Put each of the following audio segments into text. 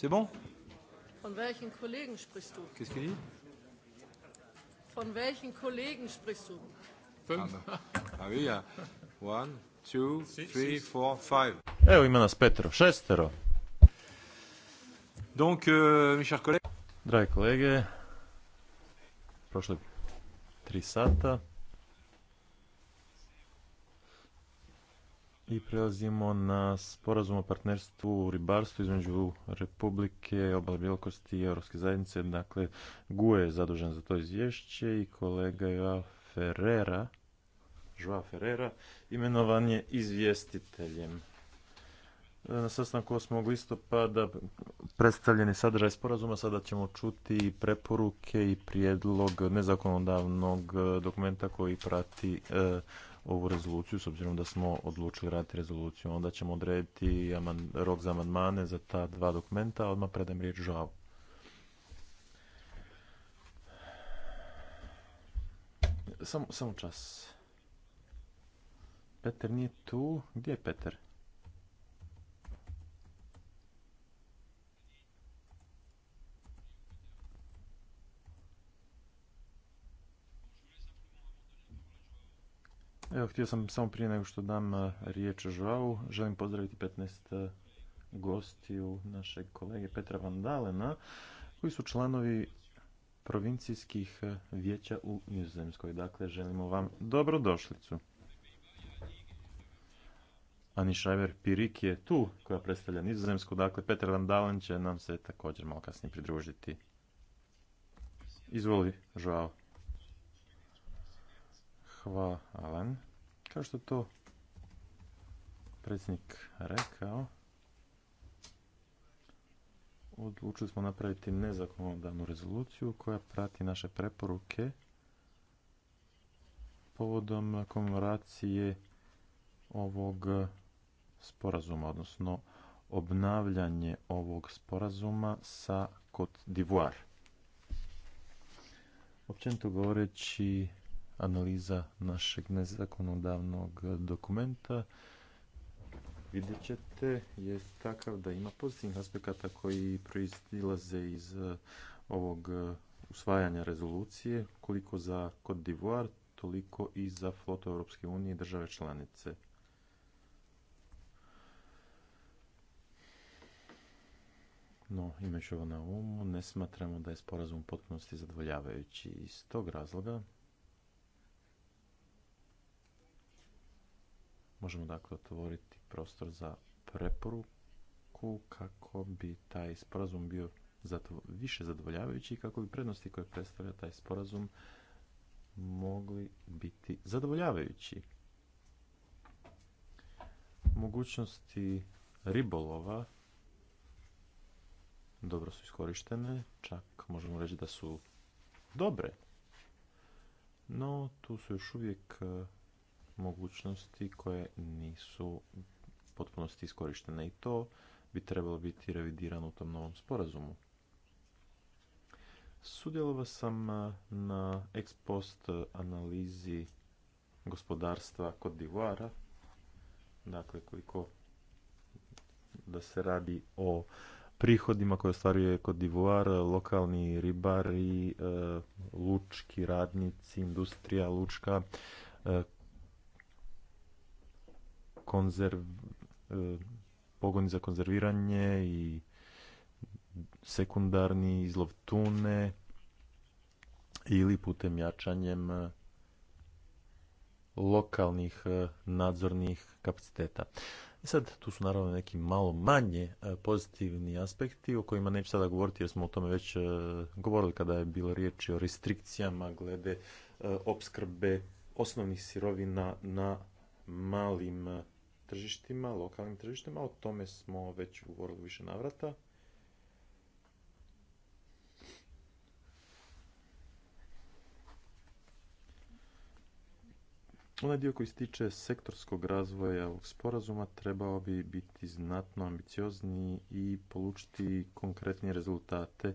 C'est bon Von welchen Kollegen sprichst du Qu'est-ce qu'il dit Von welchen Kollegen sprichst du ja. Ah, ah one, two, three, four, five. Evo ima nas petero, šestero. Donc, euh, mes chers collègues. kolege, prošlo tri sata. I prelazimo na sporazum o partnerstvu u ribarstvu između Republike, obale Bjelokosti i Europske zajednice. Dakle, GUE je zadužen za to izvješće i kolega Joa Ferrera, Joa Ferrera, imenovan je izvjestiteljem. Na sastanku 8. listopada predstavljeni je sadržaj sporazuma, sada ćemo čuti i preporuke i prijedlog nezakonodavnog dokumenta koji prati e, ovu rezoluciju, s obzirom da smo odlučili raditi rezoluciju. Onda ćemo odrediti rok za amandmane za ta dva dokumenta, a odmah predam riječ žao. Samo, čas. Peter nije tu. Gdje je Peter? Evo, htio sam samo prije nego što dam eh, riječ Žavu, želim pozdraviti 15 eh, gostiju našeg kolege Petra Vandalena, koji su članovi provincijskih eh, vijeća u Nizozemskoj. Dakle, želimo vam dobrodošlicu. Ani Šajver Pirik je tu, koja predstavlja Nizozemsku. Dakle, Petar Vandalen će nam se također malo kasnije pridružiti. Izvoli, Žao. Hvala. Kao što to predsjednik rekao, odlučili smo napraviti nezakonodavnu rezoluciju koja prati naše preporuke povodom komemoracije ovog sporazuma, odnosno obnavljanje ovog sporazuma sa Cote d'Ivoire. Općenito govoreći, analiza našeg nezakonodavnog dokumenta vidjet ćete je takav da ima pozitivnih aspekata koji proizilaze iz e, ovog e, usvajanja rezolucije koliko za Côte d'Ivoire, toliko i za flotu Europske unije i države članice. No, imajući ovo na umu, ne smatramo da je sporazum potpunosti zadovoljavajući iz tog razloga. Možemo dakle otvoriti prostor za preporuku kako bi taj sporazum bio zato više zadovoljavajući i kako bi prednosti koje predstavlja taj sporazum mogli biti zadovoljavajući. Mogućnosti ribolova dobro su iskorištene, čak možemo reći da su dobre. No, tu su još uvijek mogućnosti koje nisu potpunosti iskorištene i to bi trebalo biti revidirano u tom novom sporazumu. Sudjelovao sam na ex post analizi gospodarstva kod Divuara, dakle koliko da se radi o prihodima koje ostvaruje kod divoar lokalni ribari, e, lučki radnici, industrija lučka, e, konzerv, e, pogoni za konzerviranje i sekundarni izlov tune ili putem jačanjem e, lokalnih e, nadzornih kapaciteta. sad tu su naravno neki malo manje pozitivni aspekti o kojima neću sada govoriti jer smo o tome već govorili kada je bilo riječi o restrikcijama glede opskrbe osnovnih sirovina na malim tržištima, lokalnim tržištima, o tome smo već govorili više navrata. Onaj dio koji se tiče sektorskog razvoja ovog sporazuma trebao bi biti znatno ambiciozniji i polučiti konkretnije rezultate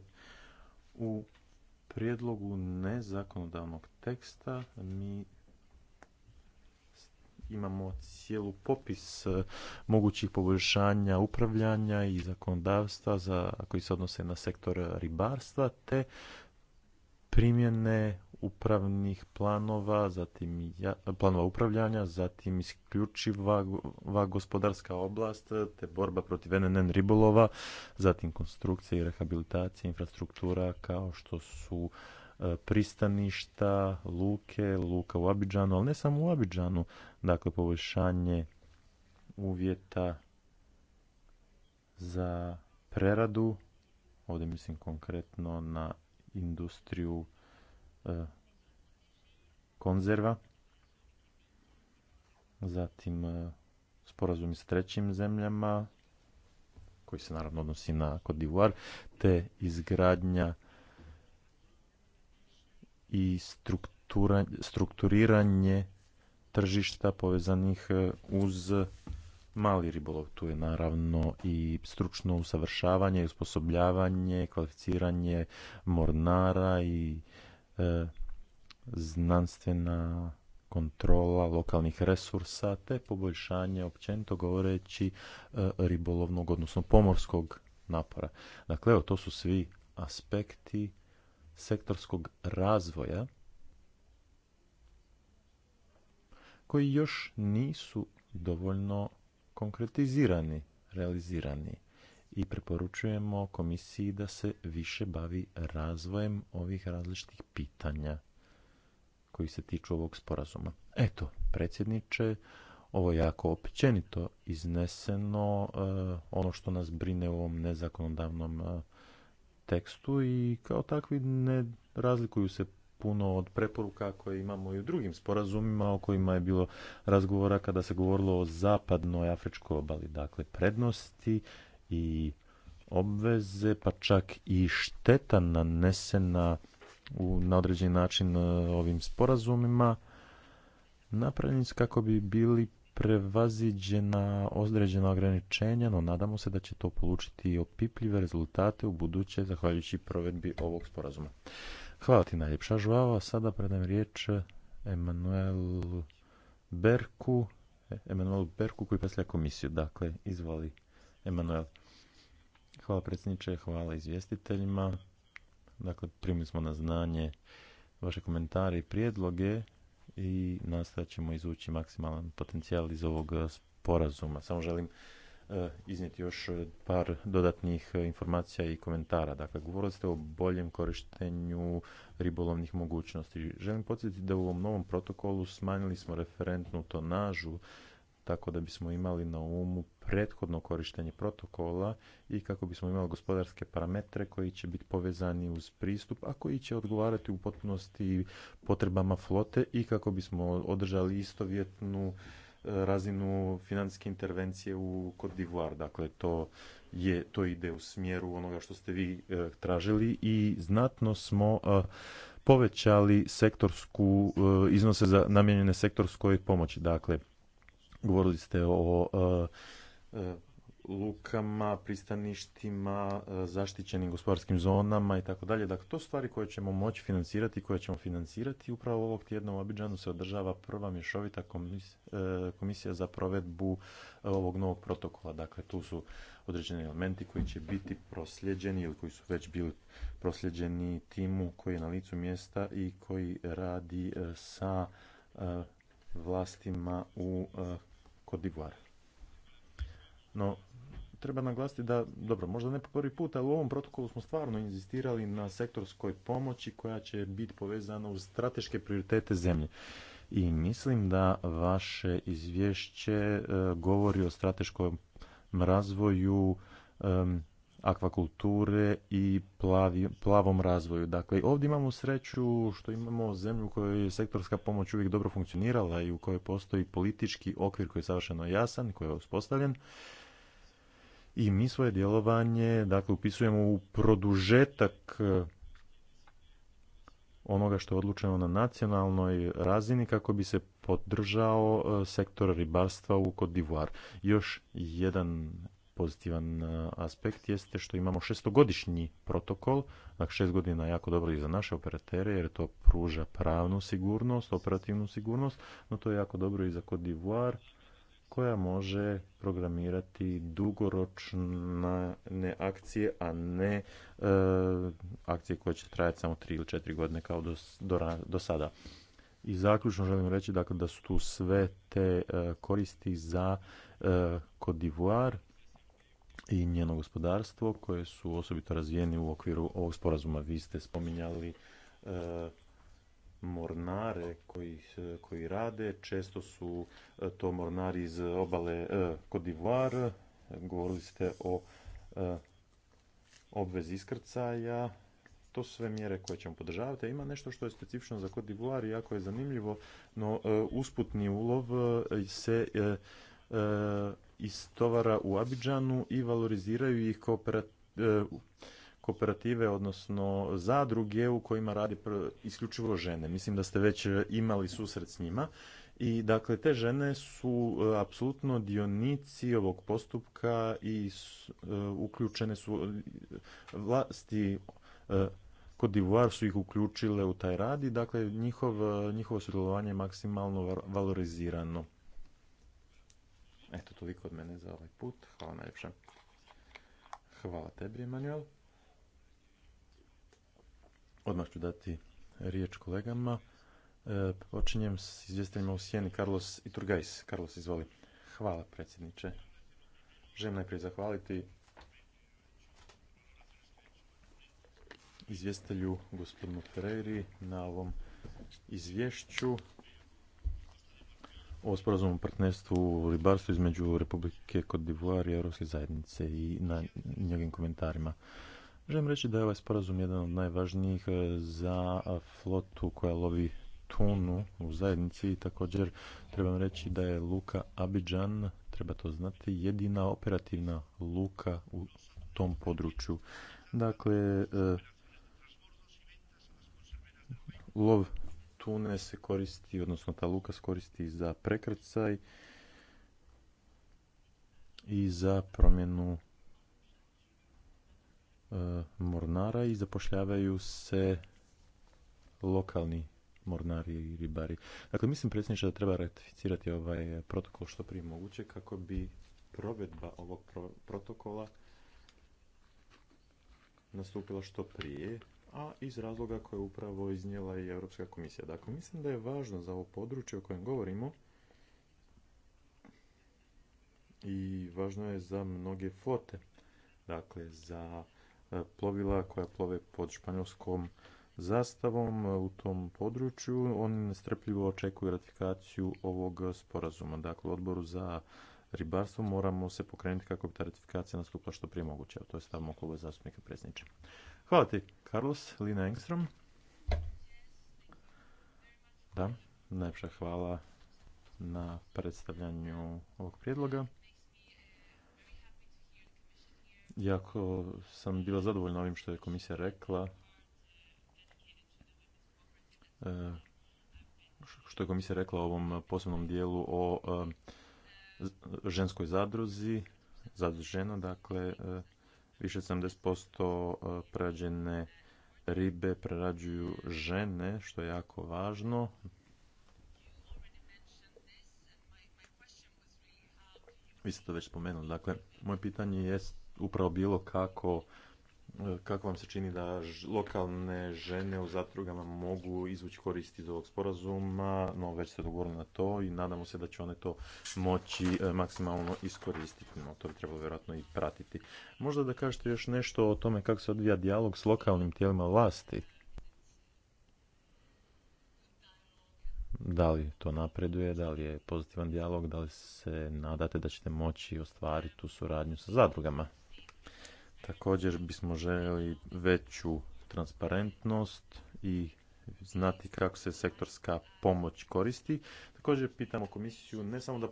u prijedlogu nezakonodavnog teksta mi imamo cijelu popis e, mogućih poboljšanja upravljanja i zakonodavstva za, koji se odnose na sektor ribarstva te primjene upravnih planova, zatim planova upravljanja, zatim isključiva gospodarska oblast, te borba protiv NNN ribolova, zatim konstrukcija i rehabilitacija infrastruktura kao što su e, pristaništa, luke, luka u Abidžanu, ali ne samo u Abidžanu, dakle poboljšanje uvjeta za preradu, ovdje mislim konkretno na industriju e, konzerva, zatim e, sporazumi s trećim zemljama, koji se naravno odnosi na Côte te izgradnja i strukturiranje tržišta povezanih e, uz mali ribolov. Tu je naravno i stručno usavršavanje usposobljavanje, kvalificiranje mornara i e, znanstvena kontrola lokalnih resursa te poboljšanje općenito govoreći e, ribolovnog odnosno pomorskog napora. Dakle, evo, to su svi aspekti sektorskog razvoja koji još nisu dovoljno konkretizirani, realizirani i preporučujemo komisiji da se više bavi razvojem ovih različitih pitanja koji se tiču ovog sporazuma. Eto, predsjedniče, ovo je jako općenito izneseno e, ono što nas brine u ovom nezakonodavnom e, tekstu i kao takvi ne razlikuju se puno od preporuka koje imamo i u drugim sporazumima o kojima je bilo razgovora kada se govorilo o zapadnoj afričkoj obali, dakle prednosti i obveze, pa čak i šteta nanesena u, na određen način e, ovim sporazumima napravljeni kako bi bili prevaziđena određena ograničenja, no nadamo se da će to polučiti i opipljive rezultate u buduće zahvaljujući provedbi ovog sporazuma. Hvala ti najljepša Žuava. Sada predam riječ Emanuelu Berku, Emanuelu Berku koji predstavlja komisiju. Dakle, izvoli Emanuel. Hvala predsjedniče, hvala izvjestiteljima. Dakle, primili smo na znanje vaše komentare i prijedloge i nastojat ćemo izvući maksimalan potencijal iz ovog sporazuma. Samo želim E, iznijeti još e, par dodatnih e, informacija i komentara. Dakle, govorili ste o boljem korištenju ribolovnih mogućnosti. Želim podsjetiti da u ovom novom protokolu smanjili smo referentnu tonažu tako da bismo imali na umu prethodno korištenje protokola i kako bismo imali gospodarske parametre koji će biti povezani uz pristup, a koji će odgovarati u potpunosti potrebama flote i kako bismo održali istovjetnu razinu financijske intervencije u Kod d'Ivoire. Dakle, to, je, to ide u smjeru onoga što ste vi e, tražili i znatno smo e, povećali sektorsku e, iznose za namijenjene sektorskoj pomoći. Dakle, govorili ste o lukama, pristaništima, e, zaštićenim gospodarskim zonama i tako dalje. Dakle, to su stvari koje ćemo moći financirati i koje ćemo financirati. Upravo ovog tjedna u Abidžanu se održava prva mješovita e, komisija za provedbu ovog novog protokola. Dakle, tu su određeni elementi koji će biti prosljeđeni ili koji su već bili prosljeđeni timu koji je na licu mjesta i koji radi e, sa vlastima u Kodivar. No, treba naglasiti da, dobro, možda ne po prvi put, ali u ovom protokolu smo stvarno inzistirali na sektorskoj pomoći koja će biti povezana uz strateške prioritete zemlje. I mislim da vaše izvješće e, govori o strateškom razvoju akvakulture i plavom razvoju. Dakle, ovdje imamo sreću što imamo zemlju u kojoj je sektorska pomoć uvijek dobro funkcionirala i u kojoj postoji politički okvir koji je savršeno jasan, koji je uspostavljen i mi svoje djelovanje dakle, upisujemo u produžetak e, onoga što je odlučeno na nacionalnoj razini kako bi se podržao e, sektor ribarstva u Côte d'Ivoire. Još jedan pozitivan e, aspekt jeste što imamo šestogodišnji protokol, dakle šest godina jako dobro i za naše operatere jer to pruža pravnu sigurnost, operativnu sigurnost, no to je jako dobro i za Côte d'Ivoire koja može programirati dugoročne akcije, a ne e, akcije koje će trajati samo 3 ili 4 godine kao do, do, sada. I zaključno želim reći dakle, da su tu sve te e, koristi za e, i njeno gospodarstvo koje su osobito razvijeni u okviru ovog sporazuma. Vi ste spominjali e, mornare koji, koji rade. Često su e, to mornari iz obale Kodivuar. E, Govorili ste o e, obvezi iskrcaja. To su sve mjere koje ćemo podržavati. Ima nešto što je specifično za Kodivuar i jako je zanimljivo, no usputni ulov se istovara u Abidžanu i valoriziraju ih kooperativno kooperative, odnosno zadruge u kojima radi isključivo žene. Mislim da ste već e, imali susret s njima. I dakle, te žene su e, apsolutno dionici ovog postupka i e, uključene su vlasti Kod su ih uključile u taj rad i dakle njihov, njihovo sudjelovanje je maksimalno valorizirano. Eto, toliko od mene za ovaj put. Hvala najljepše. Hvala tebi, Emanuel. Odmah ću dati riječ kolegama. E, počinjem s izvjestiteljima u sjeni Carlos Iturgais. Carlos, izvoli. Hvala, predsjedniče. Želim najprije zahvaliti izvjestitelju gospodinu Ferreri na ovom izvješću o sporazumu partnerstvu u ribarstvu između Republike Kod i Europske zajednice i na njegovim komentarima. Želim reći da je ovaj sporazum jedan od najvažnijih e, za flotu koja lovi tunu u zajednici i također trebam reći da je luka Abidjan, treba to znati, jedina operativna luka u tom području. Dakle, e, lov tune se koristi, odnosno ta luka se koristi za prekrcaj i za promjenu E, mornara i zapošljavaju se lokalni mornari i ribari. Dakle, mislim predsjedniče da treba ratificirati ovaj protokol što prije moguće kako bi provedba ovog protokola nastupila što prije, a iz razloga koje je upravo iznijela i Europska komisija. Dakle, mislim da je važno za ovo područje o kojem govorimo i važno je za mnoge flote. Dakle, za E, plovila koja plove pod španjolskom zastavom e, u tom području. Oni nestrpljivo očekuju ratifikaciju ovog sporazuma. Dakle, odboru za ribarstvo moramo se pokrenuti kako bi ta ratifikacija nastupila što prije moguće. to je stav mog kluba zastupnika predsjedniče. Hvala ti, Carlos, Lina Engstrom. Da, najpša hvala na predstavljanju ovog prijedloga jako sam bila zadovoljna ovim što je komisija rekla. E, što je komisija rekla u ovom posebnom dijelu o e, ženskoj zadruzi, zadruzi žena, dakle e, više 70% prerađene ribe prerađuju žene, što je jako važno. Vi ste to već spomenuli. Dakle, moje pitanje jest upravo bilo kako e, kako vam se čini da lokalne žene u zatrugama mogu izvući koristi iz ovog sporazuma, no već ste dogovorili na to i nadamo se da će one to moći e, maksimalno iskoristiti, no to bi trebalo vjerojatno i pratiti. Možda da kažete još nešto o tome kako se odvija dijalog s lokalnim tijelima vlasti? Da li to napreduje, da li je pozitivan dijalog, da li se nadate da ćete moći ostvariti tu suradnju sa zadrugama? Također bismo željeli veću transparentnost i znati kako se sektorska pomoć koristi. Također pitamo komisiju ne samo da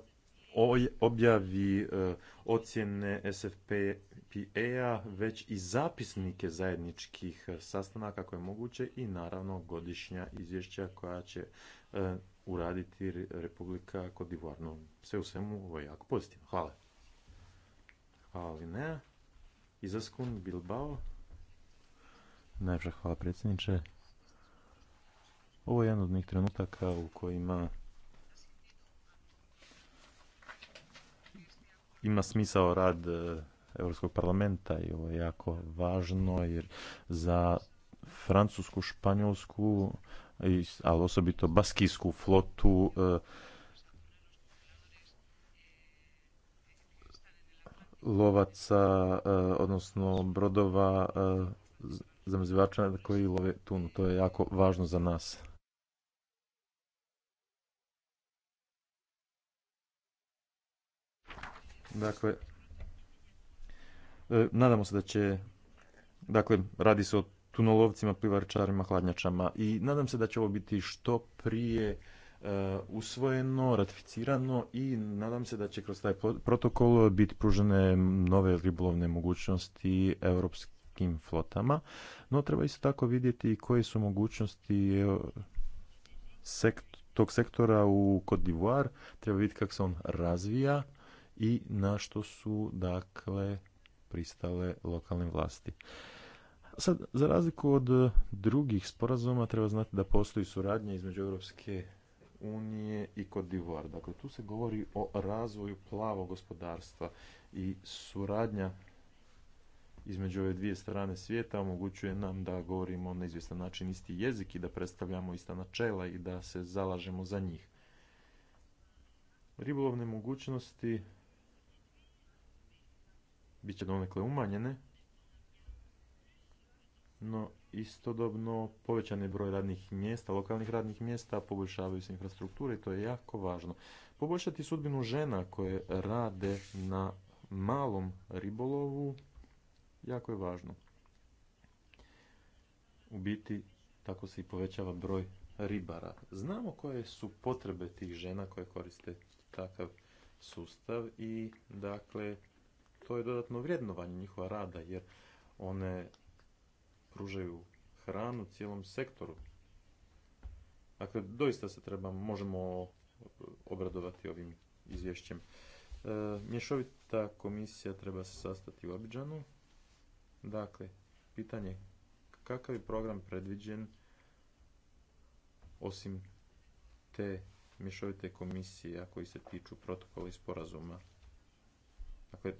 objavi e, ocjene SFPA, već i zapisnike zajedničkih e, sastanaka koje je moguće i naravno godišnja izvješća koja će e, uraditi Republika Kodivarno. Sve u svemu ovo je jako pozitivno. Hvala. Hvala Linea. Izaskun Bilbao. Najpša hvala predsjedniče. Ovo je jedan od njih trenutaka u kojima ima smisao rad Europskog parlamenta i ovo je jako važno jer za Francusku, Španjolsku, ali osobito Baskijsku flotu e, lovaca, e, odnosno brodova e, zamrzivača koji love tunu. To je jako važno za nas. Dakle, e, nadamo se da će, dakle, radi se o tunolovcima, plivarčarima, hladnjačama i nadam se da će ovo biti što prije E, usvojeno, ratificirano i nadam se da će kroz taj protokol biti pružene nove ribolovne mogućnosti europskim flotama. No treba isto tako vidjeti koje su mogućnosti e, tog sektora u Côte d'Ivoire. Treba vidjeti kako se on razvija i na što su dakle pristale lokalne vlasti. Sad, za razliku od drugih sporazuma, treba znati da postoji suradnja između Europske unije i kod Divor. Dakle, tu se govori o razvoju plavog gospodarstva i suradnja između ove dvije strane svijeta omogućuje nam da govorimo na izvjestan način isti jezik i da predstavljamo ista načela i da se zalažemo za njih. Ribolovne mogućnosti bit će donekle umanjene, no istodobno povećan je broj radnih mjesta, lokalnih radnih mjesta, poboljšavaju se infrastrukture i to je jako važno. Poboljšati sudbinu žena koje rade na malom ribolovu jako je važno. U biti tako se i povećava broj ribara. Znamo koje su potrebe tih žena koje koriste takav sustav i dakle to je dodatno vrednovanje njihova rada jer one pružaju hranu cijelom sektoru. Dakle, doista se treba, možemo obradovati ovim izvješćem. E, mješovita komisija treba se sastati u Abidžanu. Dakle, pitanje kakav je program predviđen osim te mješovite komisije koji se tiču protokola i sporazuma. Dakle,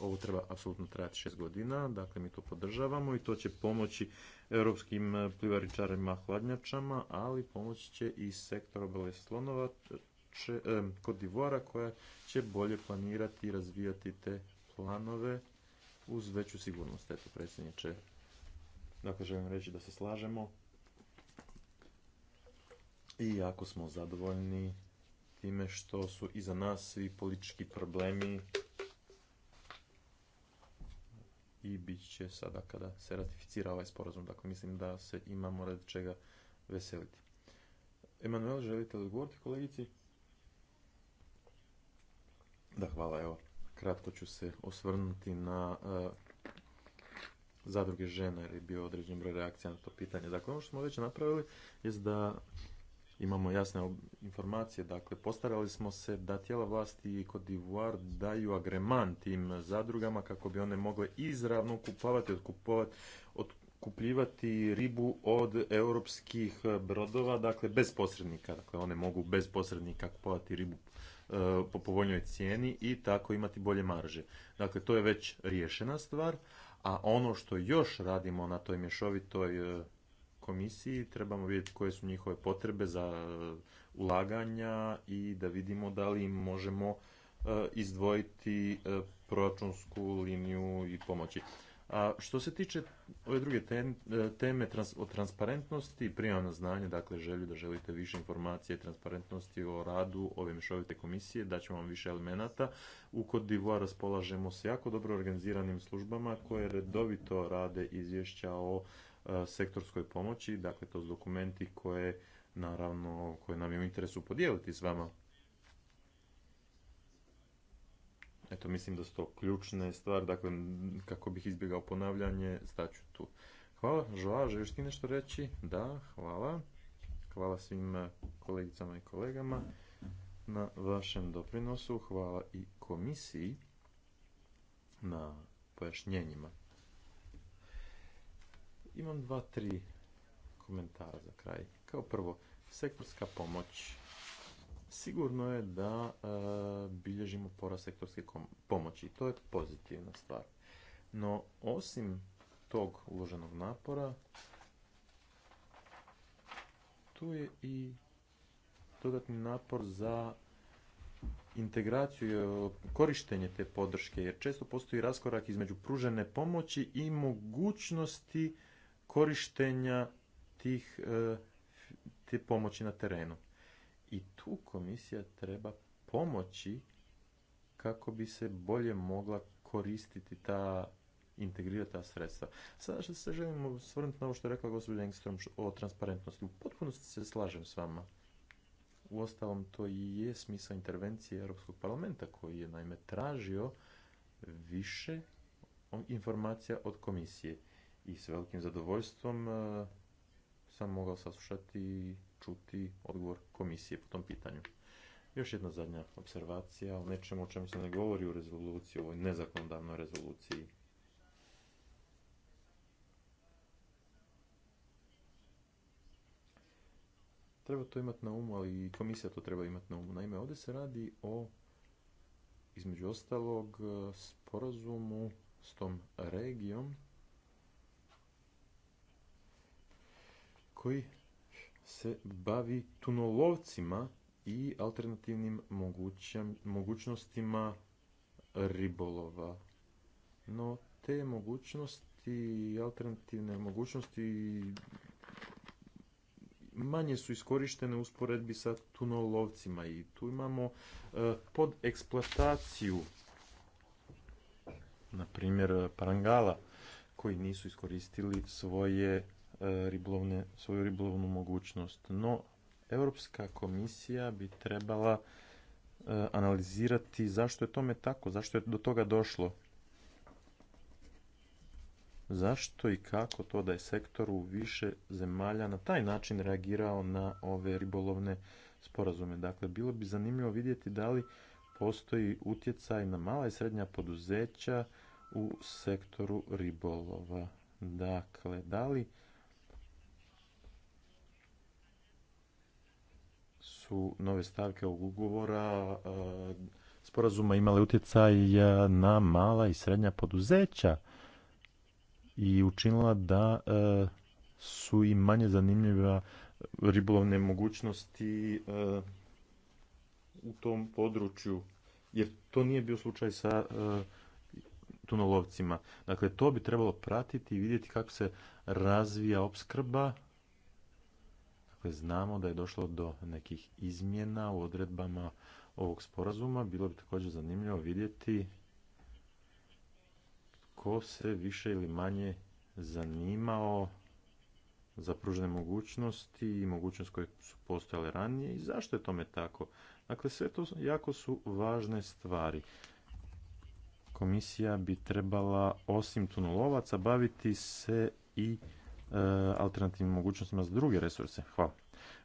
ovo treba apsolutno trajati šest godina, dakle mi to podržavamo i to će pomoći europskim eh, plivaričarima hladnjačama, ali pomoći će i sektor obale slonova će, eh, kod Divora koja će bolje planirati i razvijati te planove uz veću sigurnost. Eto, predsjedniče, dakle želim reći da se slažemo i jako smo zadovoljni time što su iza nas svi politički problemi i bit će sada kada se ratificira ovaj sporazum. Dakle, mislim da se imamo radi čega veseliti. Emanuel, želite li odgovoriti kolegici? Da, hvala. Evo, kratko ću se osvrnuti na e, zadruge žena jer je bio određen broj reakcija na to pitanje. Dakle, ono što smo već napravili je da imamo jasne informacije. Dakle, postarali smo se da tijela vlasti i kod Divuar daju agreman tim zadrugama kako bi one mogle izravno kupovati, odkupovati, otkupljivati ribu od europskih brodova, dakle bez posrednika. Dakle, one mogu bez posrednika kupovati ribu e, po povoljnoj cijeni i tako imati bolje marže. Dakle, to je već riješena stvar, a ono što još radimo na toj mješovitoj e, komisiji, trebamo vidjeti koje su njihove potrebe za uh, ulaganja i da vidimo da li možemo uh, izdvojiti uh, proračunsku liniju i pomoći. A što se tiče ove druge teme o transparentnosti, i na znanje, dakle želju da želite više informacije i transparentnosti o radu ove mješovite komisije, daćemo vam više elemenata. U Kod raspolažemo se jako dobro organiziranim službama koje redovito rade izvješća o E, sektorskoj pomoći, dakle to su dokumenti koje naravno koje nam je u interesu podijeliti s vama. Eto, mislim da su to ključne stvari, dakle, kako bih izbjegao ponavljanje, staću tu. Hvala, Joa, želiš ti nešto reći? Da, hvala. Hvala svim kolegicama i kolegama na vašem doprinosu. Hvala i komisiji na pojašnjenjima. Imam dva, tri komentara za kraj. Kao prvo, sektorska pomoć. Sigurno je da e, bilježimo porast sektorske pomoći i to je pozitivna stvar. No, osim tog uloženog napora, tu je i dodatni napor za integraciju i e, korištenje te podrške, jer često postoji raskorak između pružene pomoći i mogućnosti korištenja tih e, te pomoći na terenu. I tu komisija treba pomoći kako bi se bolje mogla koristiti ta integrirati ta sredstva. Sada što se želimo svrnuti na ovo što je rekla gospođa Engström o transparentnosti. U potpunosti se slažem s vama. Uostalom, to i je smisao intervencije Europskog parlamenta koji je naime tražio više informacija od komisije i s velikim zadovoljstvom e, sam mogao saslušati i čuti odgovor komisije po tom pitanju. Još jedna zadnja observacija o nečemu o čemu se ne govori u rezoluciji, u ovoj nezakonodavnoj rezoluciji. Treba to imati na umu, ali i komisija to treba imati na umu. Naime, ovdje se radi o, između ostalog, e, sporazumu s tom regijom koji se bavi tunolovcima i alternativnim mogućnostima ribolova. No te mogućnosti, alternativne mogućnosti manje su iskorištene u usporedbi sa tunolovcima i tu imamo e, pod eksploataciju na primjer parangala koji nisu iskoristili svoje E, ribolovne, svoju ribolovnu mogućnost. No, Europska komisija bi trebala e, analizirati zašto je tome tako, zašto je do toga došlo. Zašto i kako to da je sektor u više zemalja na taj način reagirao na ove ribolovne sporazume? Dakle, bilo bi zanimljivo vidjeti da li postoji utjecaj na mala i srednja poduzeća u sektoru ribolova. Dakle, da li su nove stavke ovog ugovora sporazuma imale utjecaj na mala i srednja poduzeća i učinila da e, su i manje zanimljiva ribolovne mogućnosti e, u tom području, jer to nije bio slučaj sa e, tunolovcima. Dakle, to bi trebalo pratiti i vidjeti kako se razvija opskrba Dakle, znamo da je došlo do nekih izmjena u odredbama ovog sporazuma. Bilo bi također zanimljivo vidjeti ko se više ili manje zanimao za pružene mogućnosti i mogućnosti koje su postojale ranije i zašto je tome tako. Dakle, sve to jako su važne stvari. Komisija bi trebala osim tunolovaca baviti se i E, alternativnim mogućnostima za druge resurse. Hvala.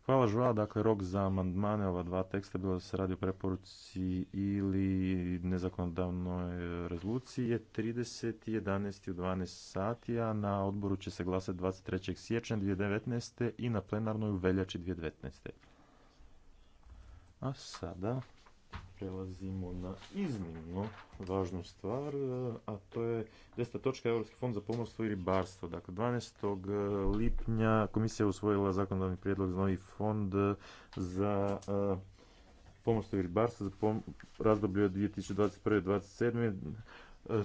Hvala dakle rok za amandmane ova dva teksta, bilo da se radi o preporuci ili nezakonodavnoj rezoluciji, je 30.11. u 12 sati, a na odboru će se glasati 23. siječnja 2019. i na plenarnoj u veljači 2019. A sada prelazimo na iznimno važnu stvar, a to je 10. točka Europski fond za pomorstvo i ribarstvo. Dakle, 12. E, lipnja komisija usvojila zakonodavni prijedlog za novi fond e, za e, pomorstvo i ribarstvo za pom razdoblje 2021. 2027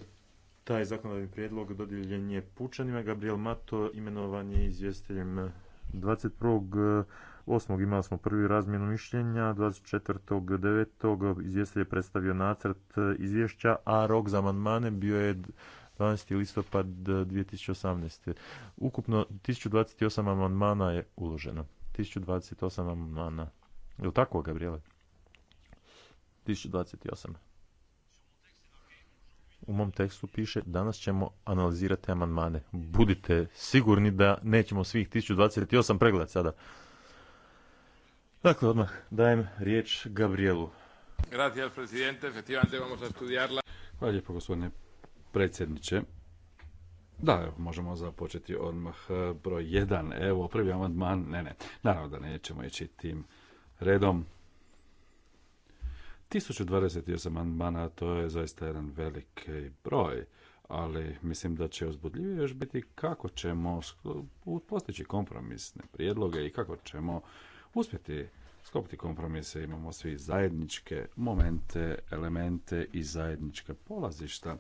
Taj zakonodavni prijedlog dodijeljen je pučanima. Gabriel Mato imenovan je izvjestiteljem 21. 8. imali smo prvi razmjenu mišljenja, 24.9. izvjestitelj je predstavio nacrt e, izvješća, a rok za amandmane bio je 12. listopad 2018. Ukupno 1028 amandmana je uloženo. 1028 amandmana. Je li tako, Gabriele? 1028. U mom tekstu piše danas ćemo analizirati amandmane. Budite sigurni da nećemo svih 1028 pregledati sada. Dakle, odmah dajem riječ Gabrielu. Gracias, presidente. Efectivamente vamos a estudiarla. Hvala lijepo, gospodine predsjedniče. Da, evo, možemo započeti odmah eh, broj 1. Evo, prvi amandman, ne, ne, naravno da nećemo ići tim redom. 1028 amandmana, to je zaista jedan veliki broj, ali mislim da će uzbudljivije još biti kako ćemo postići kompromisne prijedloge i kako ćemo uspjeti skopiti kompromise, imamo svi zajedničke momente, elemente i zajednička polazišta.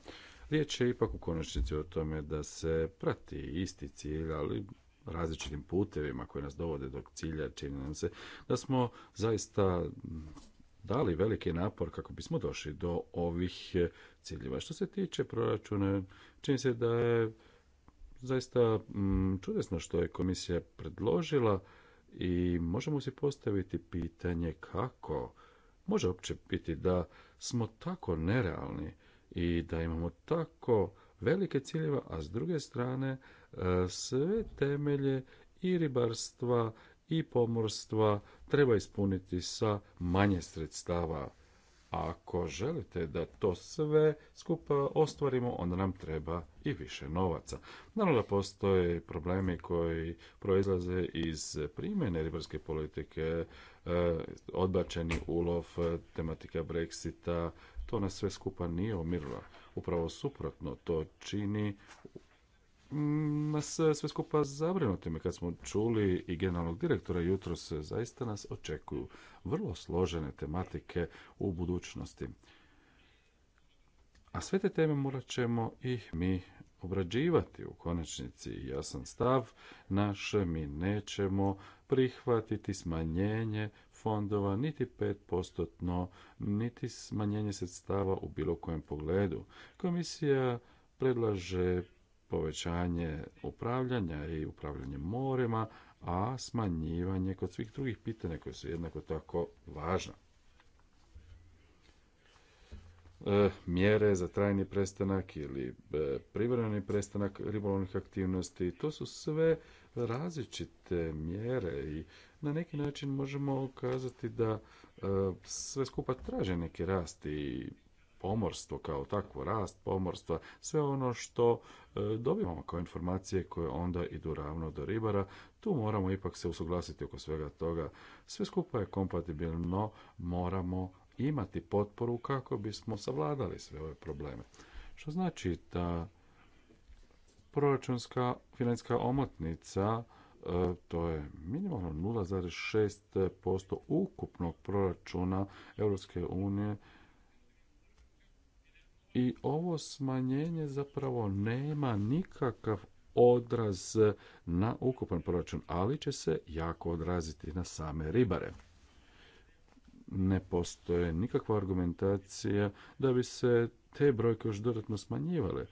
Riječ je ipak u konačnici o tome da se prati isti cilj, ali različitim putevima koji nas dovode do cilja, čini nam se da smo zaista dali veliki napor kako bismo došli do ovih ciljeva. Što se tiče proračuna, čini se da je zaista mm, čudesno što je komisija predložila i možemo si postaviti pitanje kako može uopće biti da smo tako nerealni i da imamo tako velike ciljeva, a s druge strane e, sve temelje i ribarstva i pomorstva treba ispuniti sa manje sredstava. Ako želite da to sve skupa ostvarimo, onda nam treba i više novaca. Naravno da postoje problemi koji proizlaze iz primjene ribarske politike, e, odbačeni ulov, tematika Brexita, to nas sve skupa nije omirilo. Upravo suprotno, to čini Mm, nas sve skupa zabrinuti. Kad smo čuli i generalnog direktora jutros, zaista nas očekuju vrlo složene tematike u budućnosti. A sve te teme morat ćemo ih mi obrađivati u konačnici jasan stav naše mi nećemo prihvatiti smanjenje fondova niti 5%, niti smanjenje sredstava u bilo kojem pogledu. Komisija predlaže povećanje upravljanja i upravljanje morema, a smanjivanje kod svih drugih pitanja koje su jednako tako važna. E, mjere za trajni prestanak ili e, privremeni prestanak ribolovnih aktivnosti, to su sve različite mjere i na neki način možemo kazati da e, sve skupa traže neki rast i pomorstvo kao takvo, rast pomorstva, sve ono što e, dobivamo kao informacije koje onda idu ravno do ribara, tu moramo ipak se usuglasiti oko svega toga. Sve skupa je kompatibilno, moramo imati potporu kako bismo savladali sve ove probleme. Što znači da proračunska financijska omotnica e, to je minimalno 0,6% ukupnog proračuna Europske unije i ovo smanjenje zapravo nema nikakav odraz na ukupan proračun, ali će se jako odraziti na same ribare. Ne postoje nikakva argumentacija da bi se te brojke još dodatno smanjivale.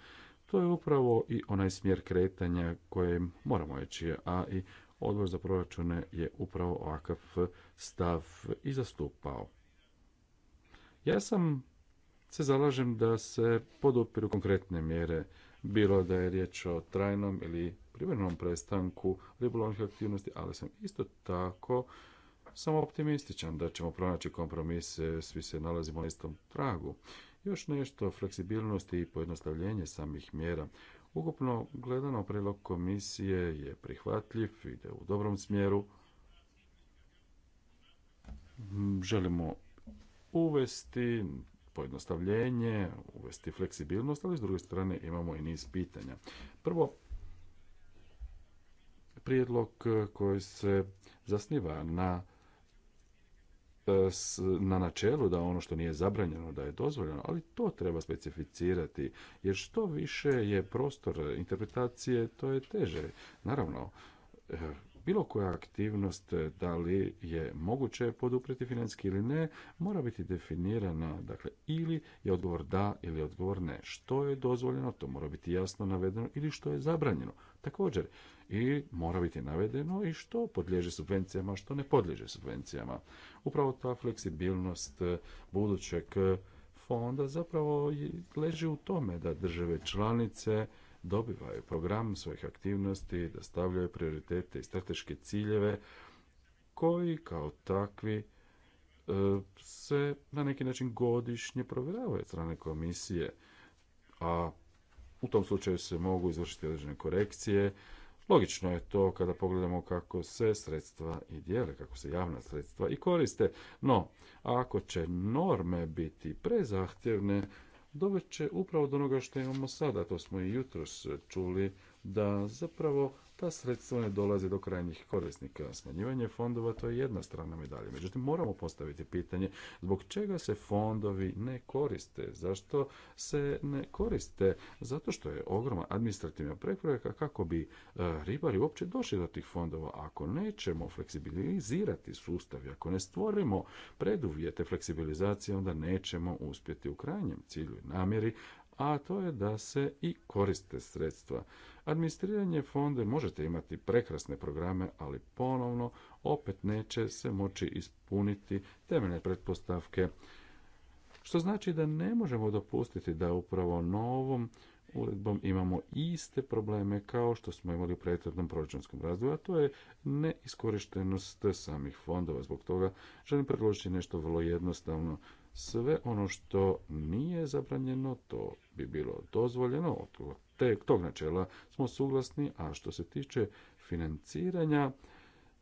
To je upravo i onaj smjer kretanja kojem moramo ići, a i odbor za proračune je upravo ovakav stav i zastupao. Ja sam se zalažem da se podupiru konkretne mjere, bilo da je riječ o trajnom ili privremenom prestanku ribolovnih aktivnosti, ali sam isto tako samo optimističan da ćemo pronaći kompromise, svi se nalazimo na istom tragu. Još nešto, fleksibilnosti i pojednostavljenje samih mjera. Ukupno gledano prilog komisije je prihvatljiv, ide u dobrom smjeru. Želimo uvesti pojednostavljenje, uvesti fleksibilnost, ali s druge strane imamo i niz pitanja. Prvo, prijedlog koji se zasniva na e, na načelu da ono što nije zabranjeno da je dozvoljeno, ali to treba specificirati, jer što više je prostor interpretacije, to je teže. Naravno, e, bilo koja aktivnost, e, da li je moguće poduprijeti financijski ili ne, mora biti definirana, dakle, ili je odgovor da ili odgovor ne. Što je dozvoljeno, to mora biti jasno navedeno ili što je zabranjeno. Također, i mora biti navedeno i što podliježe subvencijama, što ne podliježe subvencijama. Upravo ta fleksibilnost e, budućeg e, fonda zapravo leži u tome da države članice dobivaju program svojih aktivnosti, da stavljaju prioritete i strateške ciljeve koji kao takvi e, se na neki način godišnje provjeravaju od strane komisije, a u tom slučaju se mogu izvršiti određene korekcije. Logično je to kada pogledamo kako se sredstva i dijele, kako se javna sredstva i koriste. No, ako će norme biti prezahtjevne, dovest će upravo do onoga što imamo sada. To smo i jutros čuli da zapravo ta sredstva ne dolaze do krajnjih korisnika. Smanjivanje fondova to je jedna strana medalje. Međutim, moramo postaviti pitanje zbog čega se fondovi ne koriste, zašto se ne koriste, zato što je ogromna administrativna prepreka kako bi e, ribari uopće došli do tih fondova. Ako nećemo fleksibilizirati sustav, i ako ne stvorimo preduvjete fleksibilizacije, onda nećemo uspjeti u krajnjem cilju i namjeri, a to je da se i koriste sredstva. Administriranje fonde možete imati prekrasne programe, ali ponovno opet neće se moći ispuniti temeljne pretpostavke. Što znači da ne možemo dopustiti da upravo novom uredbom imamo iste probleme kao što smo imali u prethodnom proračunskom razvoju, a to je neiskorištenost samih fondova. Zbog toga želim predložiti nešto vrlo jednostavno sve ono što nije zabranjeno, to bi bilo dozvoljeno, od te, tog načela smo suglasni, a što se tiče financiranja,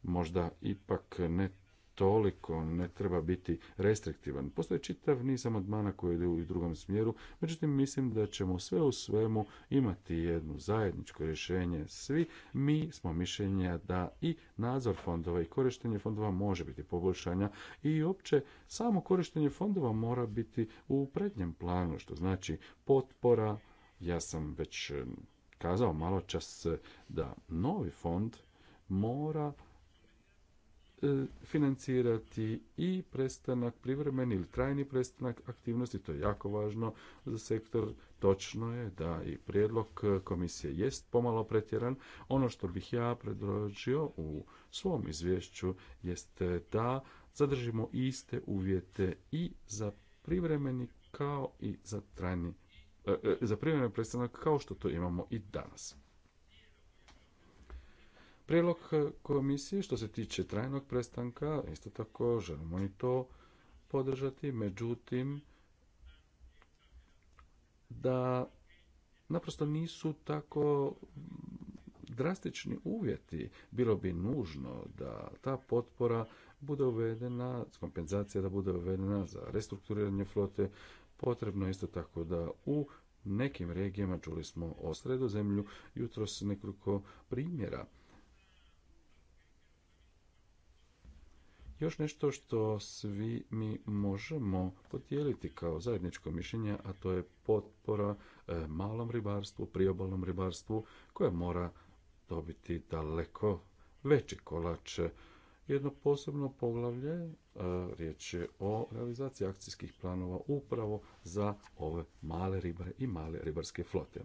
možda ipak ne toliko, ne treba biti restriktivan. Postoje čitav niz amandmana koji idu u drugom smjeru, međutim mislim da ćemo sve u svemu imati jedno zajedničko rješenje. Svi mi smo mišljenja da i nadzor fondova i korištenje fondova može biti poboljšanja i opće samo korištenje fondova mora biti u prednjem planu, što znači potpora, ja sam već eh, kazao malo čas eh, da novi fond mora E, financirati i prestanak privremeni ili trajni prestanak aktivnosti, to je jako važno za sektor. Točno je da i prijedlog komisije jest pomalo pretjeran. Ono što bih ja predložio u svom izvješću jeste da zadržimo iste uvjete i za privremeni kao i za trajni e, e, za privremeni prestanak kao što to imamo i danas prilog eh, komisije što se tiče trajnog prestanka, isto tako želimo i to podržati, međutim, da naprosto nisu tako drastični uvjeti. Bilo bi nužno da ta potpora bude uvedena, kompenzacija da bude uvedena za restrukturiranje flote. Potrebno je isto tako da u nekim regijama, čuli smo o sredozemlju, jutros nekoliko primjera još nešto što svi mi možemo podijeliti kao zajedničko mišljenje, a to je potpora e, malom ribarstvu, priobalnom ribarstvu, koje mora dobiti daleko veći kolač. Jedno posebno poglavlje, e, riječ je o realizaciji akcijskih planova upravo za ove male ribare i male ribarske flote.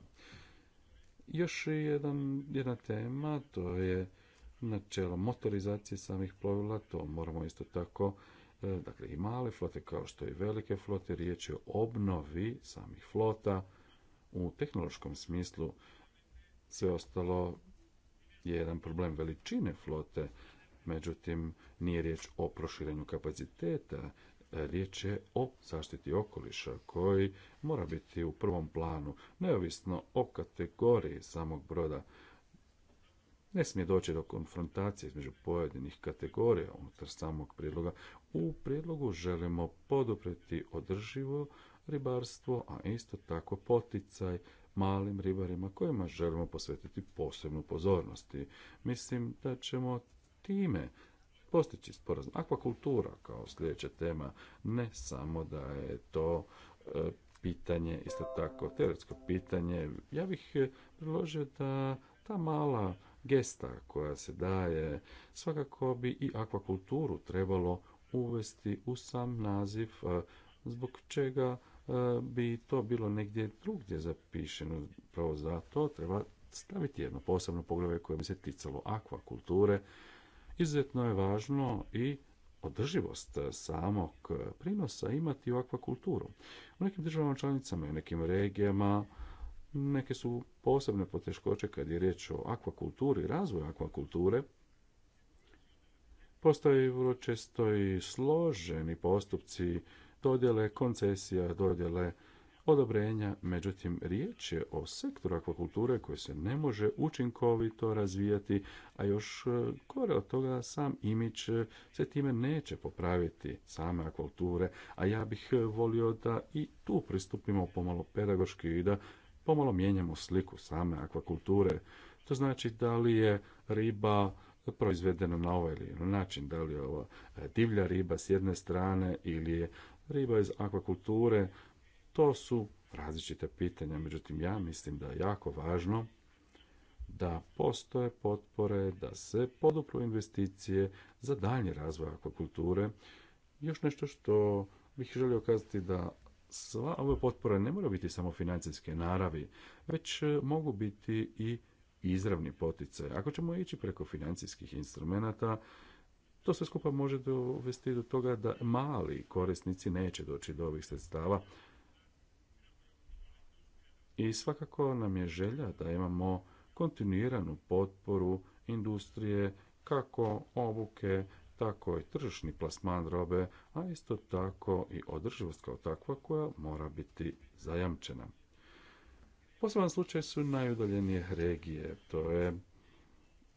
Još jedan, jedna tema, to je načelo motorizacije samih plovila, to moramo isto tako e, dakle i male flote kao što i velike flote, riječ je o obnovi samih flota u tehnološkom smislu sve ostalo je jedan problem veličine flote, međutim nije riječ o proširenju kapaciteta, riječ je o zaštiti okoliša koji mora biti u prvom planu, neovisno o kategoriji samog broda. Ne smije doći do konfrontacije između pojedinih kategorija unutar samog prijedloga. U prijedlogu želimo poduprijeti održivo ribarstvo, a isto tako poticaj malim ribarima kojima želimo posvetiti posebnu pozornost. Mislim da ćemo time postići sporazum. Akvakultura kao sljedeća tema ne samo da je to e, pitanje, isto tako teoretsko pitanje. Ja bih e, priložio da ta mala gesta koja se daje. Svakako bi i akvakulturu trebalo uvesti u sam naziv, zbog čega bi to bilo negdje drugdje zapišeno. Pravo za to treba staviti jedno posebno poglavlje koje bi se ticalo akvakulture. Izuzetno je važno i održivost samog prinosa imati u akvakulturu. U nekim državama članicama i nekim regijama Neke su posebne poteškoće kad je riječ o akvakulturi, razvoju akvakulture. postoje vrlo često i složeni postupci dodjele koncesija, dodjele odobrenja, međutim riječ je o sektoru akvakulture koji se ne može učinkovito razvijati, a još e, gore od toga sam imić e, se time neće popraviti same akvakulture, a ja bih e, volio da i tu pristupimo pomalo pedagoški i da pomalo mijenjamo sliku same akvakulture. To znači da li je riba proizvedena na ovaj ili način, da li je ova e, divlja riba s jedne strane ili je riba iz akvakulture, to su različite pitanja. Međutim, ja mislim da je jako važno da postoje potpore, da se podupru investicije za daljnji razvoj akvakulture. Još nešto što bih želio kazati da sva ove potpora ne mora biti samo financijske naravi, već e, mogu biti i izravni poticaj. Ako ćemo ići preko financijskih instrumenata, to sve skupa može dovesti do toga da mali korisnici neće doći do ovih sredstava. I svakako nam je želja da imamo kontinuiranu potporu industrije kako obuke, tako i tržišni plasman robe, a isto tako i održivost kao takva koja mora biti zajamčena. Poseban slučaj su najudaljenije regije, to je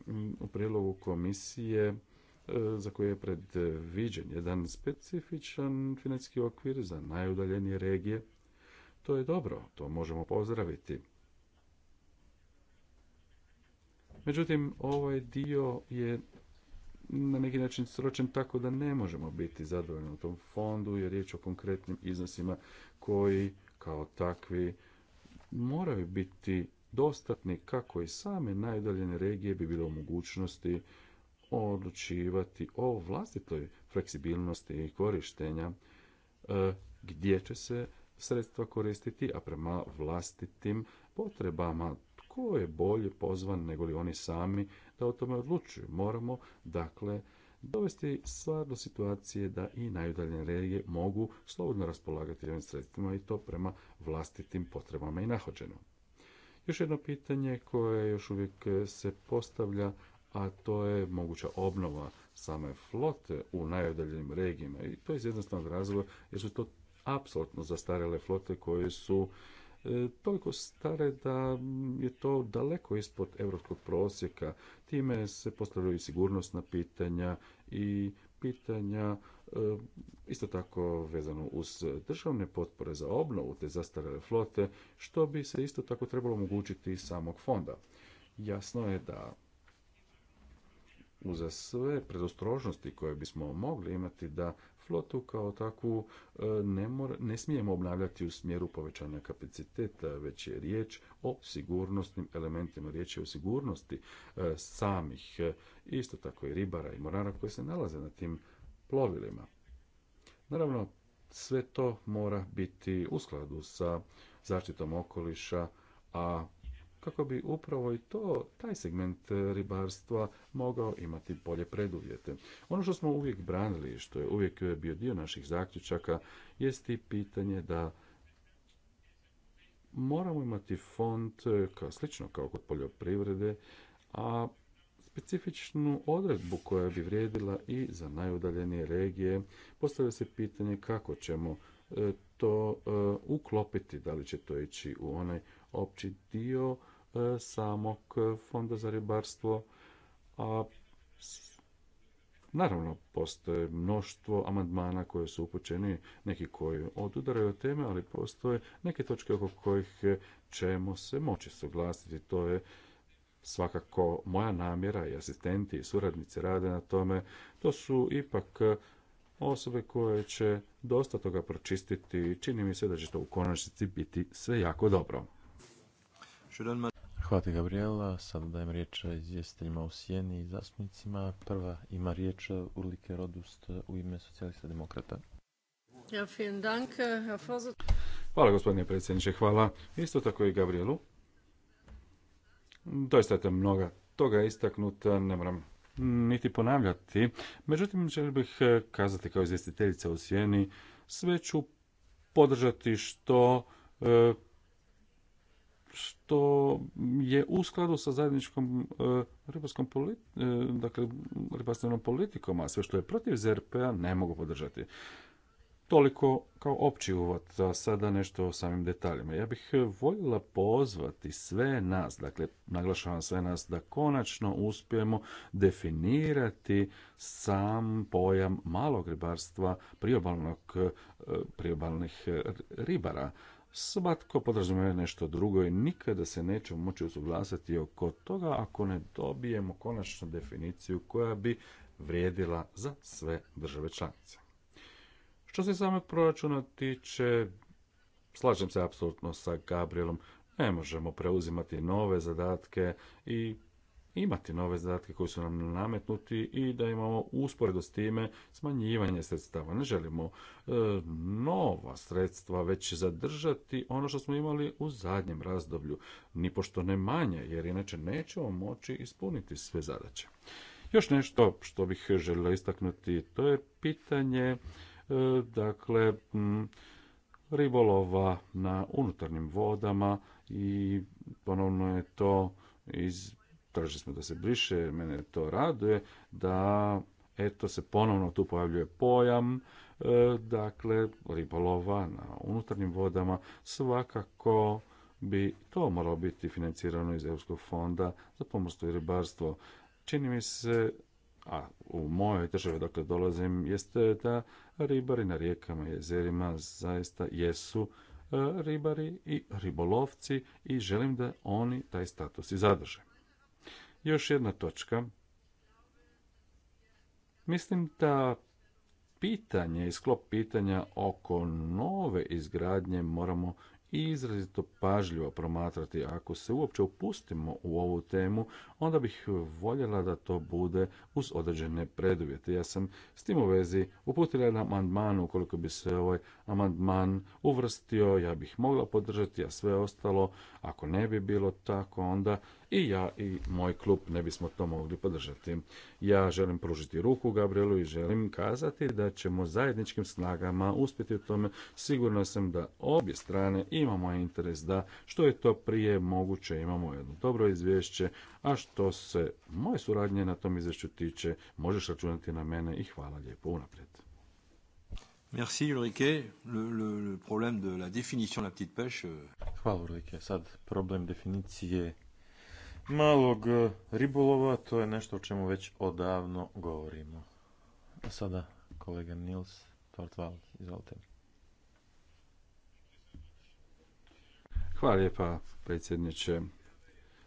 mm, u prilogu komisije e, za koje je predviđen jedan specifičan financijski okvir za najudaljenije regije. To je dobro, to možemo pozdraviti. Međutim, ovaj dio je na neki način sročen tako da ne možemo biti zadovoljni u tom fondu jer je riječ o konkretnim iznosima koji kao takvi moraju biti dostatni kako i same najdaljene regije bi bile u mogućnosti odlučivati o vlastitoj fleksibilnosti i korištenja e, gdje će se sredstva koristiti, a prema vlastitim potrebama tko je bolje pozvan nego li oni sami da o tome odlučuju. Moramo, dakle, dovesti stvar do situacije da i najudaljene regije mogu slobodno raspolagati ovim sredstvima i to prema vlastitim potrebama i nahođenom. Još jedno pitanje koje još uvijek se postavlja, a to je moguća obnova same flote u najudaljenim regijima. I to je iz jednostavnog razloga jer su to apsolutno zastarjele flote koje su toliko stare da je to daleko ispod europskog prosjeka. Time se postavljaju i sigurnosna pitanja i pitanja e, isto tako vezano uz državne potpore za obnovu te zastarele flote, što bi se isto tako trebalo omogućiti iz samog fonda. Jasno je da uza sve predostrožnosti koje bismo mogli imati da flotu kao takvu e, ne, mora, ne smijemo obnavljati u smjeru povećanja kapaciteta, već je riječ o sigurnosnim elementima, riječ je o sigurnosti e, samih, e, isto tako i ribara i morara koji se nalaze na tim plovilima. Naravno, sve to mora biti u skladu sa zaštitom okoliša, a kako bi upravo i to, taj segment e, ribarstva mogao imati bolje preduvjete. Ono što smo uvijek branili, što je uvijek bio dio naših zaključaka, jest i pitanje da moramo imati fond e, kao, slično kao kod poljoprivrede, a specifičnu odredbu koja bi vrijedila i za najudaljenije regije. Postavlja se pitanje kako ćemo e, to uklopiti, da li će to ići u onaj opći dio E, samog fonda za ribarstvo, a Naravno, postoje mnoštvo amandmana koje su upućeni, neki koji odudaraju od teme, ali postoje neke točke oko kojih ćemo se moći suglasiti. To je svakako moja namjera i asistenti i suradnici rade na tome. To su ipak osobe koje će dosta toga pročistiti i čini mi se da će to u konačnici biti sve jako dobro. Hvala ti, Gabriela. Sada dajem riječ izvjestiteljima u Sjeni i zastupnicima. Prva ima riječ Urlike Rodust u ime socijalista demokrata. Ja, dank, Hvala gospodine predsjedniče, hvala. Isto tako i Gabrielu. Doista je mnoga toga istaknuta, ne moram niti ponavljati. Međutim, želim bih eh, kazati kao izvjestiteljica u Sjeni, sve ću podržati što eh, što je u skladu sa zajedničkom e, ribarskom politi e, dakle, ribarstvenom politikom, a sve što je protiv ZRP-a ne mogu podržati. Toliko kao opći uvod, a sada nešto o samim detaljima. Ja bih voljela pozvati sve nas, dakle naglašavam sve nas, da konačno uspijemo definirati sam pojam malog ribarstva priobalnog, e, priobalnih ribara svatko podrazumijeva nešto drugo i nikada se nećemo moći usuglasiti oko toga ako ne dobijemo konačnu definiciju koja bi vrijedila za sve države članice. Što se samog proračuna tiče, slažem se apsolutno sa Gabrielom, ne možemo preuzimati nove zadatke i imati nove zadatke koji su nam nametnuti i da imamo usporedo s time smanjivanje sredstava. Ne želimo e, nova sredstva već zadržati ono što smo imali u zadnjem razdoblju, nipošto ne manje, jer inače nećemo moći ispuniti sve zadaće. Još nešto što bih želio istaknuti, to je pitanje e, dakle ribolova na unutarnjim vodama i ponovno je to iz tražili smo da se briše, mene to raduje, da eto se ponovno tu pojavljuje pojam, e, dakle ribolova na unutarnjim vodama, svakako bi to moralo biti financirano iz Europskog fonda za pomorstvo i ribarstvo. Čini mi se, a u mojoj državi dakle dolazim, jeste da ribari na rijekama i jezerima zaista jesu e, ribari i ribolovci i želim da oni taj status i zadrže. Još jedna točka. Mislim da pitanje i sklop pitanja oko nove izgradnje moramo izrazito pažljivo promatrati. Ako se uopće upustimo u ovu temu, onda bih voljela da to bude uz određene preduvjete. Ja sam s tim u vezi uputila jedan amandman, ukoliko bi se ovaj amandman uvrstio, ja bih mogla podržati, a sve ostalo, ako ne bi bilo tako, onda i ja i moj klub ne bismo to mogli podržati. Ja želim pružiti ruku Gabrielu i želim kazati da ćemo zajedničkim snagama uspjeti u tome. Sigurno sam da obje strane imamo interes da što je to prije moguće imamo jedno dobro izvješće, a što se moje suradnje na tom izvješću tiče, možeš računati na mene i hvala lijepo unaprijed. Merci Ulrike. Le, le, le problème de la définition de la petite pêche. Euh, hvala Ulrike. Sad problem definicije malog e, ribolova, to je nešto o čemu već odavno govorimo. A sada kolega Nils Tortval, izvolite. Hvala lijepa, predsjedniče.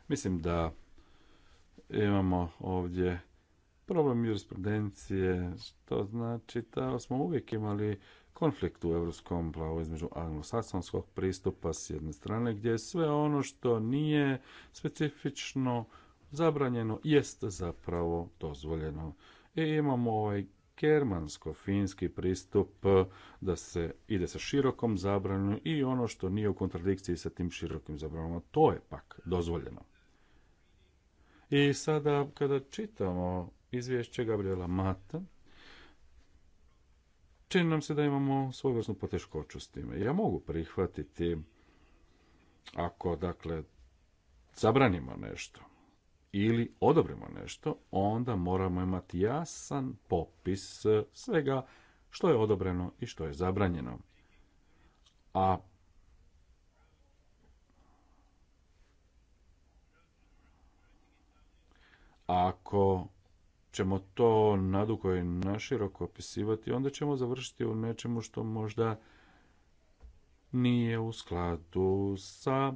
Mislim da imamo ovdje problem jurisprudencije, što znači da smo uvijek imali konflikt u europskom pravu između anglosaksonskog pristupa s jedne strane gdje je sve ono što nije specifično zabranjeno jest zapravo dozvoljeno. I imamo ovaj germansko-finski pristup da se ide sa širokom zabranom i ono što nije u kontradikciji sa tim širokim zabranama, to je pak dozvoljeno. I sada kada čitamo izvješće Gabriela Mata, čini nam se da imamo svojevrsnu poteškoću s time. Ja mogu prihvatiti ako, dakle, zabranimo nešto ili odobrimo nešto, onda moramo imati jasan popis svega što je odobreno i što je zabranjeno. A ako ćemo to nadugo i naširoko opisivati, onda ćemo završiti u nečemu što možda nije u skladu sa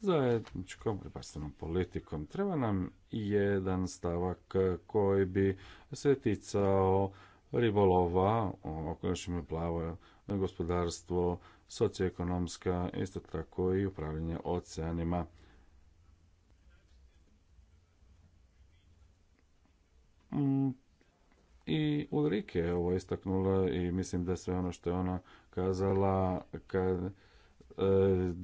zajedničkom ribarstvenom politikom. Treba nam jedan stavak koji bi se ticao ribolova, okolišno plavo gospodarstvo, socioekonomska, isto tako i upravljanje oceanima. Mm, i Ulrike ovo istaknula i mislim da sve ono što je ona kazala kad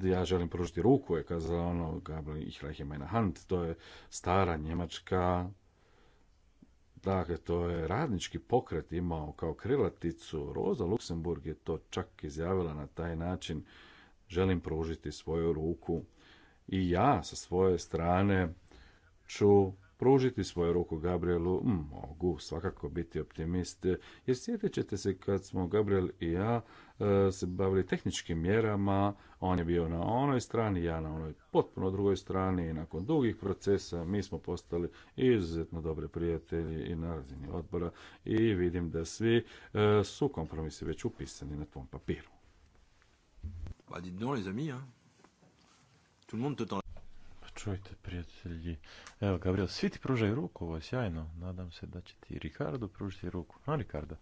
e, ja želim pružiti ruku, je kazala ono Gabriel ich meine Hand, to je stara njemačka Dakle, to je radnički pokret imao kao krilaticu. Roza Luksemburg je to čak izjavila na taj način. Želim pružiti svoju ruku. I ja sa svoje strane ću pružiti svoju ruku Gabrielu, mogu svakako biti optimist, jer sjetit ćete se kad smo Gabriel i ja e, se bavili tehničkim mjerama, on je bio na onoj strani, ja na onoj potpuno drugoj strani i nakon dugih procesa mi smo postali izuzetno dobre prijatelji i na razini odbora i vidim da svi e, su kompromisi već upisani na tvom papiru. les amis, hein. tout le monde te Čujte, prijatelji. Evo, Gabriel, svi ti pružaju ruku, ovo je sjajno. Nadam se da će ti Ricardo pružiti ruku. A, Ricardo?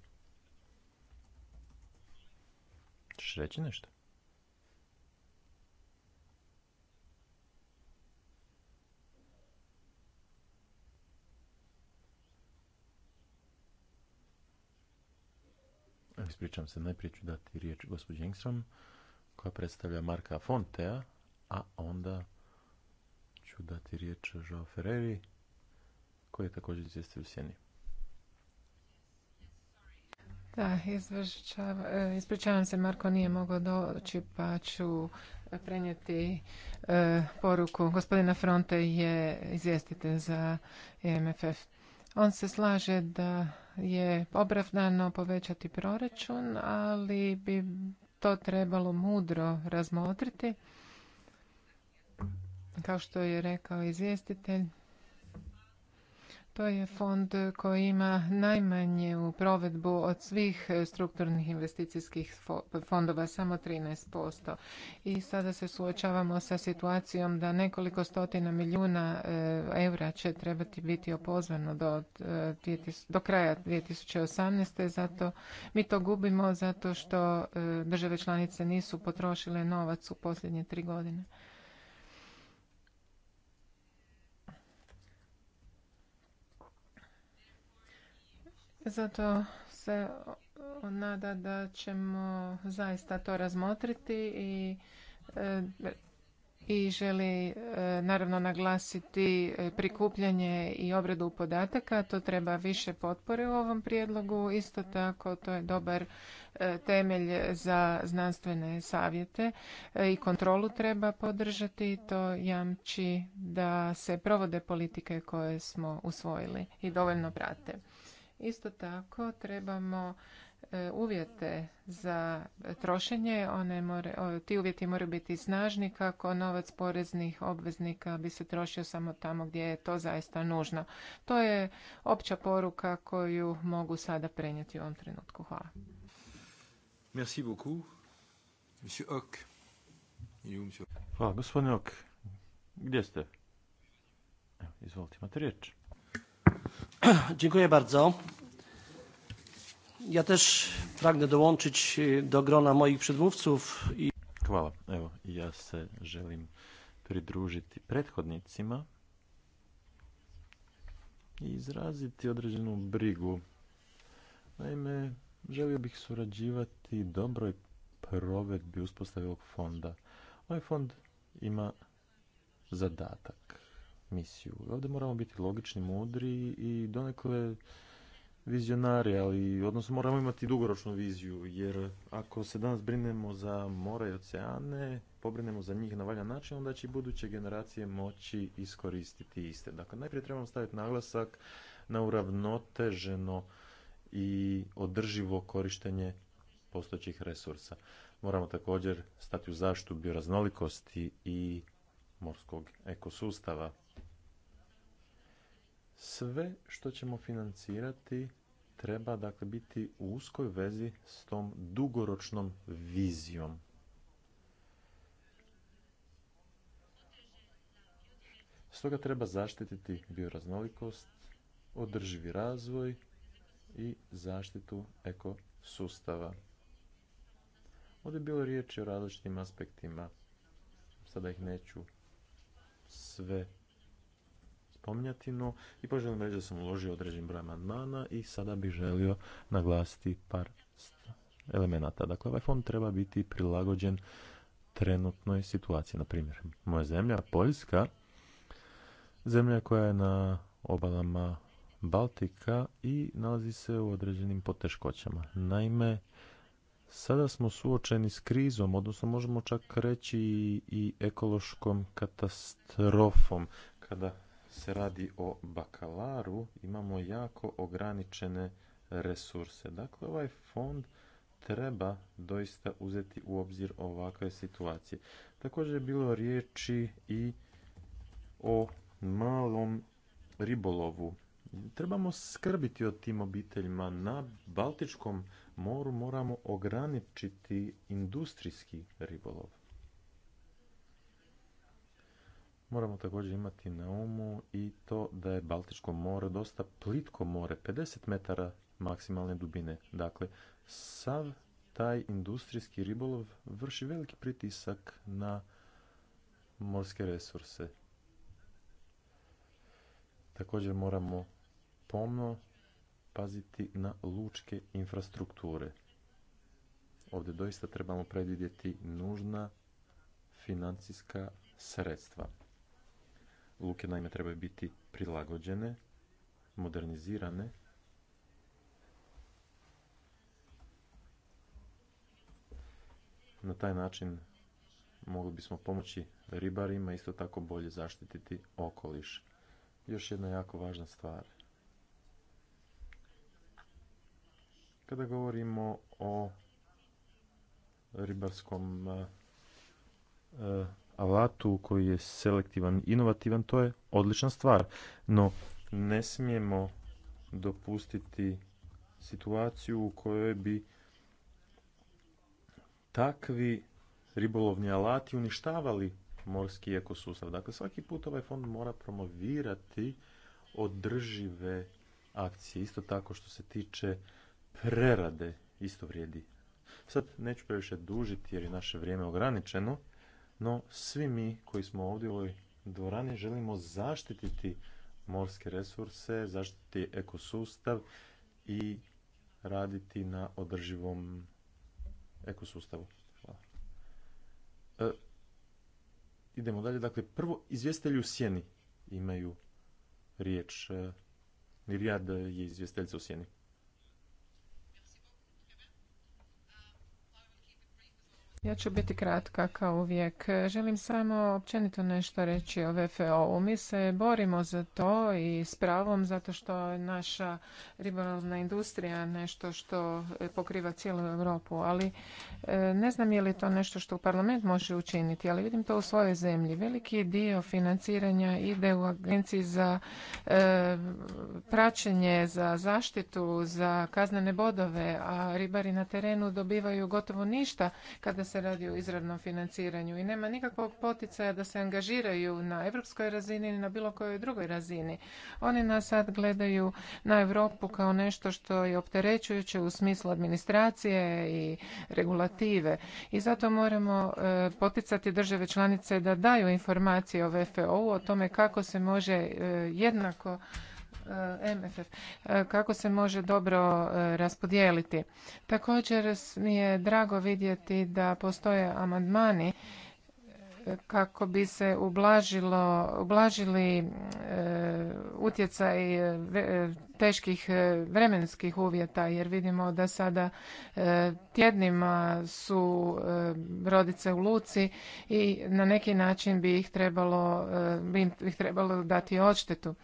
Češ reći nešto? Ispričam se, najprije ću dati riječ gospođi Engstrom, koja predstavlja Marka Fontea, a onda ću dati riječ Joao Ferreri, koji je također u sjeni. Da, e, ispričavam se, Marko nije mogao doći, pa ću prenijeti e, poruku. Gospodina Fronte je izvjestitelj za e MFF. On se slaže da je obravdano povećati proračun, ali bi to trebalo mudro razmotriti kao što je rekao izvjestitelj, to je fond koji ima najmanje u provedbu od svih strukturnih investicijskih fondova, samo 13%. I sada se suočavamo sa situacijom da nekoliko stotina milijuna eh, eura će trebati biti opozvano do, eh, do kraja 2018. Zato mi to gubimo zato što eh, države članice nisu potrošile novac u posljednje tri godine. Zato se nada da ćemo zaista to razmotriti i e, i želi e, naravno naglasiti e, prikupljanje i obradu podataka. To treba više potpore u ovom prijedlogu. Isto tako to je dobar temelj za znanstvene savjete i kontrolu treba podržati. To jamči da se provode politike koje smo usvojili i dovoljno prate. Isto tako trebamo e, uvjete za trošenje, one ti uvjeti moraju biti snažni kako novac poreznih obveznika bi se trošio samo tamo gdje je to zaista nužno. To je opća poruka koju mogu sada prenijeti u ovom trenutku. Hvala. Merci Hvala, Gdje ste? izvolite, imate riječ. Dziękuję bardzo. Ja też pragnę dołączyć do grona moich przedmówców. I... Hvala. Evo, ja se želim pridružiti prethodnicima i izraziti određenu brigu. Naime, želio bih surađivati dobroj provedbi uspostavljivog fonda. Ovaj fond ima zadatak misiju. Ovdje moramo biti logični, mudri i donekle vizionari, ali odnosno moramo imati dugoročnu viziju, jer ako se danas brinemo za mora i oceane, pobrinemo za njih na valjan način, onda će i buduće generacije moći iskoristiti iste. Dakle, najprije trebamo staviti naglasak na uravnoteženo i održivo korištenje postojećih resursa. Moramo također stati u zaštitu bioraznolikosti i morskog ekosustava sve što ćemo financirati treba dakle biti u uskoj vezi s tom dugoročnom vizijom. Stoga treba zaštititi bioraznolikost, održivi razvoj i zaštitu ekosustava. Ovdje je bilo riječi o različitim aspektima. Sada ih neću sve spominjatinu i pa želim reći da sam uložio određen broj amandmana i sada bih želio naglasiti par elemenata. Dakle, ovaj fond treba biti prilagođen trenutnoj situaciji. Na moja zemlja, Poljska, zemlja koja je na obalama Baltika i nalazi se u određenim poteškoćama. Naime, sada smo suočeni s krizom, odnosno možemo čak reći i ekološkom katastrofom kada se radi o bakalaru, imamo jako ograničene resurse. Dakle, ovaj fond treba doista uzeti u obzir ovakve situacije. Također je bilo riječi i o malom ribolovu. Trebamo skrbiti o tim obiteljima. Na Baltičkom moru moramo ograničiti industrijski ribolov. Moramo također imati na umu i to da je Baltičko more dosta plitko more, 50 metara maksimalne dubine. Dakle, sav taj industrijski ribolov vrši veliki pritisak na morske resurse. Također moramo pomno paziti na lučke infrastrukture. Ovdje doista trebamo predvidjeti nužna financijska sredstva. Luke naime trebaju biti prilagođene, modernizirane. Na taj način mogli bismo pomoći ribarima isto tako bolje zaštititi okoliš. Još jedna jako važna stvar. Kada govorimo o ribarskom eh, alatu koji je selektivan, i inovativan, to je odlična stvar. No, ne smijemo dopustiti situaciju u kojoj bi takvi ribolovni alati uništavali morski ekosustav. Dakle, svaki put ovaj fond mora promovirati održive akcije. Isto tako što se tiče prerade, isto vrijedi. Sad neću previše dužiti jer je naše vrijeme ograničeno. No, svi mi koji smo ovdje u ovoj dvorani želimo zaštititi morske resurse, zaštititi ekosustav i raditi na održivom ekosustavu. Hvala. E, idemo dalje. Dakle, prvo izvjestitelji u sjeni imaju riječ. E, Nirijad je izvjesteljica u sjeni. Ja ću biti kratka kao uvijek. Želim samo općenito nešto reći o VFO-u. Mi se borimo za to i s pravom zato što je naša ribolovna industrija nešto što pokriva cijelu Europu, ali e, ne znam je li to nešto što parlament može učiniti, ali vidim to u svojoj zemlji. Veliki dio financiranja ide u agenciji za e, praćenje, za zaštitu, za kaznene bodove, a ribari na terenu dobivaju gotovo ništa kada se se radi o izravnom financiranju i nema nikakvog poticaja da se angažiraju na europskoj razini ili na bilo kojoj drugoj razini. Oni nas sad gledaju na Europu kao nešto što je opterećujuće u smislu administracije i regulative i zato moramo e, poticati države članice da daju informacije o VFO-u o tome kako se može e, jednako E, MFF, e, kako se može dobro e, raspodijeliti. Također mi je drago vidjeti da postoje amandmani kako bi se ublažilo, ublažili utjecaj teških vremenskih uvjeta jer vidimo da sada tjednima su brodice u luci i na neki način bi ih trebalo, bi ih trebalo dati odštetu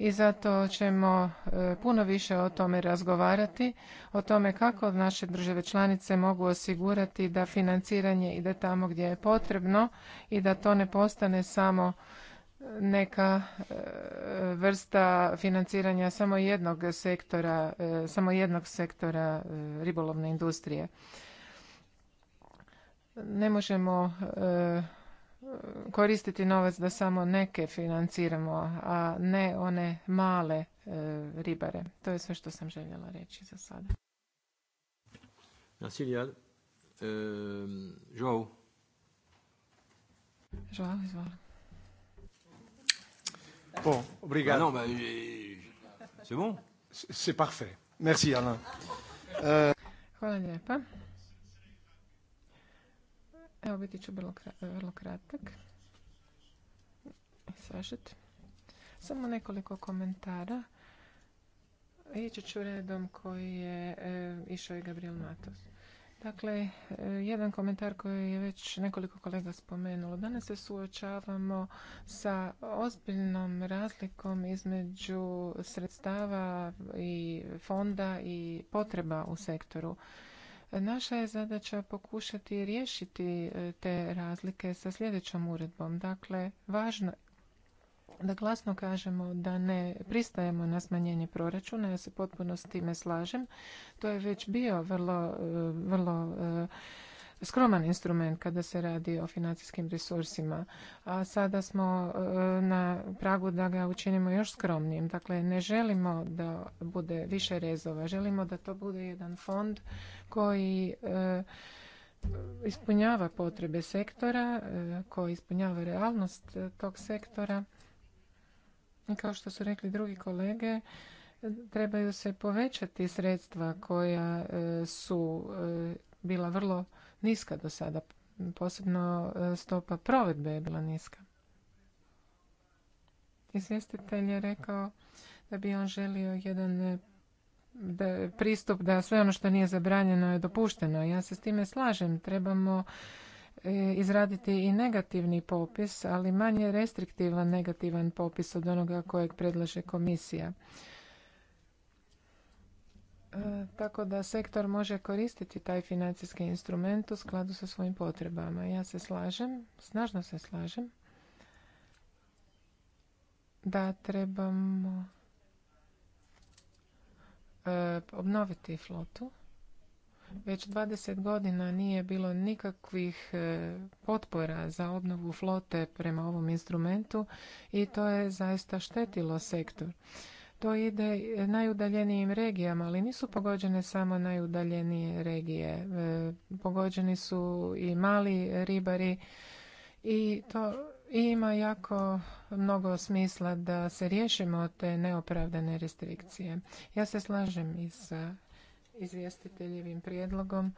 i zato ćemo e, puno više o tome razgovarati, o tome kako naše države članice mogu osigurati da financiranje ide tamo gdje je potrebno i da to ne postane samo neka e, vrsta financiranja samo jednog sektora, e, samo jednog sektora ribolovne industrije. Ne možemo koristiti novac da samo neke financiramo, a ne one male e, ribare. To je sve što sam željela reći za sada. Merci, Lial. E, Joao. Joao, izvoli. Bon, obrigado. Ah non, bah, euh, c'est bon C'est parfait. Merci, Alain. Hvala lijepa. Evo biti ću vrlo, vrlo kratak. Sažet. Samo nekoliko komentara. Ići ću redom koji je e, išao i Gabriel Matos. Dakle, e, jedan komentar koji je već nekoliko kolega spomenulo. Danas se suočavamo sa ozbiljnom razlikom između sredstava i fonda i potreba u sektoru. Naša je zadaća pokušati riješiti e, te razlike sa sljedećom uredbom. Dakle, važno da glasno kažemo da ne pristajemo na smanjenje proračuna, ja se potpuno s time slažem. To je već bio vrlo, e, vrlo e, skroman instrument kada se radi o financijskim resursima, a sada smo e, na pragu da ga učinimo još skromnijim. Dakle, ne želimo da bude više rezova, želimo da to bude jedan fond koji e, ispunjava potrebe sektora, e, koji ispunjava realnost tog sektora. I kao što su rekli drugi kolege, trebaju se povećati sredstva koja su bila vrlo niska do sada. Posebno e, stopa provedbe je bila niska. Izvjestitelj je rekao da bi on želio jedan e, da pristup da sve ono što nije zabranjeno je dopušteno. Ja se s time slažem. Trebamo e, izraditi i negativni popis, ali manje restriktivan negativan popis od onoga kojeg predlaže komisija tako da sektor može koristiti taj financijski instrument u skladu sa svojim potrebama. Ja se slažem, snažno se slažem da trebamo e, obnoviti flotu. Već 20 godina nije bilo nikakvih e, potpora za obnovu flote prema ovom instrumentu i to je zaista štetilo sektor to ide najudaljenijim regijama, ali nisu pogođene samo najudaljenije regije. E, pogođeni su i mali ribari i to ima jako mnogo smisla da se riješimo te neopravdane restrikcije. Ja se slažem i sa izvjestiteljevim prijedlogom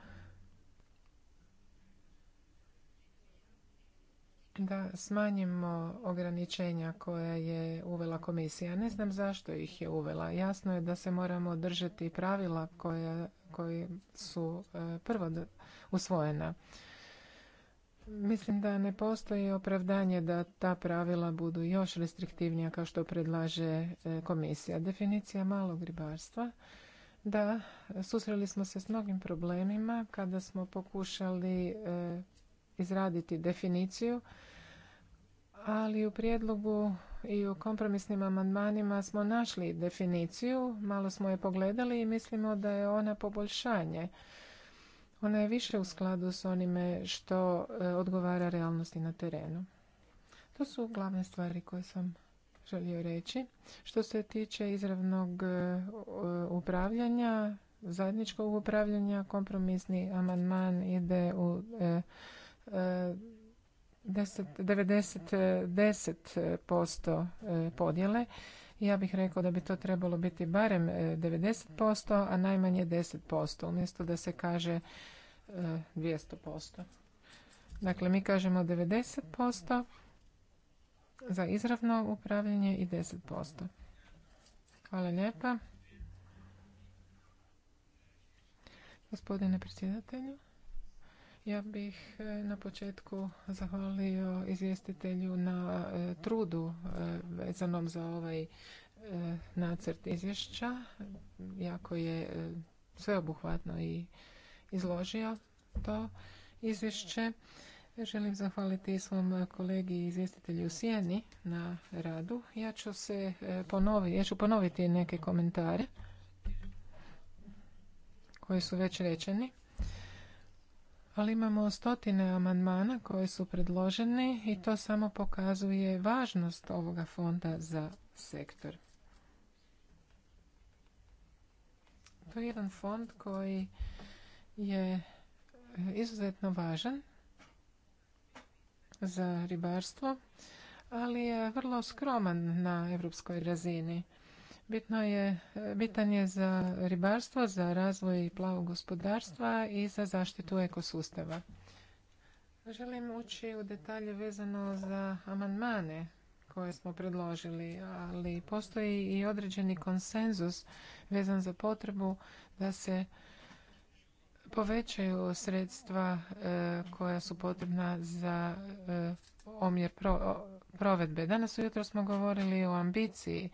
da smanjimo ograničenja koja je uvela komisija. Ne znam zašto ih je uvela. Jasno je da se moramo držati pravila koja, koje su e, prvo usvojena. Mislim da ne postoji opravdanje da ta pravila budu još restriktivnija kao što predlaže e, komisija. Definicija malog ribarstva. Da, susreli smo se s mnogim problemima kada smo pokušali e, izraditi definiciju, ali u prijedlogu i u kompromisnim amandmanima smo našli definiciju, malo smo je pogledali i mislimo da je ona poboljšanje. Ona je više u skladu s onime što e, odgovara realnosti na terenu. To su glavne stvari koje sam želio reći. Što se tiče izravnog e, upravljanja, zajedničkog upravljanja, kompromisni amandman ide u e, 90-10% e, podjele. Ja bih rekao da bi to trebalo biti barem 90%, e, a najmanje 10%, umjesto da se kaže 200%. E, dakle, mi kažemo 90% za izravno upravljanje i 10%. Hvala lijepa. Gospodine predsjedatelju. Ja bih e, na početku zahvalio izvjestitelju na e, trudu e, vezanom za ovaj nacrt izvješća. Jako je sveobuhvatno i izložio to izvješće. Želim zahvaliti svom kolegi izvjestitelju Sijeni na radu. Ja ću se ponoviti, ja ću ponoviti neke komentare koji su već rečeni ali imamo stotine amandmana koji su predloženi i to samo pokazuje važnost ovoga fonda za sektor. To je jedan fond koji je izuzetno važan za ribarstvo, ali je vrlo skroman na europskoj razini. Bitno je, bitan je za ribarstvo, za razvoj plavog gospodarstva i za zaštitu ekosustava. Želim ući u detalje vezano za amandmane koje smo predložili, ali postoji i određeni konsenzus vezan za potrebu da se povećaju sredstva e, koja su potrebna za e, omjer provedbe. Danas ujutro smo govorili o ambiciji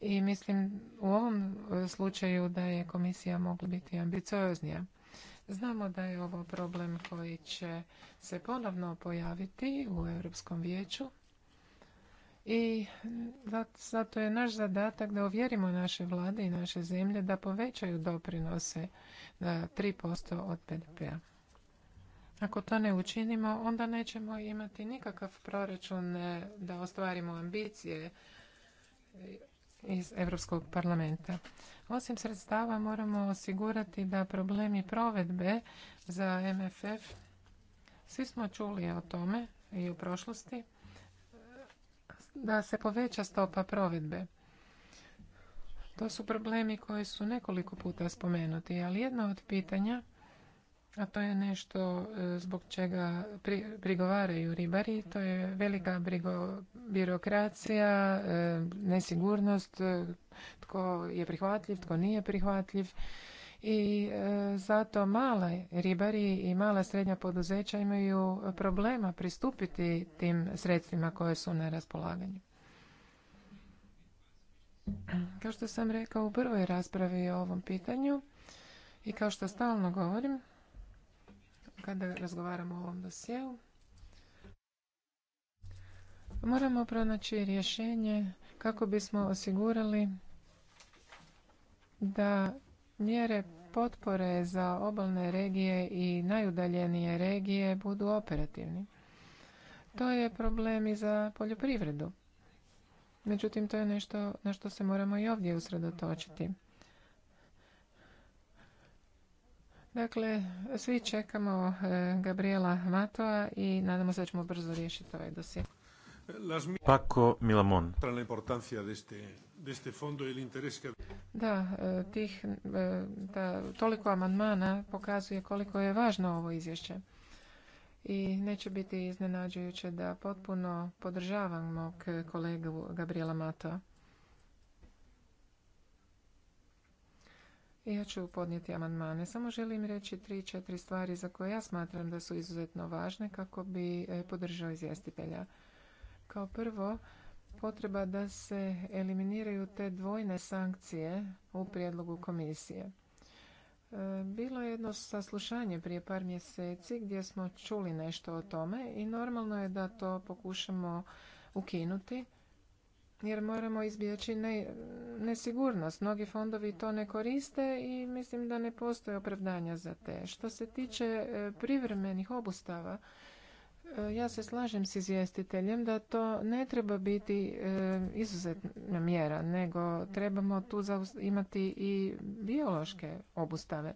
i mislim u ovom e, slučaju da je komisija mogla biti ambicioznija. Znamo da je ovo problem koji će se ponovno pojaviti u Europskom vijeću i zato je naš zadatak da uvjerimo naše vlade i naše zemlje da povećaju doprinose na 3% od BDP-a. Ako to ne učinimo, onda nećemo imati nikakav proračun e, da ostvarimo ambicije e, iz Europskog parlamenta. Osim sredstava moramo osigurati da problemi provedbe za MFF, svi smo čuli o tome i u prošlosti, da se poveća stopa provedbe. To su problemi koji su nekoliko puta spomenuti, ali jedno od pitanja a to je nešto e, zbog čega prigovaraju ribari. To je velika birokracija, e, nesigurnost, e, tko je prihvatljiv, tko nije prihvatljiv. I zato male ribari i mala srednja poduzeća imaju problema pristupiti tim sredstvima koje su na raspolaganju. Kao što sam rekao u prvoj raspravi o ovom pitanju i kao što stalno govorim, kada razgovaramo o ovom dosjeu. Moramo pronaći rješenje kako bismo osigurali da mjere potpore za obalne regije i najudaljenije regije budu operativni. To je problem i za poljoprivredu. Međutim, to je nešto na što se moramo i ovdje usredotočiti. Dakle, svi čekamo e, Gabriela Matoa i nadamo se da ćemo brzo riješiti ovaj dosje. Paco Milamon. Da, e, tih, e, toliko amandmana pokazuje koliko je važno ovo izvješće. I neće biti iznenađujuće da potpuno podržavam mog kolegu Gabriela Matoa. Ja ću podnijeti amandmane. Samo želim reći tri, četiri stvari za koje ja smatram da su izuzetno važne kako bi e, podržao izvjestitelja. Kao prvo, potreba da se eliminiraju te dvojne sankcije u prijedlogu komisije. E, bilo je jedno saslušanje prije par mjeseci gdje smo čuli nešto o tome i normalno je da to pokušamo ukinuti jer moramo izbjeći nesigurnost. Mnogi fondovi to ne koriste i mislim da ne postoje opravdanja za te. Što se tiče e, privremenih obustava, e, ja se slažem s izvjestiteljem da to ne treba biti e, izuzetna mjera, nego trebamo tu imati i biološke obustave.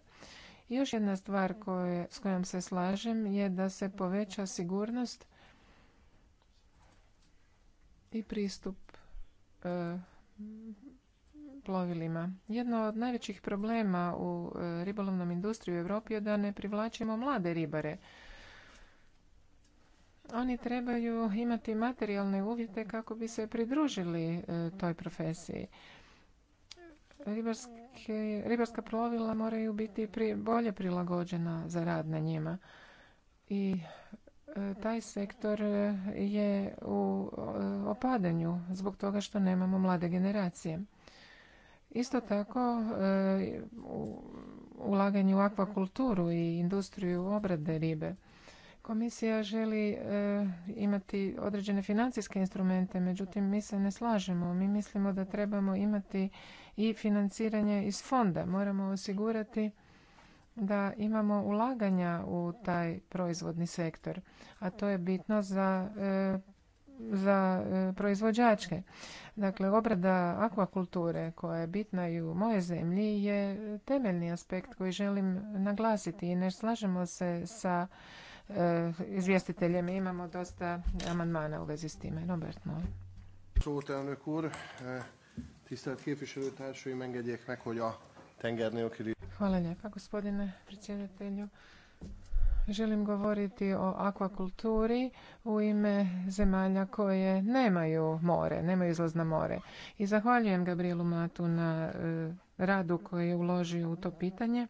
Još jedna stvar koje, s kojom se slažem je da se poveća sigurnost i pristup E, plovilima. Jedno od najvećih problema u e, ribolovnom industriji u Europi je da ne privlačimo mlade ribare. Oni trebaju imati materijalne uvjete kako bi se pridružili e, toj profesiji. Ribarske, ribarska plovila moraju biti bolje prilagođena za rad na njima. I taj sektor e, je u e, opadanju zbog toga što nemamo mlade generacije. Isto tako, e, ulaganje u akvakulturu i industriju obrade ribe. Komisija želi imati određene financijske instrumente, međutim mi se ne slažemo. Mi mislimo da trebamo imati i financiranje iz fonda. Moramo osigurati da imamo ulaganja u taj proizvodni sektor, a to je bitno za e, za e, proizvođačke. Dakle, obrada akvakulture koja je bitna i u moje zemlji je temeljni aspekt koji želim naglasiti i ne slažemo se sa izvjestiteljima, izvjestiteljem. Imamo dosta amandmana u vezi s time. Robert, molim. E, Hvala lijepa gospodine predsjedatelju. Želim govoriti o akvakulturi u ime zemalja koje nemaju more, nemaju izlaz na more. I zahvaljujem Gabrielu Matu na e, radu koji je uložio u to pitanje.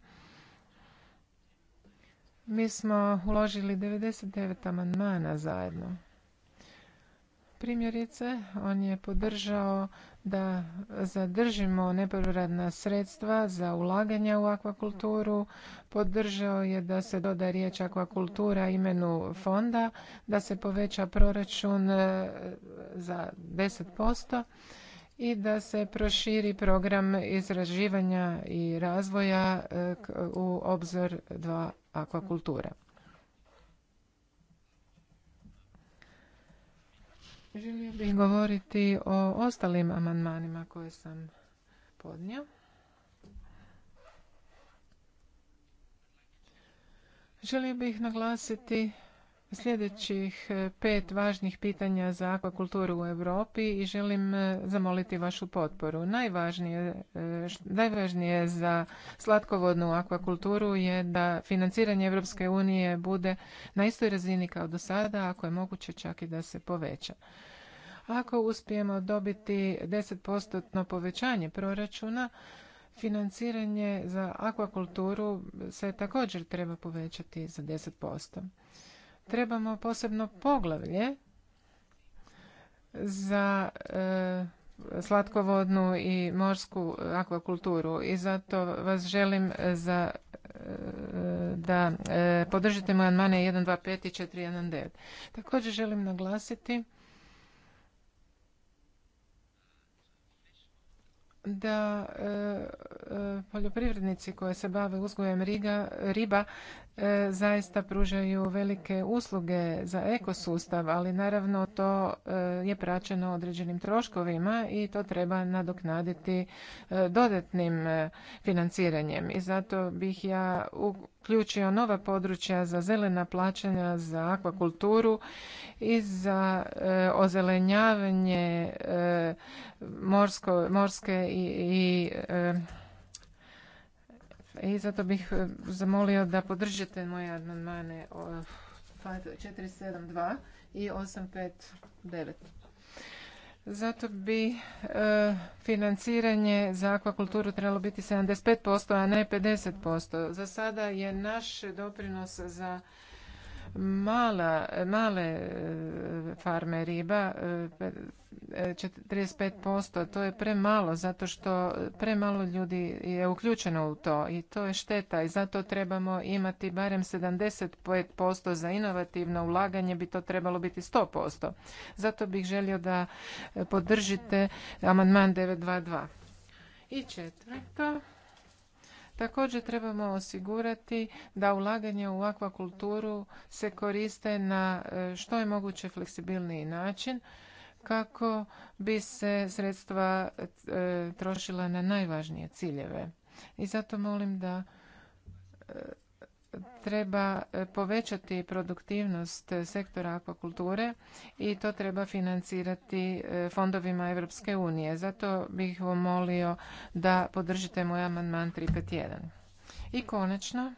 Mi smo uložili 99 amandmana zajedno. Primjerice, on je podržao da zadržimo nepovratna sredstva za ulaganja u akvakulturu. Podržao je da se doda riječ akvakultura imenu fonda, da se poveća proračun e, za 10% i da se proširi program izraživanja i razvoja e, u obzor dva akvakultura. Želio bih govoriti o ostalim amandmanima koje sam podnio. Želio bih naglasiti sljedećih e, pet važnih pitanja za akvakulturu u Europi i želim e, zamoliti vašu potporu. Najvažnije, e, najvažnije za slatkovodnu akvakulturu je da financiranje Europske unije bude na istoj razini kao do sada, ako je moguće čak i da se poveća. Ako uspijemo dobiti 10% povećanje proračuna, financiranje za akvakulturu se također treba povećati za 10% trebamo posebno poglavlje za e, slatkovodnu i morsku akvakulturu i zato vas želim za e, da e, podržite moje dva 125 i 419. Također želim naglasiti da e, e, poljoprivrednici koji se bave uzgojem riga, riba e, zaista pružaju velike usluge za ekosustav, ali naravno to je praćeno određenim troškovima i to treba nadoknaditi dodatnim financiranjem. I zato bih ja uključio nova područja za zelena plaćanja, za akvakulturu i za e, ozelenjavanje e, morske i, i e, i zato bih zamolio da podržite moje amandmane 472 i 859. Zato bi e, financiranje za akvakulturu trebalo biti 75%, a ne 50%. Za sada je naš doprinos za mala, male e, farme riba, 35%, e, e, to je premalo zato što premalo ljudi je uključeno u to i to je šteta i zato trebamo imati barem 75% za inovativno ulaganje bi to trebalo biti 100%. Zato bih želio da podržite amandman 922. I četvrto, Također trebamo osigurati da ulaganje u akvakulturu se koriste na e, što je moguće fleksibilniji način kako bi se sredstva e, trošila na najvažnije ciljeve. I zato molim da e, treba e, povećati produktivnost sektora akvakulture i to treba financirati e, fondovima Europske unije. Zato bih vam molio da podržite moj amandman 351. I konačno,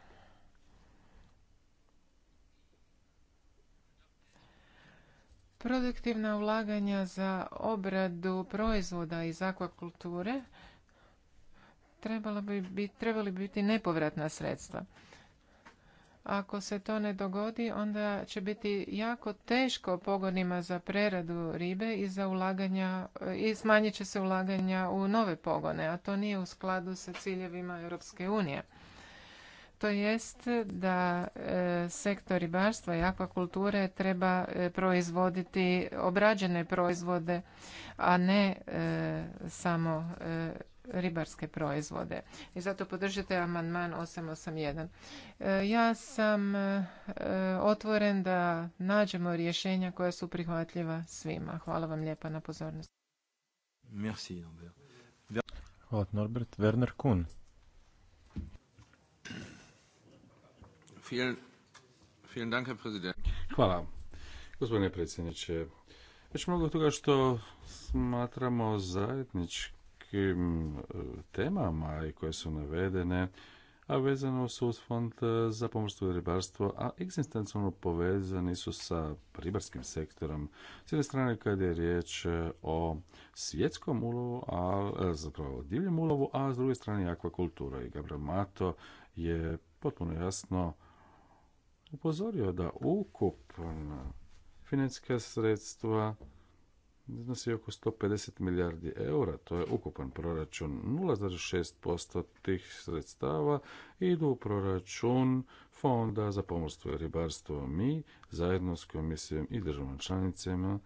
produktivna ulaganja za obradu proizvoda iz akvakulture trebali bi biti nepovratna sredstva. Ako se to ne dogodi, onda će biti jako teško pogonima za preradu ribe i za ulaganja i smanjit će se ulaganja u nove pogone, a to nije u skladu sa ciljevima Europske unije. To jest da e, sektor ribarstva i akvakulture treba e, proizvoditi obrađene proizvode, a ne e, samo ribarske proizvode. I zato podržite amandman 881. E, ja sam e, otvoren da nađemo rješenja koja su prihvatljiva svima. Hvala vam lijepa na pozornost. Merci, Norbert. Hvala, Norbert. Werner Kuhn. Hvala, gospodine predsjedniče. Već mnogo toga što smatramo zajednički nekim e, temama i koje su navedene, a vezano su uz fond e, za pomorstvo i ribarstvo, a egzistencijalno povezani su sa ribarskim sektorom. S jedne strane kad je riječ e, o svjetskom ulovu, a zapravo divljem ulovu, a s druge strane akvakultura. I Gabriel Mato je potpuno jasno upozorio da ukupna financijska sredstva iznosi oko 150 milijardi eura, to je ukupan proračun 0,6% tih sredstava idu u proračun Fonda za pomorstvo i ribarstvo. Mi zajedno s komisijom i državom članicama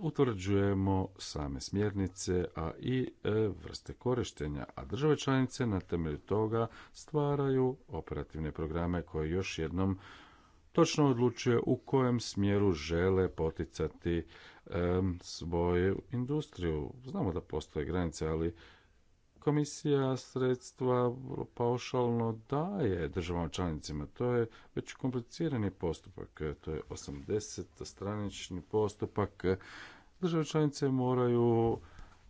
utvrđujemo same smjernice, a i e, vrste korištenja, a države članice na temelju toga stvaraju operativne programe koje još jednom točno odlučuje u kojem smjeru žele poticati svoju industriju. Znamo da postoje granice, ali komisija sredstva paušalno daje državama članicima. To je već komplicirani postupak, to je 80 stranični postupak. Države članice moraju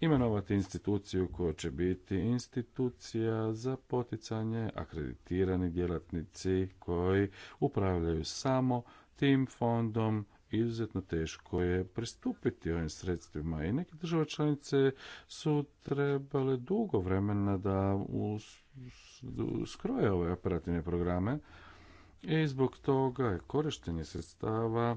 imenovati instituciju koja će biti institucija za poticanje akreditirani djelatnici koji upravljaju samo tim fondom izuzetno teško je pristupiti ovim sredstvima i neke države članice su trebale dugo vremena da skroje ove operativne programe i zbog toga je korištenje sredstava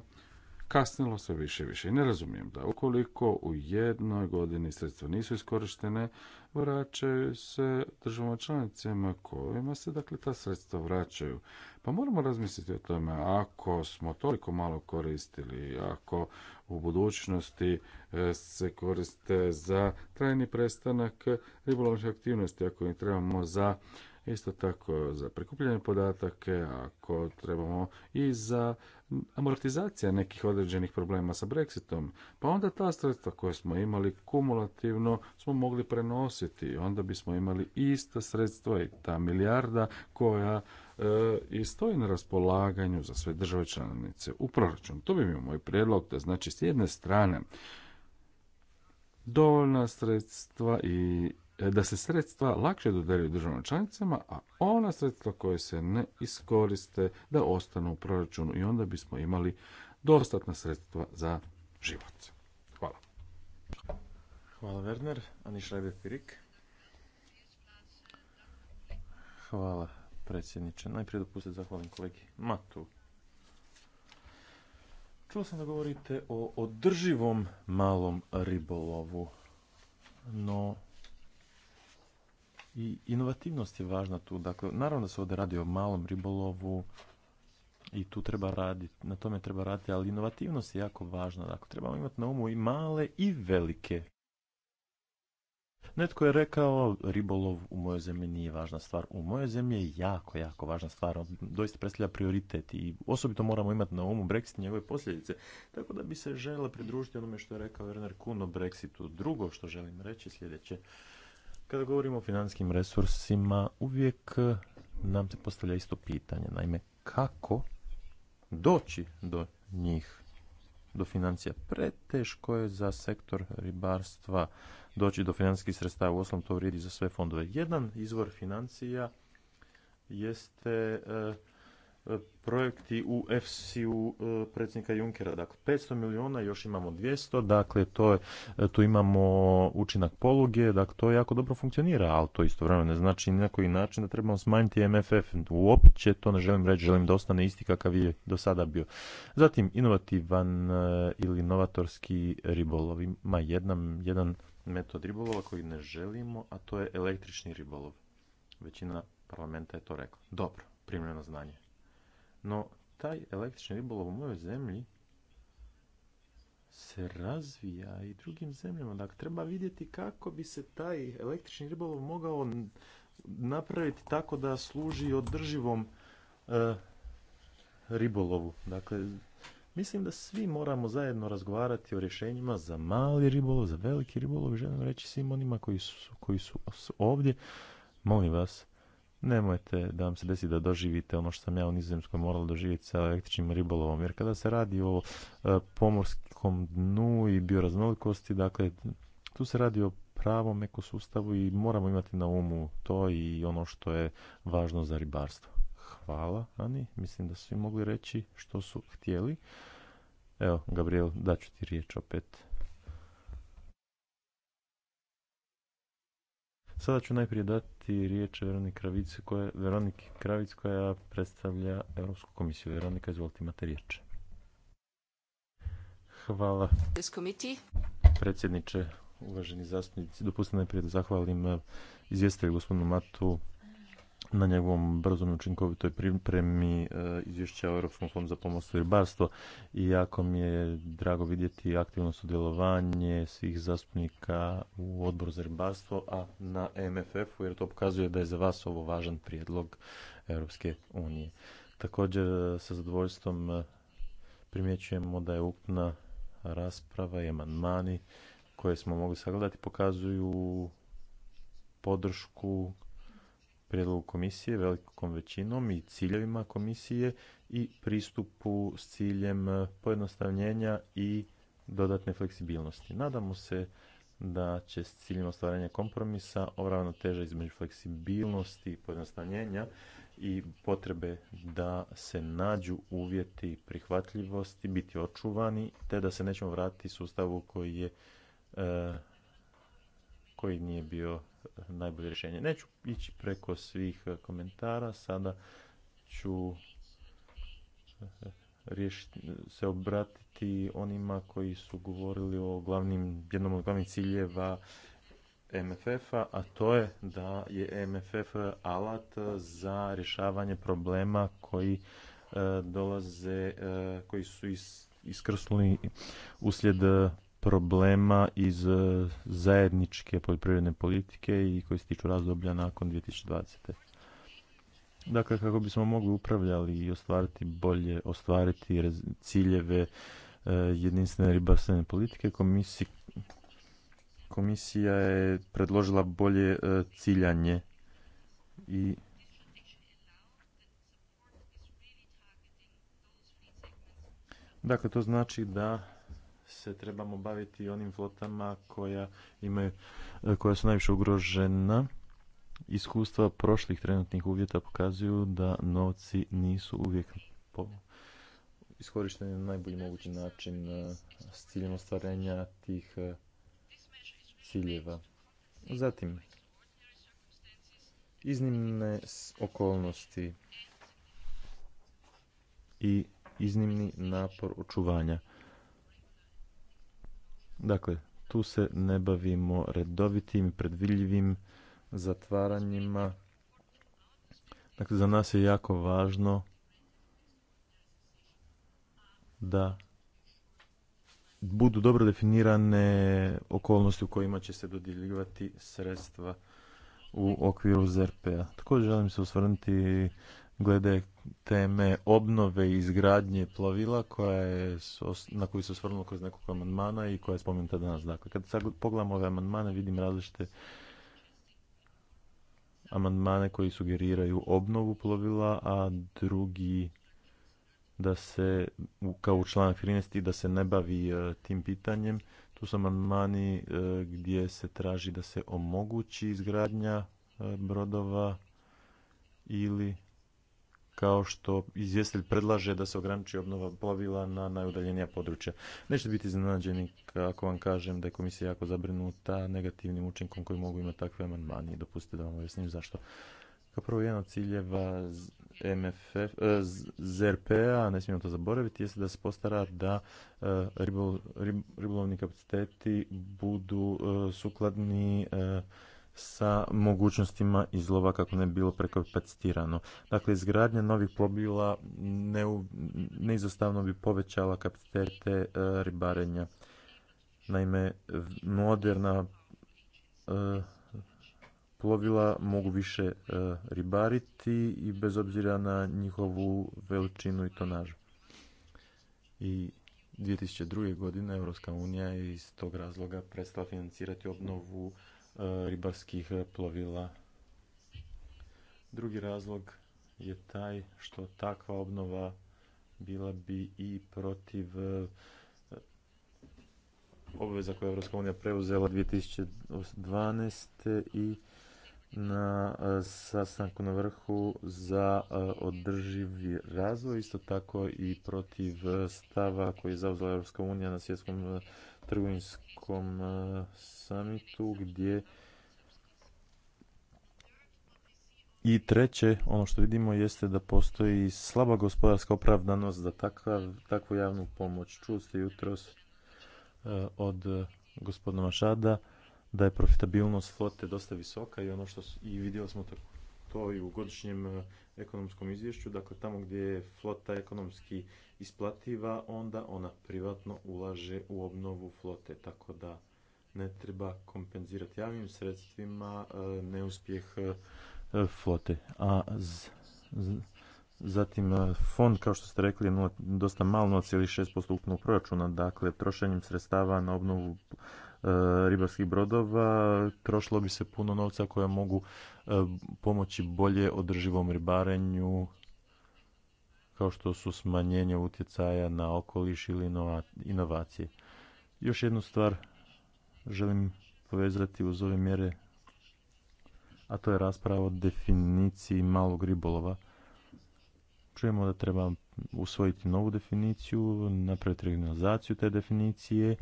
kasnilo se više i više. I ne razumijem da ukoliko u jednoj godini sredstva nisu iskorištene, vraćaju se državama članicama kojima se dakle ta sredstva vraćaju. Pa moramo razmisliti o tome ako smo toliko malo koristili, ako u budućnosti e, se koriste za trajni prestanak ribolovnih aktivnosti, ako im trebamo za isto tako za prikupljanje podatake, ako trebamo i za amortizacija nekih određenih problema sa Brexitom, pa onda ta sredstva koje smo imali kumulativno smo mogli prenositi, onda bismo imali ista sredstva i ta milijarda koja e, i stoji na raspolaganju za sve države članice u proračun. To bi bio moj prijedlog, da znači s jedne strane dovoljna sredstva i E, da se sredstva lakše dodjeljuju državnim članicama, a ona sredstva koje se ne iskoriste da ostanu u proračunu i onda bismo imali dostatna sredstva za život. Hvala. Hvala Werner, Ani Pirik. Hvala predsjedniče. Najprije dopustite zahvalim kolegi Matu. Čuo sam da govorite o održivom malom ribolovu, no i inovativnost je važna tu. Dakle, naravno da se ovdje radi o malom ribolovu i tu treba raditi, na tome treba raditi, ali inovativnost je jako važna. Dakle, trebamo imati na umu i male i velike. Netko je rekao, ribolov u mojoj zemlji nije važna stvar. U mojoj zemlji je jako, jako važna stvar. On doista predstavlja prioritet i osobito moramo imati na umu Brexit i njegove posljedice. Tako da bi se žele pridružiti onome što je rekao Werner Kuhn o Brexitu. Drugo što želim reći sljedeće. Kada govorimo o financijskim resursima, uvijek nam se postavlja isto pitanje. Naime, kako doći do njih, do financija? Preteško je za sektor ribarstva doći do financijskih sredstava. U osnovu to vrijedi za sve fondove. Jedan izvor financija jeste e, projekti u FCU u e, predsjednika Junkera. Dakle, 500 milijuna, još imamo 200, dakle, to je, e, tu imamo učinak poluge, dakle, to jako dobro funkcionira, ali to istovremeno ne znači ni na koji način da trebamo smanjiti MFF. Uopće to ne želim reći, želim da ostane isti kakav je do sada bio. Zatim, inovativan e, ili novatorski ribolov. Ima jedan, jedan metod ribolova koji ne želimo, a to je električni ribolov. Većina parlamenta je to rekla. Dobro, primljeno znanje. No, taj električni ribolov u mojoj zemlji se razvija i drugim zemljama. Dakle, treba vidjeti kako bi se taj električni ribolov mogao napraviti tako da služi održivom e, ribolovu. Dakle, mislim da svi moramo zajedno razgovarati o rješenjima za mali ribolov, za veliki ribolov želim reći svim onima koji su, koji su ovdje, molim vas, nemojte da vam se desi da doživite ono što sam ja u nizozemskoj morala doživjeti sa električnim ribolovom, jer kada se radi o e, pomorskom dnu i bioraznolikosti, dakle, tu se radi o pravom ekosustavu i moramo imati na umu to i ono što je važno za ribarstvo. Hvala, Ani. Mislim da su svi mogli reći što su htjeli. Evo, Gabriel, daću ti riječ opet. Sada ću najprije dati riječ Veroniki Kravici koja, Kravic koja predstavlja Europsku komisiju. Veronika, izvolite, imate riječ. Hvala. Predsjedniče, uvaženi zastupnici, dopustite najprije da zahvalim eh, izvjestitelju gospodinu Matu na njegovom brzom i učinkovitoj pripremi e, izvješća o Europskom fondu za pomorstvo i ribarstvo i jako mi je drago vidjeti aktivno sudjelovanje svih zastupnika u odboru za ribarstvo, a na e MFF-u jer to pokazuje da je za vas ovo važan prijedlog Europske unije. Također sa zadovoljstvom e, primjećujemo da je ukupna rasprava i amandmani koje smo mogli sagledati pokazuju podršku prijedlogu komisije velikom većinom i ciljevima komisije i pristupu s ciljem e, pojednostavljenja i dodatne fleksibilnosti. Nadamo se da će s ciljem ostvaranja kompromisa ovravno teža između fleksibilnosti i pojednostavljenja i potrebe da se nađu uvjeti prihvatljivosti, biti očuvani, te da se nećemo vratiti sustavu koji je e, koji nije bio najbolje rješenje. Neću ići preko svih e, komentara, sada ću e, se obratiti onima koji su govorili o glavnim, jednom od glavnih ciljeva MFF-a, a to je da je MFF alat za rješavanje problema koji e, dolaze, koji su is, iskrsnuli uslijed problema iz e, zajedničke poljoprivredne politike i koji se tiču razdoblja nakon 2020. Dakle, kako bismo mogli upravljali i ostvariti bolje, ostvariti ciljeve e, jedinstvene ribarstvene politike, komisija je predložila bolje e, ciljanje i Dakle, to znači da se trebamo baviti onim flotama koja, imaju, koja su najviše ugrožena. Iskustva prošlih trenutnih uvjeta pokazuju da novci nisu uvijek iskorišteni na najbolji mogući način eh, s ciljem ostvarenja tih eh, ciljeva. Zatim, iznimne okolnosti i iznimni napor očuvanja. Dakle, tu se ne bavimo redovitim, predvidljivim zatvaranjima. Dakle, za nas je jako važno da budu dobro definirane okolnosti u kojima će se dodjeljivati sredstva u okviru ZRP-a. Također želim se osvrnuti glede teme obnove i izgradnje plovila koja je, na koju se osvrnulo kroz nekog amandmana i koja je spomenuta danas. Dakle, kad sad pogledamo ove amandmane vidim različite amandmane koji sugeriraju obnovu plovila, a drugi da se, kao u članak 13. da se ne bavi e, tim pitanjem. Tu su amandmani e, gdje se traži da se omogući izgradnja e, brodova ili kao što izvjestelj predlaže da se ograniči obnova plovila na najudaljenija područja. Nećete biti iznenađeni ako vam kažem da je komisija jako zabrinuta negativnim učinkom koji mogu imati takve amandmani i dopustite da vam objasnim zašto. Kao prvo, jedan od ciljeva MFF, e, ZRP-a, ne smijemo to zaboraviti, jeste da se postara da e, ribolovni kapaciteti budu e, sukladni sa mogućnostima izlova kako ne bi bilo prekapacitirano. Dakle, izgradnja novih plovila neizostavno bi povećala kapacitete e, ribarenja. Naime, moderna e, plovila mogu više e, ribariti i bez obzira na njihovu veličinu i tonažu. I 2002. godine Europska unija je iz tog razloga prestala financirati obnovu Eh, ribarskih plovila. Drugi razlog je taj što takva obnova bila bi i protiv eh, obveza koje je unija preuzela 2012. i na eh, sastanku na vrhu za održivi razvoj, isto tako i protiv stava koji je zauzela Evropska unija na svjetskom trgovinskom e, samitu gdje I treće, ono što vidimo jeste da postoji slaba gospodarska opravdanost za takav, takvu javnu pomoć. Čuo ste jutros e, od gospodina Mašada da je profitabilnost flote dosta visoka i ono što i vidjeli smo to i u godišnjem e, ekonomskom izvješću, dakle tamo gdje je flota ekonomski isplativa, onda ona privatno ulaže u obnovu flote, tako da ne treba kompenzirati javnim sredstvima e, neuspjeh e, flote. A zatim e, fond, kao što ste rekli, je dosta malo, 0,6% ukupnog proračuna, dakle trošenjem sredstava na obnovu ribarskih brodova trošilo bi se puno novca koja mogu pomoći bolje održivom ribarenju kao što su smanjenje utjecaja na okoliš ili inovacije. Još jednu stvar želim povezati uz ove mjere, a to je rasprava o definiciji malog ribolova. Čujemo da treba usvojiti novu definiciju, napraviti regionalizaciju te definicije.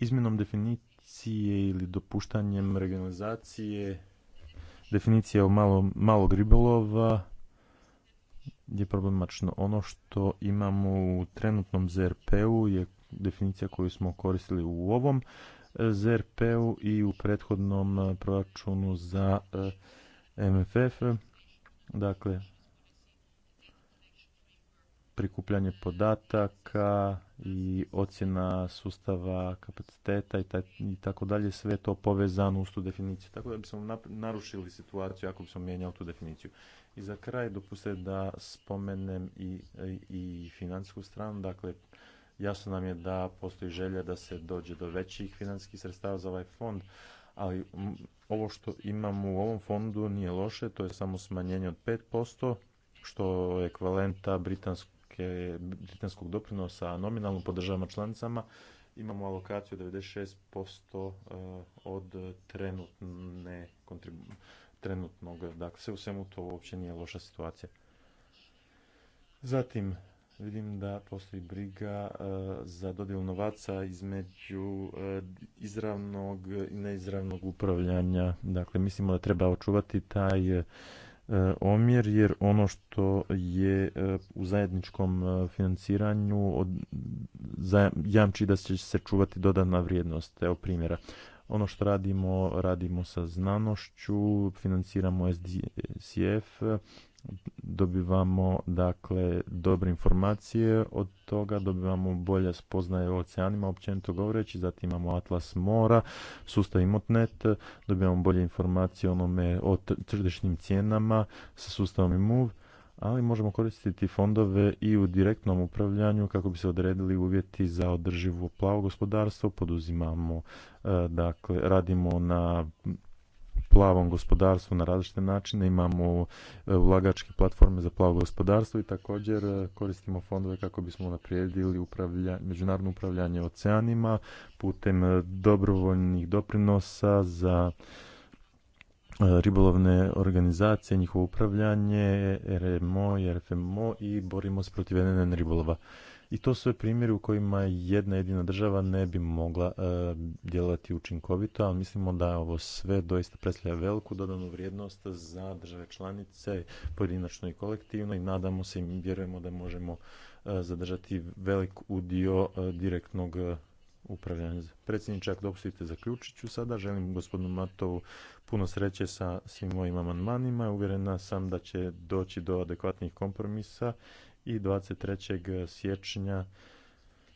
Izmjenom definicije ili dopuštanjem regionalizacije definicija o malog ribolova je problematično. Ono što imamo u trenutnom ZRP-u je definicija koju smo koristili u ovom e, ZRP-u i u prethodnom e, proračunu za e, MFF. Dakle, prikupljanje podataka i ocjena sustava kapaciteta i tako dalje, sve to povezano uz tu definiciju. Tako da bismo narušili situaciju ako bismo mijenjali tu definiciju. I za kraj dopustite da spomenem i, i financijsku stranu. Dakle, jasno nam je da postoji želja da se dođe do većih financijskih sredstava za ovaj fond, ali ovo što imamo u ovom fondu nije loše, to je samo smanjenje od 5%, što je ekvalenta britanskog doprinosa nominalno po državama članicama. Imamo alokaciju 96% eh, od trenutne trenutnog. Dakle, sve u svemu to uopće nije loša situacija. Zatim, vidim da postoji briga e, za dodjelu novaca između e, izravnog i neizravnog upravljanja. Dakle, mislimo da treba očuvati taj e, omjer jer ono što je u zajedničkom financiranju jamči da će se čuvati dodana vrijednost. Evo primjera ono što radimo, radimo sa znanošću, financiramo SDCF, dobivamo dakle dobre informacije od toga, dobivamo bolje spoznaje o oceanima, općenito govoreći, zatim imamo Atlas mora, sustav Imotnet, dobivamo bolje informacije o onome o tržišnim cijenama sa sustavom IMUV ali možemo koristiti fondove i u direktnom upravljanju kako bi se odredili uvjeti za održivo plavo gospodarstvo. Poduzimamo, e, dakle, radimo na plavom gospodarstvu na različite načine, imamo e, ulagačke platforme za plavo gospodarstvo i također e, koristimo fondove kako bismo naprijedili međunarodno upravljanje oceanima putem dobrovoljnih doprinosa za ribolovne organizacije, njihovo upravljanje, RMO i RFMO i borimo se protiv NNN ribolova. I to su primjeri u kojima jedna jedina država ne bi mogla e, djelovati učinkovito, ali mislimo da ovo sve doista predstavlja veliku dodanu vrijednost za države članice, pojedinačno i kolektivno i nadamo se i vjerujemo da možemo e, zadržati velik udio e, direktnog upravljanje. Predsjedniče, dopustite, zaključit ću sada. Želim gospodinu Matovu puno sreće sa svim mojim amandmanima. Uvjerena sam da će doći do adekvatnih kompromisa i 23. siječnja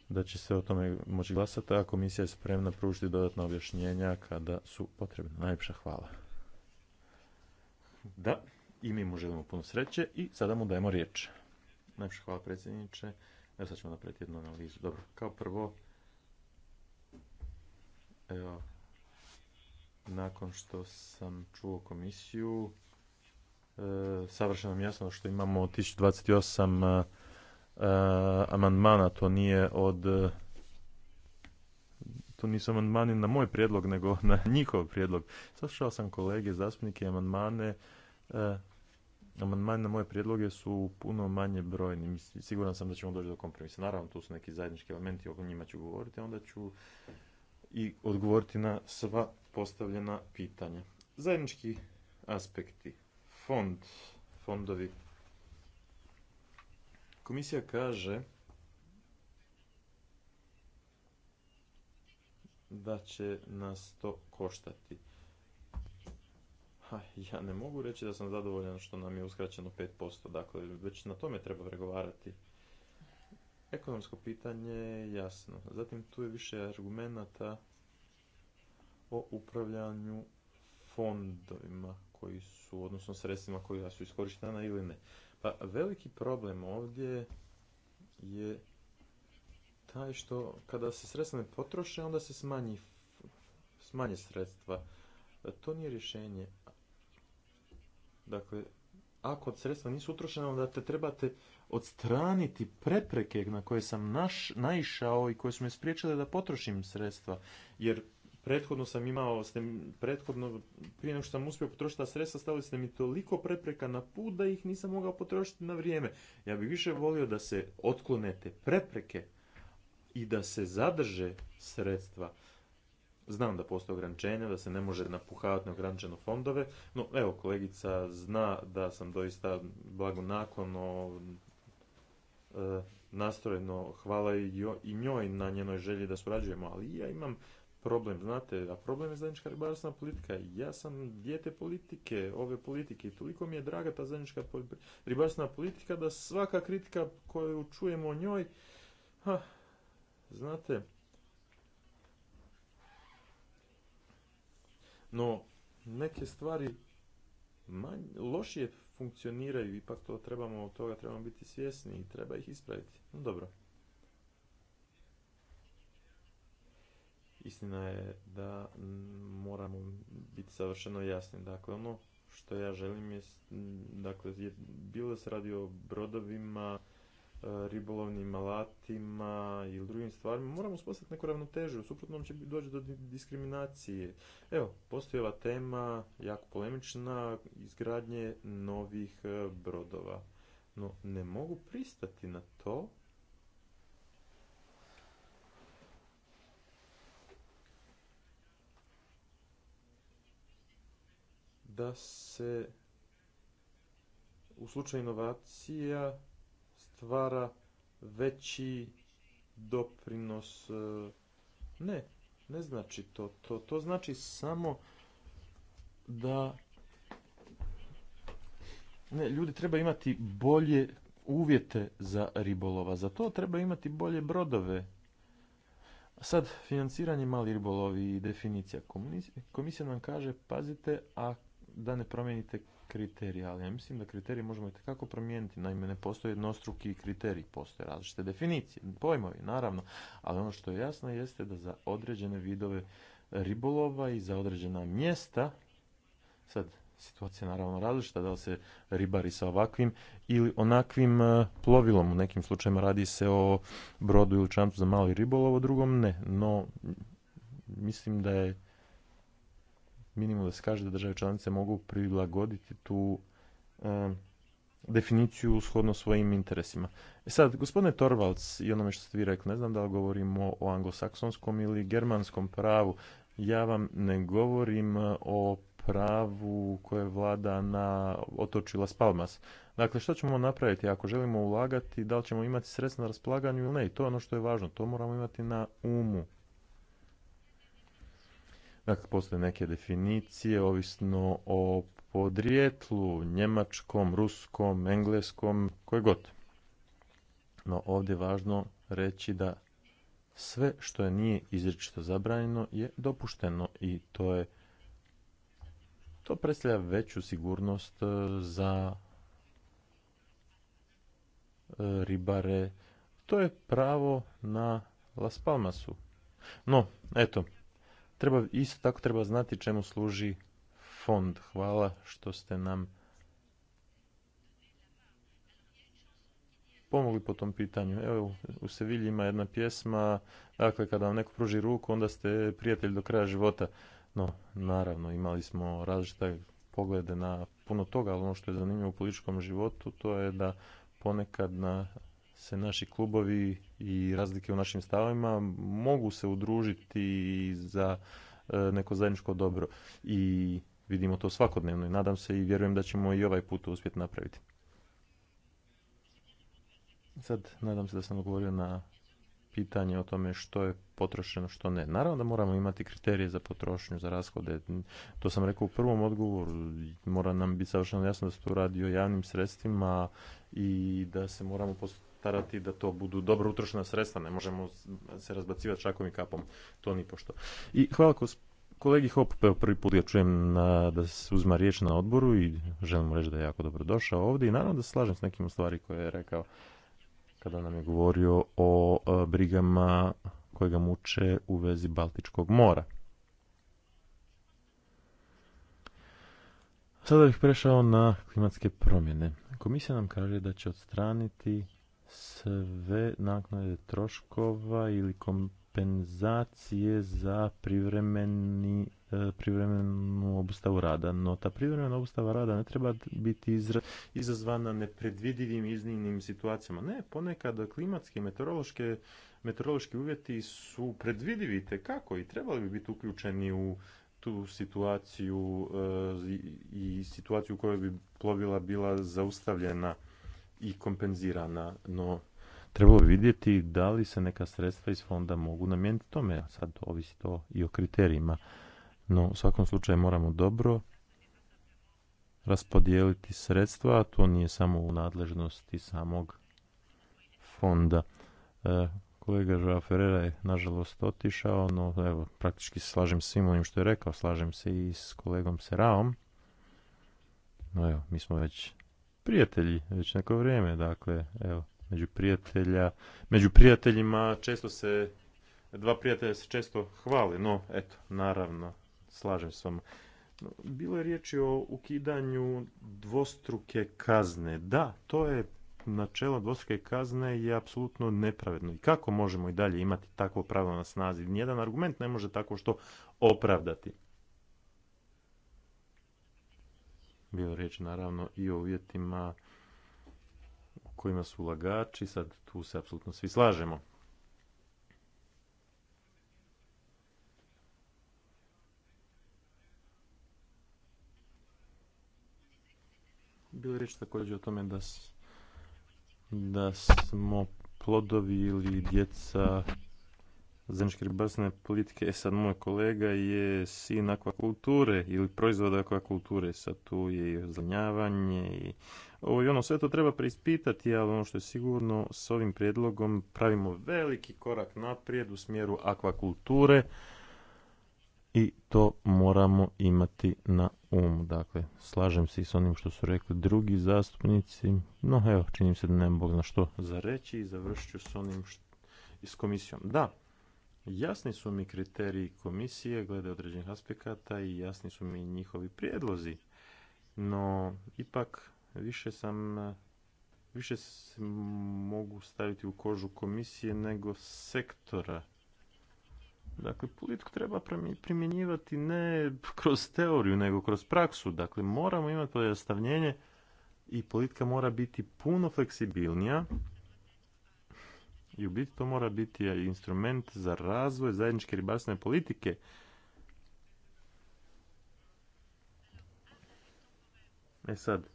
da će se o tome moći glasati, a komisija je spremna pružiti dodatna objašnjenja kada su potrebne. Najljepša hvala. Da, i mi mu želimo puno sreće i sada mu dajemo riječ. Najljepša hvala predsjedniče. Evo sad ćemo napraviti jednu analizu. Dobro, kao prvo, Evo, nakon što sam čuo komisiju, e, savršeno mi jasno što imamo 1028 e, e, amandmana, to nije od e, to nisu amandmani na moj prijedlog, nego na njihov prijedlog. Saslušao sam kolege, zastupnike, amandmane. E, amandmani na moje prijedloge su puno manje brojni. Siguran sam da ćemo doći do kompromisa. Naravno, tu su neki zajednički elementi, o njima ću govoriti, onda ću i odgovoriti na sva postavljena pitanja. Zajednički aspekti. Fond, fondovi. Komisija kaže da će nas to koštati. Ha, ja ne mogu reći da sam zadovoljan što nam je uskraćeno 5%, dakle već na tome treba pregovarati. Ekonomsko pitanje je jasno. Zatim tu je više argumenata o upravljanju fondovima koji su, odnosno sredstvima koja su iskorištena ili ne. Pa veliki problem ovdje je taj što kada se sredstva ne potroše, onda se smanji, smanje sredstva. To nije rješenje. Dakle, ako sredstva nisu utrošena, onda te trebate odstraniti prepreke na koje sam naš, naišao i koje su me spriječile da potrošim sredstva. Jer prethodno sam imao, ste, prethodno, prije nego što sam uspio potrošiti ta sredstva, stavili ste mi toliko prepreka na put da ih nisam mogao potrošiti na vrijeme. Ja bih više volio da se otklonete prepreke i da se zadrže sredstva. Znam da postoje ograničenja, da se ne može napuhavati ograničeno fondove, no evo kolegica zna da sam doista blagonaklono e, nastrojeno, hvala i njoj na njenoj želji da surađujemo, ali ja imam problem, znate, a problem je zajednička ribarstvena politika. Ja sam dijete politike, ove politike i toliko mi je draga ta zajednička ribarstvena politika da svaka kritika koju čujemo o njoj, ha, znate, No, neke stvari manj, lošije funkcioniraju, ipak to trebamo, toga trebamo biti svjesni i treba ih ispraviti. No dobro. Istina je da moramo biti savršeno jasni. Dakle, ono što ja želim je, dakle, je bilo se radi o brodovima, E, ribolovnim alatima ili drugim stvarima, moramo uspostaviti neku ravnotežu, Suprotno suprotnom će doći do diskriminacije. Evo, postoji ova tema, jako polemična, izgradnje novih e, brodova. No, ne mogu pristati na to da se u slučaju inovacija stvara veći doprinos. E, ne, ne znači to. To, to znači samo da ne, ljudi treba imati bolje uvjete za ribolova. Za to treba imati bolje brodove. Sad, financiranje mali ribolovi i definicija. Komisija nam kaže, pazite, a da ne promijenite kriterija, ali ja mislim da kriterije možemo i kako promijeniti. Naime, ne postoje jednostruki kriteriji, postoje različite definicije, pojmovi, naravno, ali ono što je jasno jeste da za određene vidove ribolova i za određena mjesta, sad situacija je naravno različita, da li se ribari sa ovakvim ili onakvim e, plovilom. U nekim slučajima radi se o brodu ili čamcu za mali ribolov, u drugom ne. No, mislim da je minimum da se kaže da države članice mogu prilagoditi tu e, definiciju shodno svojim interesima. E sad, gospodine Torvalds, i onome što ste vi rekli, ne znam da li govorimo o anglosaksonskom ili germanskom pravu, ja vam ne govorim e, o pravu koje vlada na otoči Las Palmas. Dakle, što ćemo napraviti ako želimo ulagati, da li ćemo imati sredstva na raspolaganju ili ne? I to je ono što je važno, to moramo imati na umu. Dakle, postoje neke definicije, ovisno o podrijetlu, njemačkom, ruskom, engleskom, koje god. No ovdje je važno reći da sve što nije izričito zabranjeno je dopušteno i to je to predstavlja veću sigurnost e, za e, ribare. To je pravo na Las Palmasu. No, eto, Treba, isto tako treba znati čemu služi fond. Hvala što ste nam pomogli po tom pitanju. Evo, u Sevilji ima jedna pjesma, dakle, kada vam neko pruži ruku, onda ste prijatelj do kraja života. No, naravno, imali smo različite poglede na puno toga, ali ono što je zanimljivo u političkom životu, to je da ponekad na se naši klubovi i razlike u našim stavovima mogu se udružiti za e, neko zajedničko dobro i vidimo to svakodnevno i nadam se i vjerujem da ćemo i ovaj put uspjeti napraviti. Sad nadam se da sam govorio na pitanje o tome što je potrošeno, što ne. Naravno da moramo imati kriterije za potrošnju, za rashode. To sam rekao u prvom odgovoru. Mora nam biti savršeno jasno da se to radi o javnim sredstvima i da se moramo starati da to budu dobro utrošena sredstva, ne možemo se razbacivati šakom i kapom, to ni pošto. I hvala kolegi Hopu, pa prvi put ja čujem da se uzma riječ na odboru i želim mu reći da je jako dobro došao ovdje i naravno da se slažem s nekim stvari koje je rekao kada nam je govorio o e, brigama koje ga muče u vezi Baltičkog mora. Sada bih prešao na klimatske promjene. Komisija nam kaže da će odstraniti sve naknade troškova ili kompenzacije za e, privremenu obustavu rada. No, ta privremena obustava rada ne treba biti izazvana nepredvidivim iznimnim situacijama. Ne, ponekad klimatski, meteorološke, meteorološki uvjeti su predvidivi te kako i trebali bi biti uključeni u tu situaciju e, i situaciju u kojoj bi plovila bila zaustavljena i kompenzirana, no trebalo bi vidjeti da li se neka sredstva iz fonda mogu namijeniti tome, sad ovisi to i o kriterijima. No, u svakom slučaju moramo dobro raspodijeliti sredstva, a to nije samo u nadležnosti samog fonda. E, kolega Joao Ferreira je nažalost otišao, no evo, praktički slažem se svim onim što je rekao, slažem se i s kolegom Seraom. No evo, mi smo već prijatelji već neko vrijeme, dakle, evo, među prijatelja, među prijateljima često se, dva prijatelja se često hvale, no, eto, naravno, slažem s vama. Bilo je riječi o ukidanju dvostruke kazne. Da, to je načelo dvostruke kazne je apsolutno nepravedno. I kako možemo i dalje imati takvo pravilo na snazi? Nijedan argument ne može tako što opravdati. bilo riječ naravno i o uvjetima u kojima su ulagači, sad tu se apsolutno svi slažemo. Bilo je također o tome da, da smo plodovi ili djeca zajedničke ribarstvene politike. E sad, moj kolega je sin akvakulture ili proizvoda akvakulture. Sad tu je i zlanjavanje i ovo i ono. Sve to treba preispitati, ali ono što je sigurno s ovim prijedlogom pravimo veliki korak naprijed u smjeru akvakulture i to moramo imati na umu. Dakle, slažem se i s onim što su rekli drugi zastupnici, no evo, činim se da nemam Bog zna što za reći i završit ću s onim što s komisijom. Da, Jasni su mi kriteriji komisije glede određenih aspekata i jasni su mi njihovi prijedlozi. No, ipak više sam više se mogu staviti u kožu komisije nego sektora. Dakle, politiku treba primjenjivati ne kroz teoriju, nego kroz praksu. Dakle, moramo imati pojednostavljenje i politika mora biti puno fleksibilnija i u biti to mora biti instrument za razvoj zajedničke ribarstvene politike. E sad,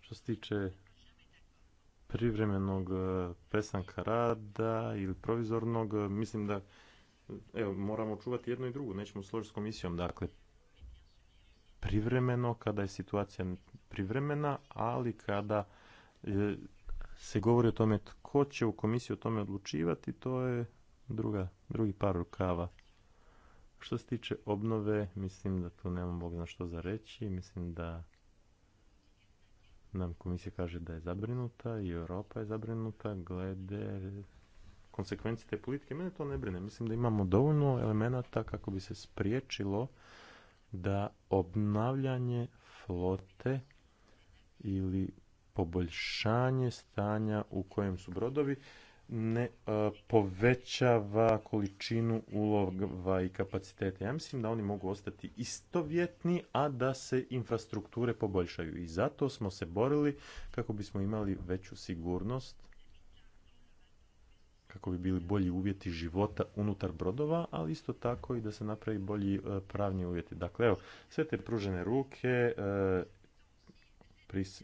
što se tiče privremenog e, prestanka rada ili provizornog, e, mislim da evo, moramo čuvati jedno i drugo, nećemo složiti s komisijom. Dakle, privremeno kada je situacija privremena, ali kada E, se govori o tome tko će u komisiji o tome odlučivati, to je druga, drugi par rukava. Što se tiče obnove, mislim da tu nemam Bog zna što za reći. Mislim da nam komisija kaže da je zabrinuta i Europa je zabrinuta glede konsekvenci te politike. Mene to ne brine. Mislim da imamo dovoljno elemenata kako bi se spriječilo da obnavljanje flote ili poboljšanje stanja u kojem su brodovi ne e, povećava količinu ulova i kapacitete. Ja mislim da oni mogu ostati istovjetni, a da se infrastrukture poboljšaju. I zato smo se borili kako bismo imali veću sigurnost, kako bi bili bolji uvjeti života unutar brodova, ali isto tako i da se napravi bolji e, pravni uvjeti. Dakle, evo, sve te pružene ruke, e, pris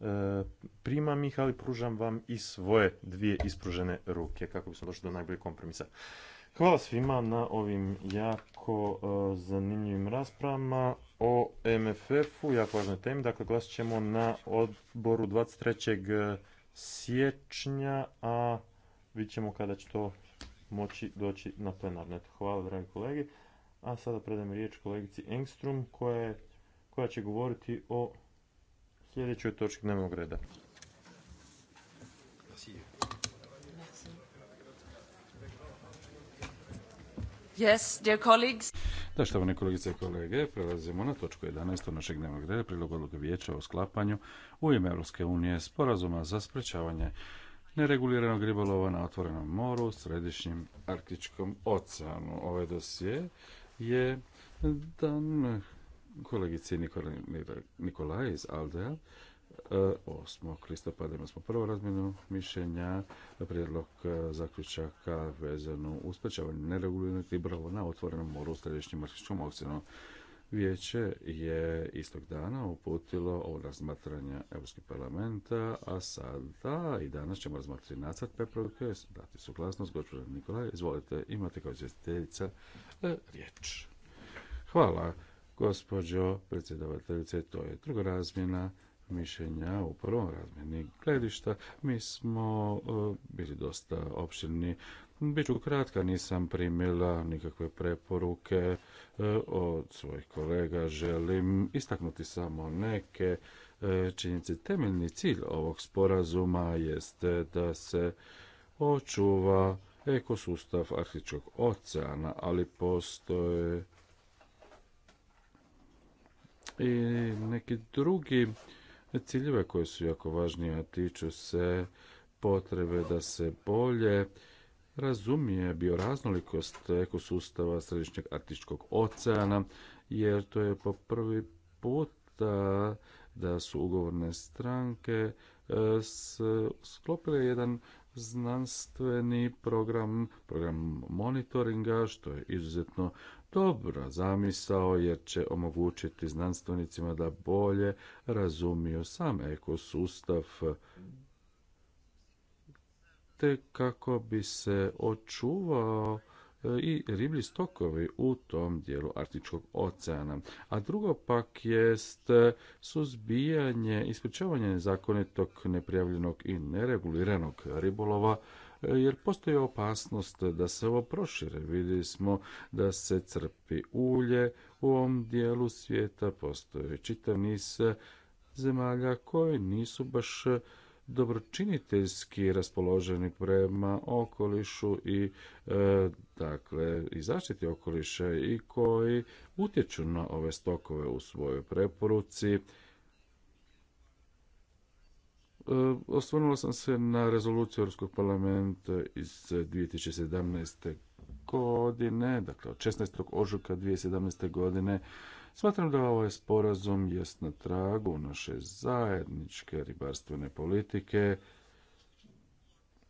E, primam ih, ali pružam vam i svoje dvije ispružene ruke kako bismo došli do najboljeg kompromisa. Hvala svima na ovim jako e, zanimljivim raspravama o MFF-u, jako važnoj temi. Dakle, glasit ćemo na odboru 23. E, siječnja, a vidit ćemo kada će to moći doći na plenarne. Hvala, dragi kolegi. A sada predajem riječ kolegici Engstrom koja, je, koja će govoriti o sljedećoj točki dnevnog reda. Yes, Da, kolegice i kolege, prelazimo na točku 11. našeg dnevnog reda, prilog odluke vijeća o sklapanju u ime Europske unije sporazuma za sprečavanje nereguliranog ribolova na otvorenom moru, središnjem arktičkom oceanu. Ovaj dosje je dan kolegici Nikolaj iz Aldea. 8. E, listopada imamo smo prvo razmjenu mišljenja, prijedlog e, zaključaka vezano uz sprečavanje nereguliranih ribolova na otvorenom moru u središnjem Markičkom Vijeće je istog dana uputilo ovo razmatranje Europskog parlamenta, a sada i danas ćemo razmatrati nacrt preporuke, dati suglasnost. Gospođa Nikolaj, izvolite, imate kao izvjestiteljica e, riječ. Hvala. Gospođo predsjedavateljice, to je druga razmjena mišljenja u prvom razmjeni gledišta. Mi smo e, bili dosta opširni. Biću kratka, nisam primila nikakve preporuke e, od svojih kolega. Želim istaknuti samo neke e, činjenice. Temeljni cilj ovog sporazuma jeste da se očuva ekosustav Arhičkog oceana, ali postoje i neki drugi ciljeve koji su jako važni, a tiču se potrebe da se bolje razumije bioraznolikost ekosustava Središnjeg Artičkog oceana, jer to je po prvi puta da su ugovorne stranke e, sklopile jedan znanstveni program, program monitoringa, što je izuzetno dobra zamisao jer će omogućiti znanstvenicima da bolje razumiju sam ekosustav te kako bi se očuvao e, i riblji stokovi u tom dijelu Artičkog oceana. A drugo pak jest e, suzbijanje i sprečavanje nezakonitog, neprijavljenog i nereguliranog ribolova jer postoji opasnost da se ovo prošire. Vidjeli smo da se crpi ulje u ovom dijelu svijeta, postoje čitav niz zemalja koje nisu baš dobročiniteljski raspoloženi prema okolišu i e, dakle i zaštiti okoliša i koji utječu na ove stokove u svojoj preporuci E, Osvrnula sam se na rezoluciju Europskog parlamenta iz 2017. E, godine, dakle od 16. ožujka 2017. godine. Smatram da ovaj sporazum jest na tragu naše zajedničke ribarstvene politike.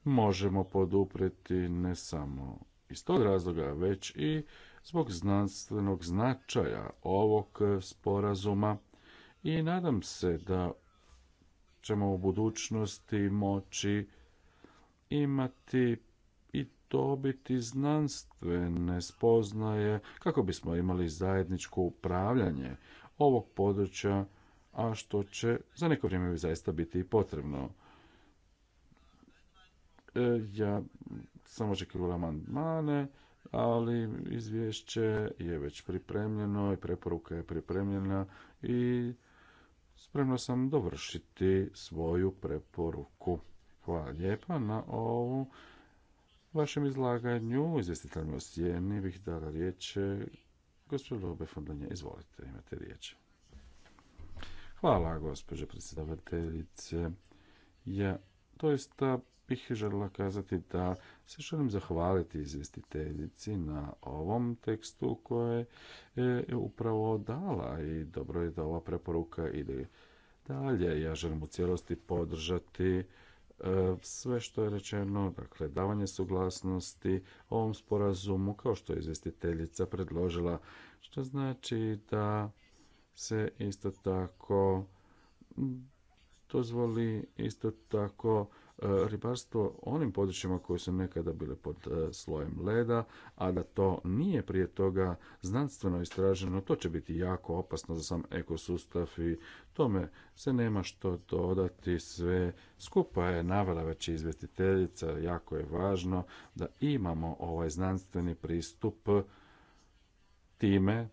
Možemo poduprijeti ne samo iz tog razloga, već i zbog znanstvenog značaja ovog sporazuma i nadam se da ćemo u budućnosti moći imati i dobiti znanstvene spoznaje kako bismo imali zajedničko upravljanje ovog područja, a što će za neko vrijeme zaista biti i potrebno. E, ja sam očekivala amandmane, ali izvješće je već pripremljeno i preporuka je pripremljena i Spremno sam dovršiti svoju preporuku. Hvala lijepa na ovu vašem izlaganju. Izvjestitelj je sjeni bih dala riječ. E, Gospodin Befondanje, izvolite, imate riječ. Hvala, gospođo predsjedavateljice. Ja doista bih želila kazati da se želim zahvaliti izvjestiteljici na ovom tekstu koje je upravo dala i dobro je da ova preporuka ide dalje. Ja želim u cijelosti podržati e, sve što je rečeno, dakle davanje suglasnosti ovom sporazumu kao što je izvjestiteljica predložila, što znači da se isto tako dozvoli isto tako E, ribarstvo onim područjima koji su nekada bile pod e, slojem leda, a da to nije prije toga znanstveno istraženo, to će biti jako opasno za sam ekosustav i tome se nema što dodati sve. Skupa je navela već izvjestiteljica, jako je važno da imamo ovaj znanstveni pristup time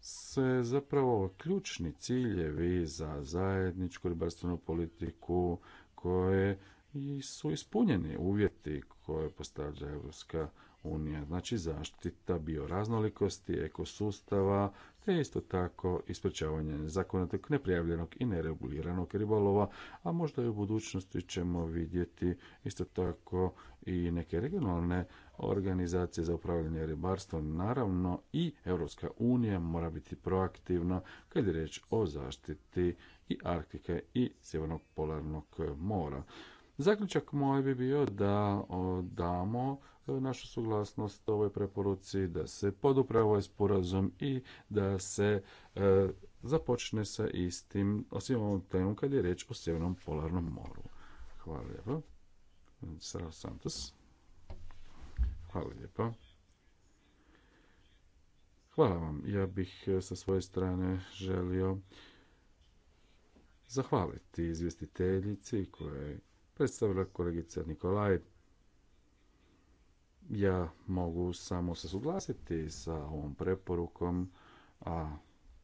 se zapravo ključni ciljevi za zajedničku ribarstvenu politiku koje su ispunjeni uvjeti koje postavlja Europska unija, znači zaštita bioraznolikosti, ekosustava, te isto tako ispričavanje nezakonitog, neprijavljenog i nereguliranog ribolova, a možda i u budućnosti ćemo vidjeti isto tako i neke regionalne organizacije za upravljanje ribarstvom. Naravno i Europska unija mora biti proaktivna kad je riječ o zaštiti i Arktike i Sjevernog polarnog mora. Zaključak moj bi bio da damo e, našu suglasnost ovoj preporuci, da se podupre ovaj sporazum i da se e, započne sa istim, osim ovom temom kad je riječ o Sjevernom polarnom moru. Hvala lijepa. Santos. Hvala lijepa. Hvala vam. Ja bih e, sa svoje strane želio zahvaliti izvjestiteljici koje je predstavila kolegica Nikolaj. Ja mogu samo se suglasiti sa ovom preporukom, a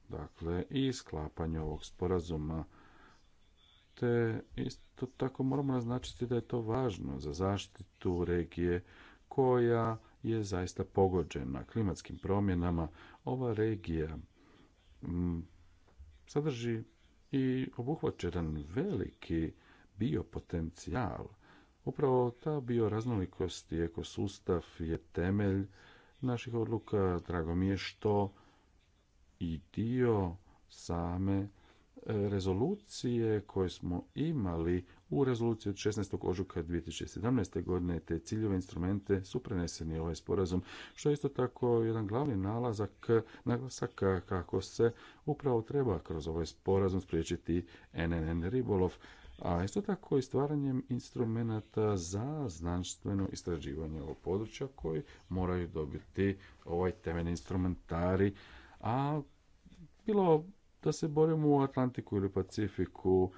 dakle i sklapanje ovog sporazuma te isto tako moramo naznačiti da je to važno za zaštitu regije koja je zaista pogođena klimatskim promjenama. Ova regija mm, sadrži i obuhvaća jedan veliki biopotencijal. Upravo ta bioraznolikost i ekosustav je temelj naših odluka. Drago mi je što i dio same e, rezolucije koje smo imali u rezoluciji od 16. ožujka 2017. godine te ciljeve instrumente su preneseni ovaj sporazum, što je isto tako jedan glavni nalazak, naglasak kako se upravo treba kroz ovaj sporazum spriječiti NNN ribolov, a isto tako i stvaranjem instrumenta za znanstveno istraživanje ovog područja koji moraju dobiti ovaj temeljni instrumentari, a bilo da se borimo u Atlantiku ili Pacifiku,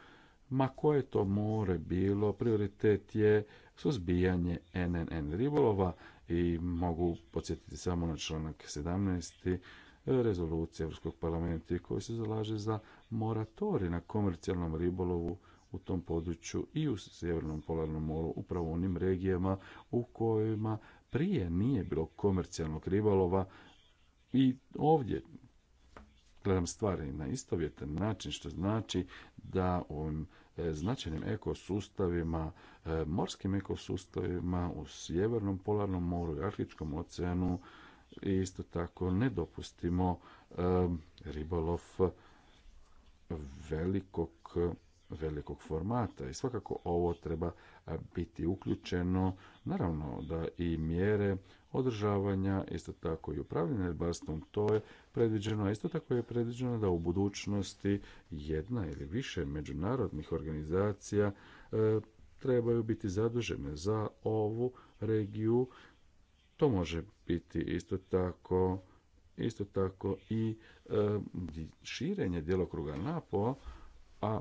ma koje to more bilo, prioritet je suzbijanje NNN ribolova i mogu podsjetiti samo na članak 17 e, rezolucije Europskog parlamenta koji se zalaže za moratorij na komercijalnom ribolovu u tom području i u Sjevernom polarnom moru, upravo u onim regijama u kojima prije nije bilo komercijalnog ribolova i ovdje gledam stvari na istovjetan način, što znači da u ovim E, značajnim ekosustavima, e, morskim ekosustavima u sjevernom polarnom moru i Arktičkom oceanu i isto tako ne dopustimo e, ribolov velikog velikog formata i svakako ovo treba biti uključeno, naravno da i mjere održavanja, isto tako i upravljanje ribarstvom, to je predviđeno, a isto tako je predviđeno da u budućnosti jedna ili više međunarodnih organizacija e, trebaju biti zadužene za ovu regiju. To može biti isto tako isto tako i e, širenje djelokruga napo a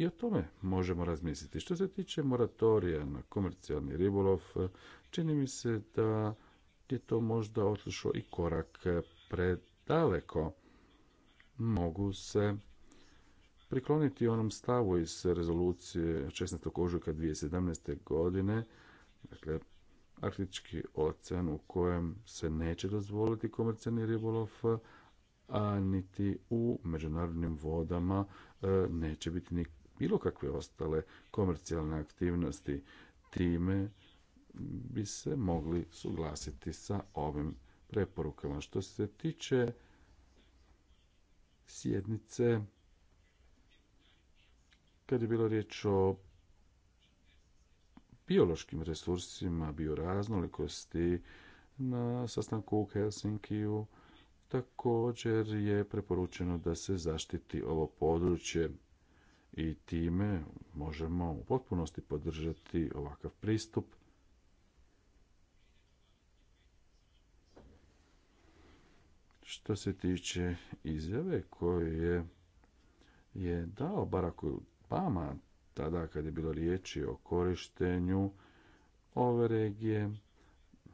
i o tome možemo razmisliti. Što se tiče moratorija na komercijalni ribolov, čini mi se da je to možda otišlo i korak predaleko. Mogu se prikloniti onom stavu iz rezolucije 16. ožujka 2017. godine, dakle, Arktički ocean u kojem se neće dozvoliti komercijalni ribolov, a niti u međunarodnim vodama e, neće biti ni bilo kakve ostale komercijalne aktivnosti. Time bi se mogli suglasiti sa ovim preporukama. Što se tiče sjednice, kad je bilo riječ o biološkim resursima, bioraznolikosti, na sastanku u Helsinkiju također je preporučeno da se zaštiti ovo područje i time možemo u potpunosti podržati ovakav pristup. Što se tiče izjave koju je, je dao Barack Obama tada kad je bilo riječi o korištenju ove regije,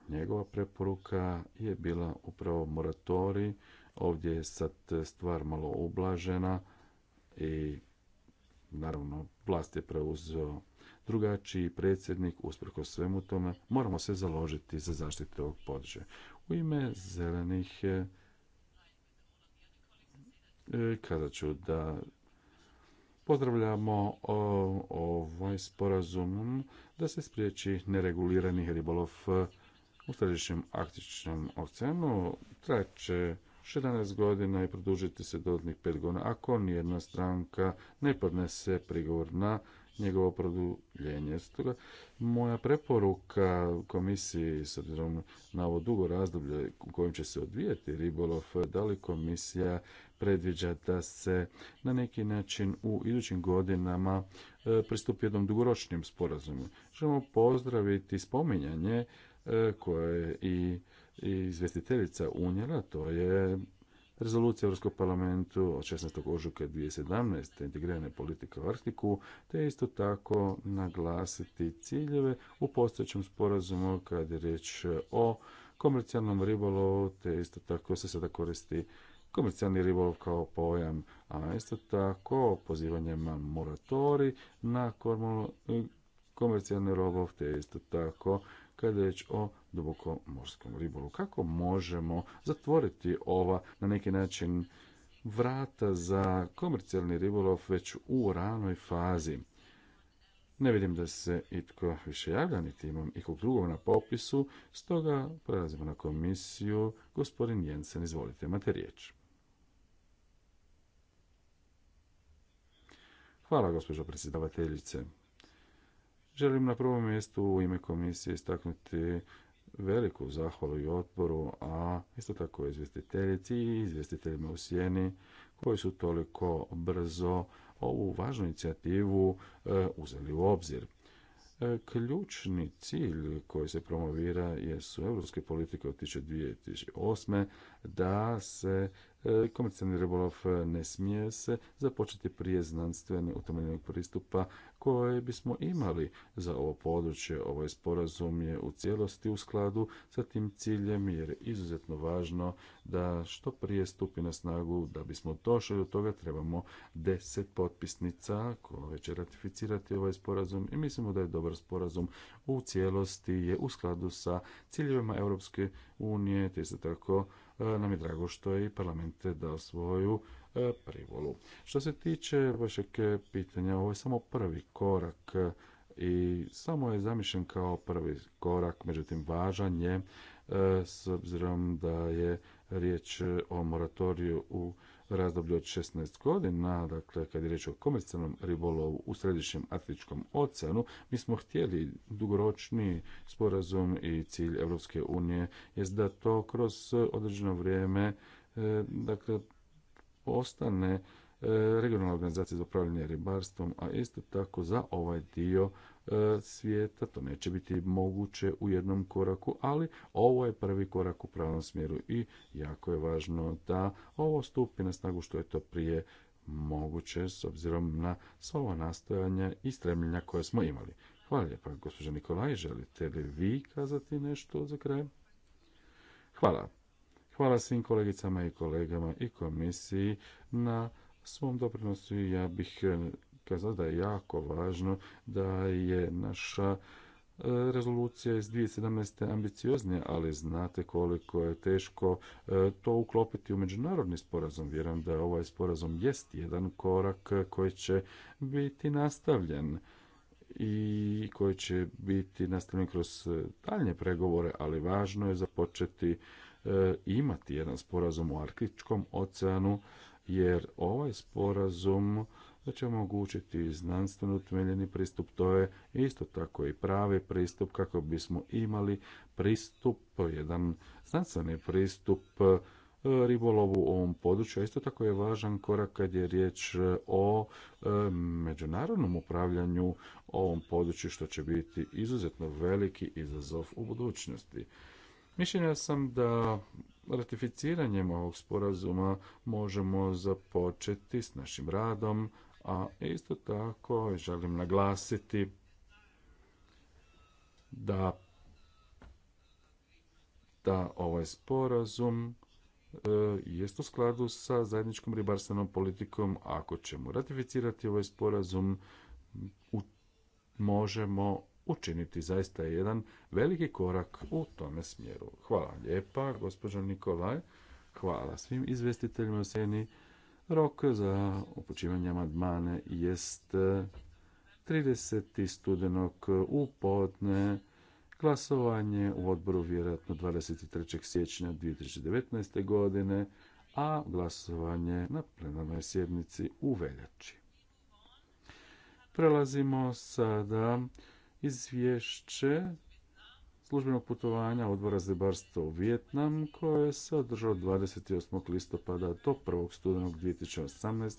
njegova preporuka je bila upravo moratori. Ovdje je sad stvar malo ublažena i naravno vlast je preuzeo drugačiji predsjednik, usprkos svemu tome, moramo se založiti za zaštitu ovog područja. U ime zelenih e, e, kada ću da pozdravljamo ovaj sporazum da se spriječi neregulirani ribolov e, u središnjem Arktičnom oceanu. Traće Šedanaest godina i produžiti se dodatnih pet godina ako nijedna stranka ne podnese prigovor na njegovo produljenje. Stoga moja preporuka komisiji s obzirom na ovo dugo razdoblje u kojem će se odvijati ribolov, da li komisija predviđa da se na neki način u idućim godinama e, pristupi jednom dugoročnijem sporazumu. Želimo pozdraviti spominjanje e, koje i izvjestiteljica unijela, to je rezolucija Europskog parlamentu od 16. ožujka 2017. integrirane politike u Arktiku, te isto tako naglasiti ciljeve u postojećem sporazumu kad je riječ o komercijalnom ribolovu, te isto tako se sada koristi komercijalni ribolov kao pojam, a isto tako pozivanjem moratori na komercijalni ribolov, te isto tako kada je već o duboko morskom ribolu. Kako možemo zatvoriti ova na neki način vrata za komercijalni ribolov već u ranoj fazi? Ne vidim da se itko više javlja, niti imam ikog drugog na popisu, stoga prelazimo na komisiju. Gospodin Jensen, izvolite, imate riječ. Hvala, gospođo predsjedavateljice. Želim na prvom mjestu u ime komisije istaknuti veliku zahvalu i otporu, a isto tako izvjestiteljici i izvjestiteljima u sjeni koji su toliko brzo ovu važnu inicijativu e, uzeli u obzir. E, ključni cilj koji se promovira jesu europske politike od 2008. da se e, komercijalni ribolov ne smije se započeti prije znanstvenih utemeljenog pristupa koje bismo imali za ovo područje. Ovaj sporazum je u cijelosti u skladu sa tim ciljem jer je izuzetno važno da što prije stupi na snagu da bismo došli do toga trebamo deset potpisnica koje će ratificirati ovaj sporazum i mislimo da je dobar sporazum u cijelosti je u skladu sa ciljevima Europske unije te isto tako e, nam je drago što je i parlament dao svoju E, privolu. Što se tiče vašeg pitanja, ovo je samo prvi korak e, i samo je zamišljen kao prvi korak, međutim važan je e, s obzirom da je riječ o moratoriju u razdoblju od 16 godina, dakle kad je riječ o komercijalnom ribolovu u središnjem Atličkom oceanu, mi smo htjeli dugoročni sporazum i cilj Europske unije jest da to kroz određeno vrijeme dakle postane e, regionalna organizacija za upravljanje ribarstvom, a isto tako za ovaj dio e, svijeta, to neće biti moguće u jednom koraku, ali ovo je prvi korak u pravom smjeru i jako je važno da ovo stupi na snagu što je to prije moguće s obzirom na sva nastojanja i stremljenja koje smo imali. Hvala lijepa, gospođa Nikolaj, želite li vi kazati nešto za kraj? Hvala. Hvala svim kolegicama i kolegama i komisiji na svom doprinosu ja bih eh, kazao da je jako važno da je naša eh, rezolucija iz 2017. ambicioznija, ali znate koliko je teško eh, to uklopiti u međunarodni sporazum. Vjerujem da ovaj sporazum jest jedan korak koji će biti nastavljen i koji će biti nastavljen kroz daljnje pregovore, ali važno je započeti E, imati jedan sporazum u Arktičkom oceanu, jer ovaj sporazum će omogućiti znanstveno utemeljeni pristup, to je isto tako i pravi pristup kako bismo imali pristup, jedan znanstveni pristup e, ribolovu u ovom području. Isto tako je važan korak kad je riječ e, o međunarodnom upravljanju ovom području, što će biti izuzetno veliki izazov u budućnosti. Mišljenja sam da ratificiranjem ovog sporazuma možemo započeti s našim radom, a isto tako želim naglasiti da da ovaj sporazum e, jest u skladu sa zajedničkom ribarstvenom politikom. Ako ćemo ratificirati ovaj sporazum, možemo učiniti zaista jedan veliki korak u tome smjeru. Hvala lijepa, gospođo Nikolaj. Hvala svim izvestiteljima u Seni. Rok za upućivanje Madmane jest 30. Eh, studenog u podne. Glasovanje u odboru vjerojatno 23. siječnja 2019. godine, a glasovanje na plenarnoj sjednici u veljači. Prelazimo sada izvješće službenog putovanja odbora za ribarstvo u Vijetnam koje se održao 28. listopada do 1. studenog 2018.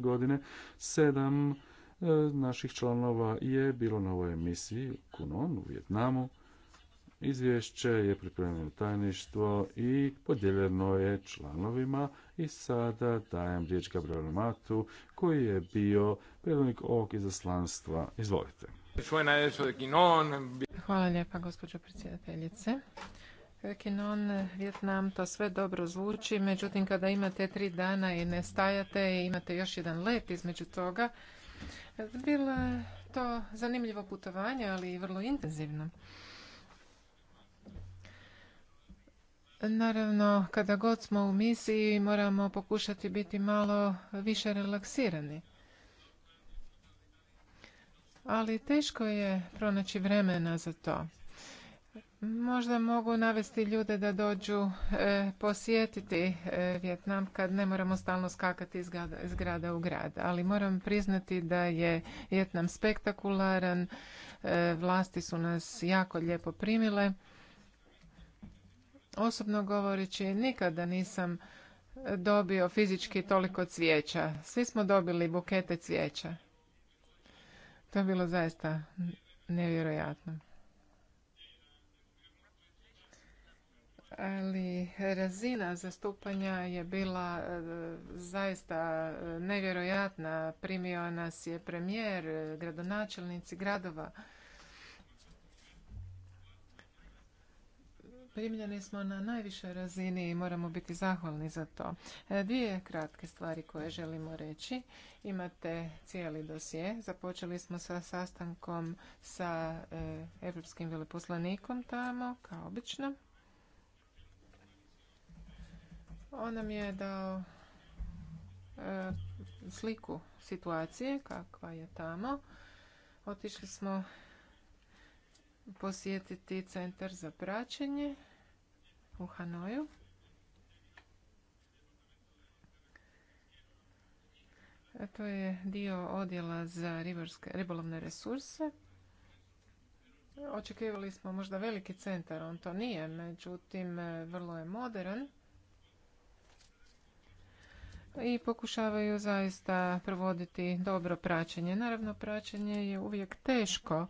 godine. Sedam e, naših članova je bilo na ovoj emisiji u Kunon u Vijetnamu Izvješće je pripremljeno tajništvo i podijeljeno je članovima i sada dajem riječ Gabrielu Matu koji je bio predvodnik ovog izaslanstva. Izvolite. Hvala lijepa, gospođo predsjedateljice. Kinon, Vjetnam, to sve dobro zvuči, međutim kada imate tri dana i ne stajate i imate još jedan let između toga, bilo je to zanimljivo putovanje, ali i vrlo intenzivno. Naravno, kada god smo u misiji moramo pokušati biti malo više relaksirani ali teško je pronaći vremena za to. Možda mogu navesti ljude da dođu e, posjetiti e, Vjetnam kad ne moramo stalno skakati iz grada, grada u grad. Ali moram priznati da je Vjetnam spektakularan, e, vlasti su nas jako lijepo primile. Osobno govoreći, nikada nisam dobio fizički toliko cvijeća. Svi smo dobili bukete cvijeća. To je bilo zaista nevjerojatno. ali razina zastupanja je bila eh, zaista eh, nevjerojatna. Primio nas je premijer, eh, gradonačelnici gradova primljeni smo na najvišoj razini i moramo biti zahvalni za to. E, dvije kratke stvari koje želimo reći. Imate cijeli dosje. Započeli smo sa sastankom sa e, evropskim veleposlanikom tamo, kao obično. On nam je dao e, sliku situacije kakva je tamo. Otišli smo posjetiti centar za praćenje u Hanoju. to je dio odjela za ribolovne resurse. Očekivali smo možda veliki centar, on to nije, međutim vrlo je modern. I pokušavaju zaista provoditi dobro praćenje. Naravno, praćenje je uvijek teško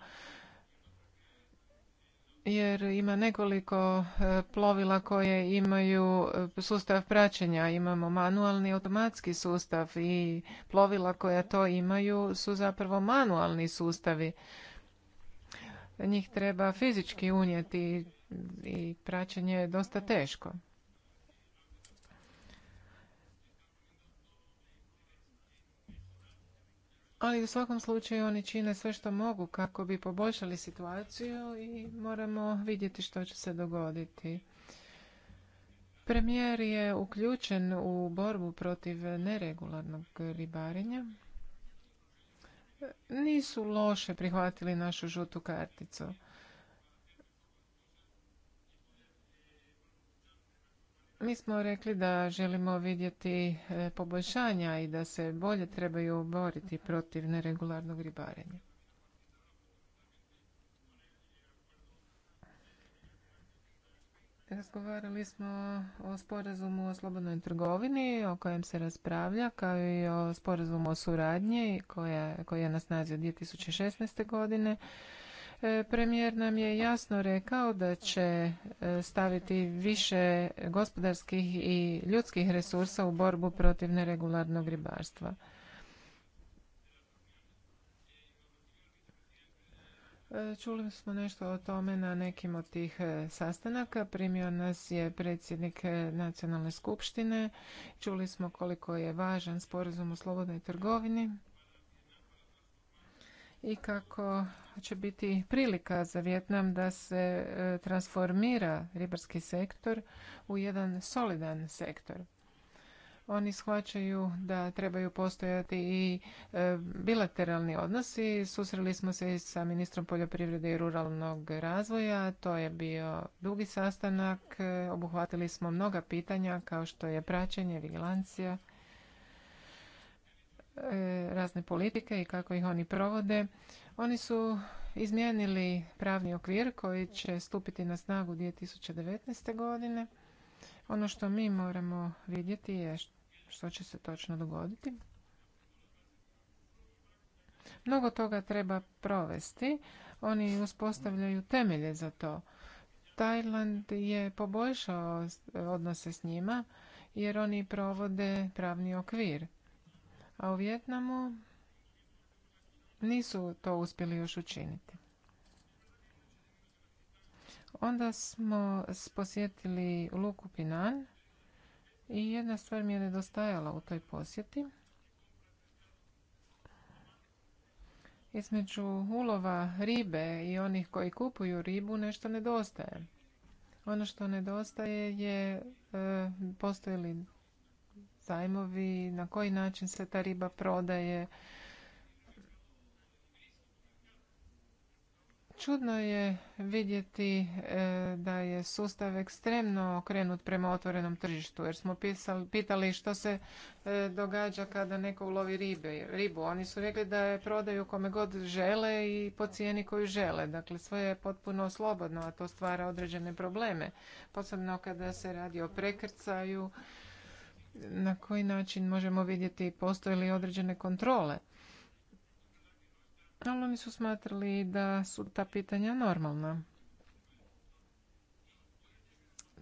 jer ima nekoliko e, plovila koje imaju e, sustav praćenja. Imamo manualni automatski sustav i plovila koja to imaju su zapravo manualni sustavi. Njih treba fizički unijeti i praćenje je dosta teško. ali u svakom slučaju oni čine sve što mogu kako bi poboljšali situaciju i moramo vidjeti što će se dogoditi. Premijer je uključen u borbu protiv neregularnog ribarenja. Nisu loše prihvatili našu žutu karticu. Mi smo rekli da želimo vidjeti e, poboljšanja i da se bolje trebaju boriti protiv neregularnog ribarenja. Razgovarali smo o sporazumu o slobodnoj trgovini o kojem se raspravlja kao i o sporazumu o suradnji koji je na snazi od 2016. godine. E, premijer nam je jasno rekao da će e, staviti više gospodarskih i ljudskih resursa u borbu protiv neregularnog ribarstva. E, čuli smo nešto o tome na nekim od tih sastanaka. Primio nas je predsjednik Nacionalne skupštine. Čuli smo koliko je važan sporazum o slobodnoj trgovini i kako će biti prilika za Vjetnam da se e, transformira ribarski sektor u jedan solidan sektor. Oni shvaćaju da trebaju postojati i e, bilateralni odnosi. Susreli smo se i sa ministrom poljoprivrede i ruralnog razvoja. To je bio dugi sastanak. E, obuhvatili smo mnoga pitanja kao što je praćenje, vigilancija E, razne politike i kako ih oni provode. Oni su izmijenili pravni okvir koji će stupiti na snagu 2019. godine. Ono što mi moramo vidjeti je što će se točno dogoditi. Mnogo toga treba provesti. Oni uspostavljaju temelje za to. Tajland je poboljšao odnose s njima jer oni provode pravni okvir a u Vjetnamu nisu to uspjeli još učiniti. Onda smo posjetili Luku Pinan i jedna stvar mi je nedostajala u toj posjeti. Između ulova ribe i onih koji kupuju ribu nešto nedostaje. Ono što nedostaje je e, postoje li zajmovi, na koji način se ta riba prodaje. Čudno je vidjeti e, da je sustav ekstremno okrenut prema otvorenom tržištu, jer smo pitali što se e, događa kada neko ulovi ribe, ribu. Oni su rekli da je prodaju kome god žele i po cijeni koju žele. Dakle, sve je potpuno slobodno, a to stvara određene probleme. Posebno kada se radi o prekrcaju na koji način možemo vidjeti postoje li određene kontrole. Ali oni su smatrali da su ta pitanja normalna.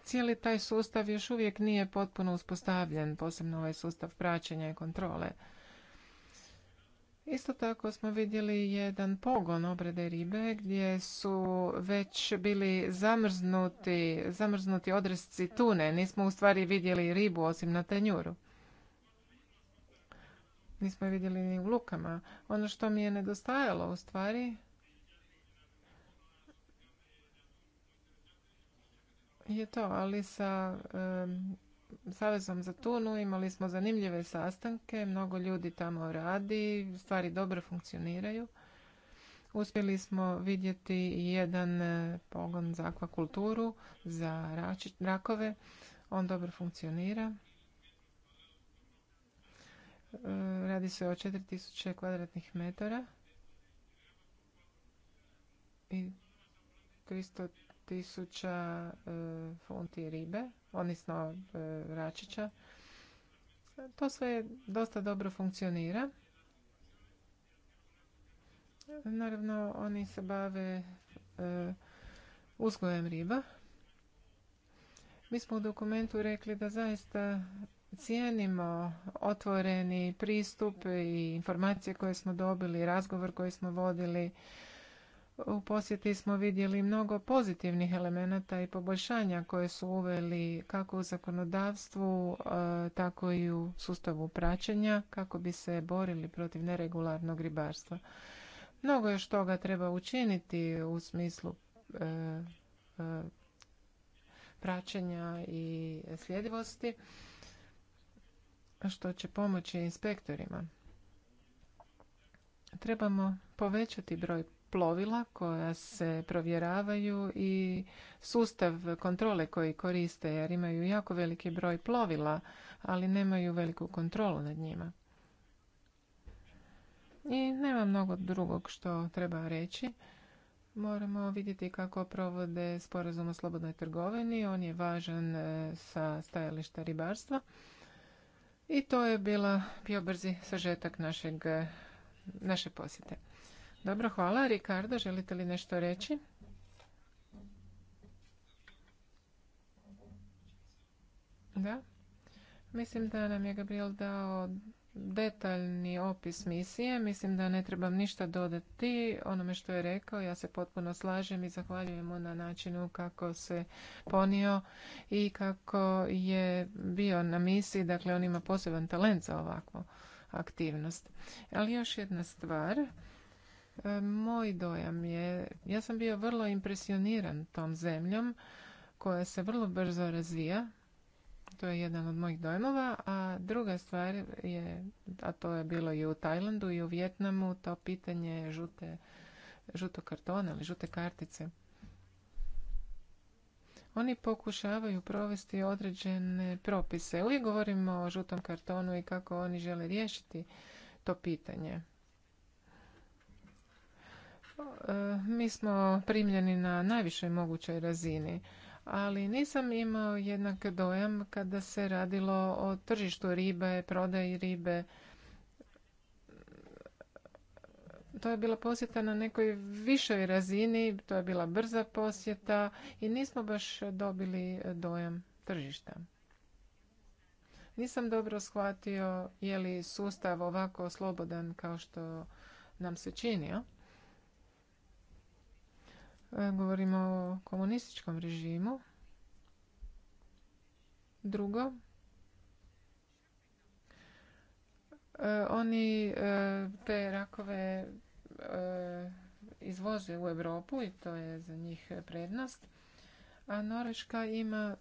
Cijeli taj sustav još uvijek nije potpuno uspostavljen, posebno ovaj sustav praćenja i kontrole. Isto tako smo vidjeli jedan pogon obrade ribe gdje su već bili zamrznuti, zamrznuti odresci tune. Nismo u stvari vidjeli ribu osim na tanjuru. Nismo vidjeli ni u lukama. Ono što mi je nedostajalo u stvari je to, ali sa Savezom za Tunu imali smo zanimljive sastanke, mnogo ljudi tamo radi, stvari dobro funkcioniraju. Uspjeli smo vidjeti jedan e, pogon za akvakulturu, za rakove. On dobro funkcionira. E, radi se o 4000 kvadratnih metara i tisuća e, funti ribe, odnosno e, račića. To sve dosta dobro funkcionira. Naravno, oni se bave e, uzgojem riba. Mi smo u dokumentu rekli da zaista cijenimo otvoreni pristup i informacije koje smo dobili, razgovor koji smo vodili u posjeti smo vidjeli mnogo pozitivnih elemenata i poboljšanja koje su uveli kako u zakonodavstvu, e, tako i u sustavu praćenja kako bi se borili protiv neregularnog ribarstva. Mnogo još toga treba učiniti u smislu e, e, praćenja i sljedivosti, što će pomoći inspektorima. Trebamo povećati broj plovila koja se provjeravaju i sustav kontrole koji koriste jer imaju jako veliki broj plovila, ali nemaju veliku kontrolu nad njima. I nema mnogo drugog što treba reći. Moramo vidjeti kako provode sporazum o slobodnoj trgovini. On je važan e, sa stajališta ribarstva. I to je bila bio brzi sažetak našeg, naše posjete. Dobro, hvala. Ricardo, želite li nešto reći? Da. Mislim da nam je Gabriel dao detaljni opis misije. Mislim da ne trebam ništa dodati onome što je rekao. Ja se potpuno slažem i zahvaljujem mu na načinu kako se ponio i kako je bio na misiji. Dakle, on ima poseban talent za ovakvu aktivnost. Ali još jedna stvar E, moj dojam je, ja sam bio vrlo impresioniran tom zemljom koja se vrlo brzo razvija. To je jedan od mojih dojmova, a druga stvar je, a to je bilo i u Tajlandu i u Vjetnamu, to pitanje žute, žuto kartona ili žute kartice. Oni pokušavaju provesti određene propise. Uvijek govorimo o žutom kartonu i kako oni žele riješiti to pitanje. E, mi smo primljeni na najvišoj mogućoj razini, ali nisam imao jednak dojam kada se radilo o tržištu ribe, prodaji ribe. To je bila posjeta na nekoj višoj razini, to je bila brza posjeta i nismo baš dobili dojam tržišta. Nisam dobro shvatio je li sustav ovako slobodan kao što nam se činio. E, govorimo o komunističkom režimu. Drugo, e, oni e, te rakove izvoze u Europu i to je za njih prednost. A Norveška ima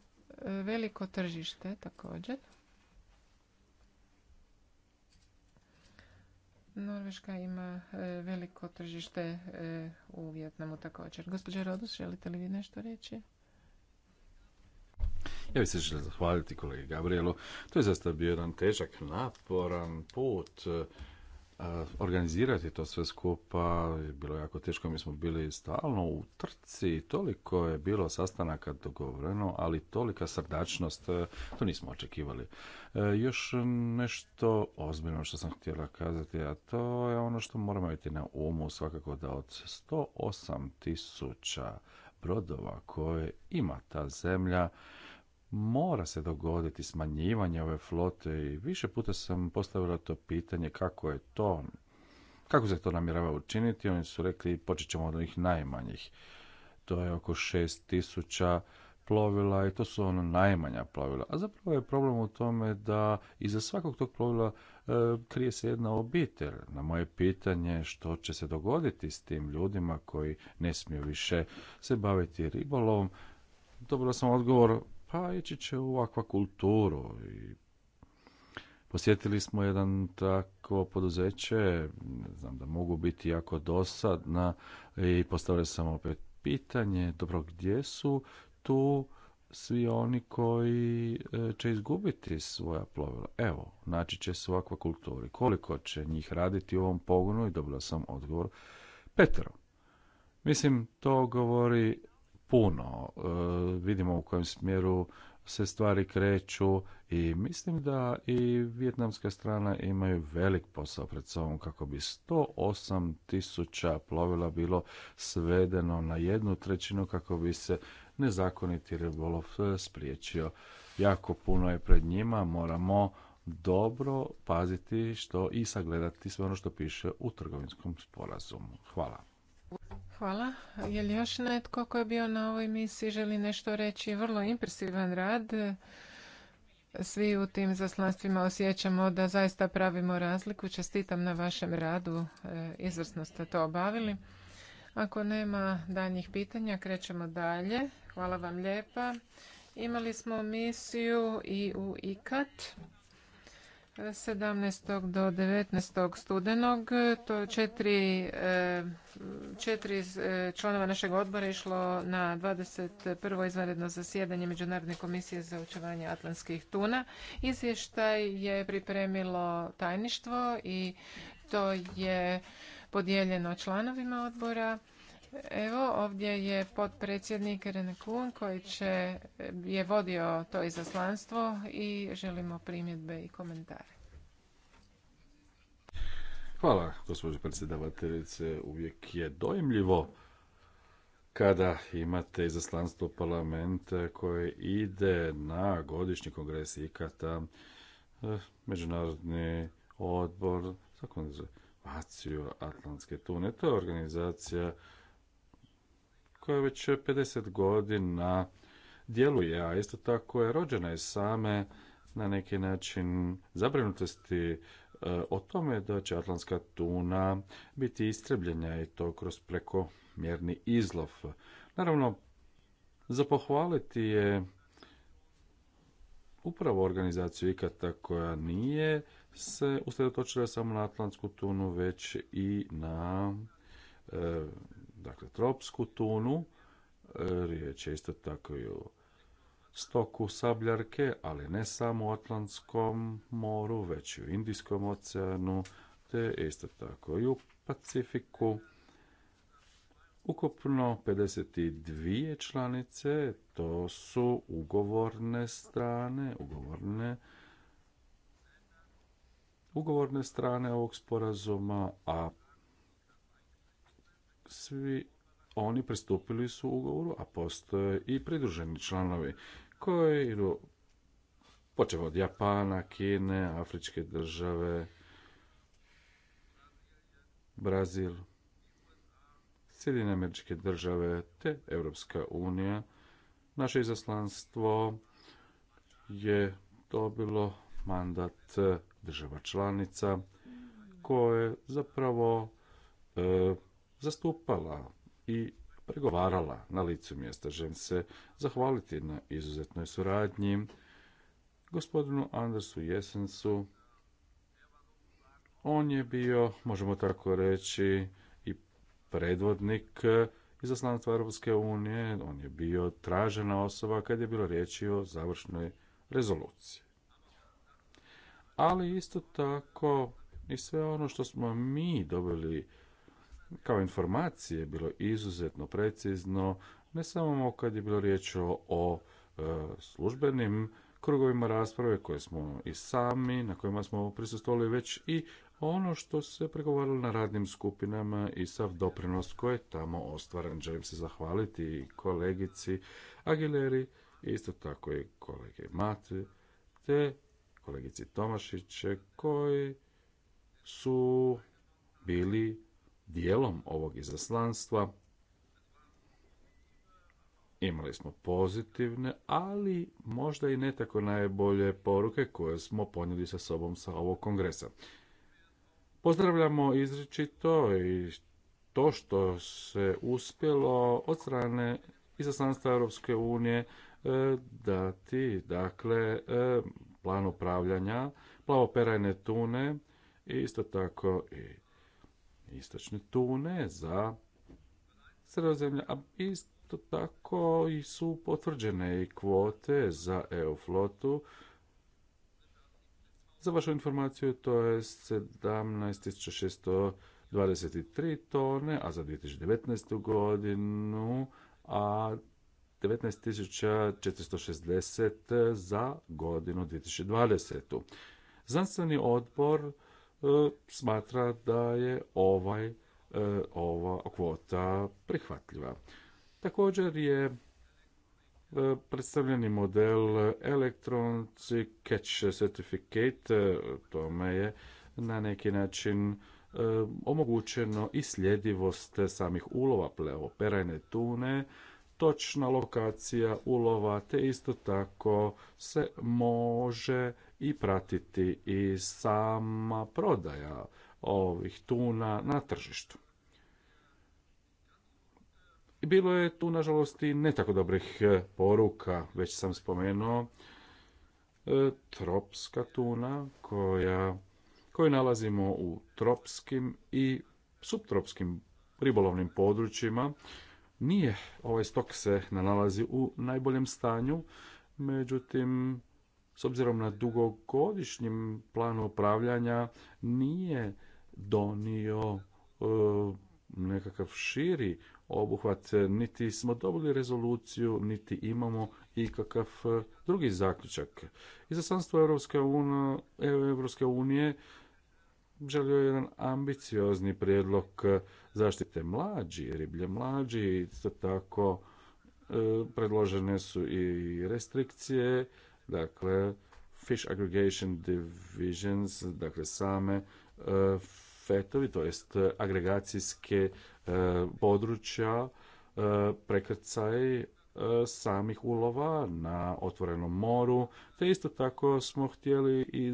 veliko tržište također. Norveška ima e, veliko tržište e, u Vjetnamu također. Gospođa Rodus, želite li vi nešto reći? Ja bih se želio zahvaliti kolegi Gabrielu. To je zaista bio jedan težak, naporan put e, organizirati to sve skupa je bilo jako teško. Mi smo bili stalno u trci, toliko je bilo sastanaka dogovoreno, ali tolika srdačnost, e, to nismo očekivali. E, još nešto ozbiljno što sam htjela kazati, a to je ono što moramo imati na umu svakako da od 108 tisuća brodova koje ima ta zemlja, mora se dogoditi smanjivanje ove flote i više puta sam postavila to pitanje kako je to, kako se to namjerava učiniti, oni su rekli počet ćemo od onih najmanjih. To je oko 6000 plovila i to su ono najmanja plovila. A zapravo je problem u tome da iza svakog tog plovila e, krije se jedna obitelj. Na moje pitanje što će se dogoditi s tim ljudima koji ne smiju više se baviti ribolovom, dobro sam odgovor pa ići će u akvakulturu i Posjetili smo jedan tako poduzeće, ne znam da mogu biti jako dosadna i postavili sam opet pitanje, dobro, gdje su tu svi oni koji e, će izgubiti svoja plovila. Evo, naći će se u akvakulturi. Koliko će njih raditi u ovom pogonu? I dobila sam odgovor Petro. Mislim, to govori puno. E, vidimo u kojem smjeru se stvari kreću i mislim da i vjetnamska strana imaju velik posao pred sobom kako bi 108 tisuća plovila bilo svedeno na jednu trećinu kako bi se nezakoniti ribolov e, spriječio. Jako puno je pred njima, moramo dobro paziti što i sagledati sve ono što piše u trgovinskom sporazumu. Hvala. Hvala. Je li još netko koji je bio na ovoj misiji želi nešto reći? Vrlo impresivan rad. Svi u tim zaslanstvima osjećamo da zaista pravimo razliku. Čestitam na vašem radu. E, izvrsno ste to obavili. Ako nema danjih pitanja, krećemo dalje. Hvala vam lijepa. Imali smo misiju i u IKAT. 17. do 19. studenog to četiri, e, četiri e, članova našeg odbora išlo na 21. izvanredno zasjedanje Međunarodne komisije za očuvanje atlantskih tuna. Izvještaj je pripremilo tajništvo i to je podijeljeno članovima odbora. Evo, ovdje je potpredsjednik Rene Kun koji će, je vodio to izaslanstvo i želimo primjedbe i komentare. Hvala, gospođo predsjedavateljice. Uvijek je dojemljivo kada imate izaslanstvo parlamenta koje ide na godišnji kongres IKATA, eh, Međunarodni odbor za konzervaciju Atlantske tune. To je organizacija koja već 50 godina djeluje, a isto tako je rođena je same na neki način zabrinutosti e, o tome da će Atlantska tuna biti istrebljena i to kroz prekomjerni izlov. Naravno, za pohvaliti je upravo organizaciju ikata koja nije se usredotočila samo na Atlantsku tunu, već i na e, dakle tropsku tunu, e, riječ je isto tako i u stoku sabljarke, ali ne samo u Atlantskom moru, već i u Indijskom oceanu, te isto tako i u Pacifiku. Ukupno 52 članice, to su ugovorne strane, ugovorne ugovorne strane ovog sporazuma, a svi oni pristupili su ugovoru, a postoje i pridruženi članovi koji idu od Japana, Kine, Afričke države, Brazil, Sjedinje američke države te Europska unija. Naše izaslanstvo je dobilo mandat država članica koje zapravo e, zastupala i pregovarala na licu mjesta. žence se zahvaliti na izuzetnoj suradnji gospodinu Andersu Jesensu. On je bio, možemo tako reći, i predvodnik izaslanstva Europske unije. On je bio tražena osoba kad je bilo riječi o završnoj rezoluciji. Ali isto tako i sve ono što smo mi dobili kao informacije bilo izuzetno precizno, ne samo kad je bilo riječ o e, službenim krugovima rasprave koje smo i sami, na kojima smo prisustvovali već i ono što se pregovaralo na radnim skupinama i sav doprinos koji je tamo ostvaren. Želim se zahvaliti i kolegici Agileri, isto tako i kolege Mate, te kolegici Tomašiće koji su bili dijelom ovog izaslanstva. Imali smo pozitivne, ali možda i ne tako najbolje poruke koje smo ponijeli sa sobom sa ovog kongresa. Pozdravljamo izričito i to što se uspjelo od strane izaslanstva Europske unije e, dati dakle e, plan upravljanja plavoperajne tune i isto tako i istočne tune za sredozemlje, a isto tako i su potvrđene i kvote za EU flotu. Za vašu informaciju to je 17.623 tone, a za 2019. godinu, a 19.460 za godinu 2020. Znanstveni odbor E, smatra da je ovaj, e, ova kvota prihvatljiva. Također je e, predstavljeni model Electronic Catch Certificate, tome je na neki način omogućeno i sljedivost samih ulova pleoperajne tune, točna lokacija ulova, te isto tako se može i pratiti i sama prodaja ovih tuna na tržištu. Bilo je tu, nažalost, i ne tako dobrih e, poruka, već sam spomenuo, e, tropska tuna koja, koju nalazimo u tropskim i subtropskim ribolovnim područjima nije, ovaj stok se nalazi u najboljem stanju, međutim, s obzirom na dugogodišnjim planu upravljanja, nije donio e, nekakav širi obuhvat, niti smo dobili rezoluciju, niti imamo ikakav e, drugi zaključak. Izaslanstvo Europske unije želio jedan ambiciozni prijedlog eh, zaštite mlađi, riblje mlađi, isto tako eh, predložene su i restrikcije, dakle Fish Aggregation Divisions, dakle same eh, fetovi, to jest agregacijske područja, prekrcaj E, samih ulova na otvorenom moru, te isto tako smo htjeli i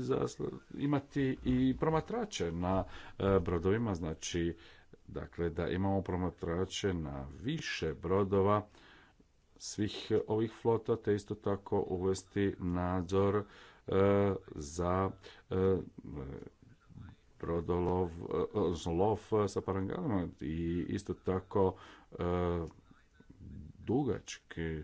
imati i promatrače na e, brodovima, znači dakle da imamo promatrače na više brodova svih ovih flota, te isto tako uvesti nadzor e, za brodolov, odnosno lov sa parangalama i isto tako dugačke e,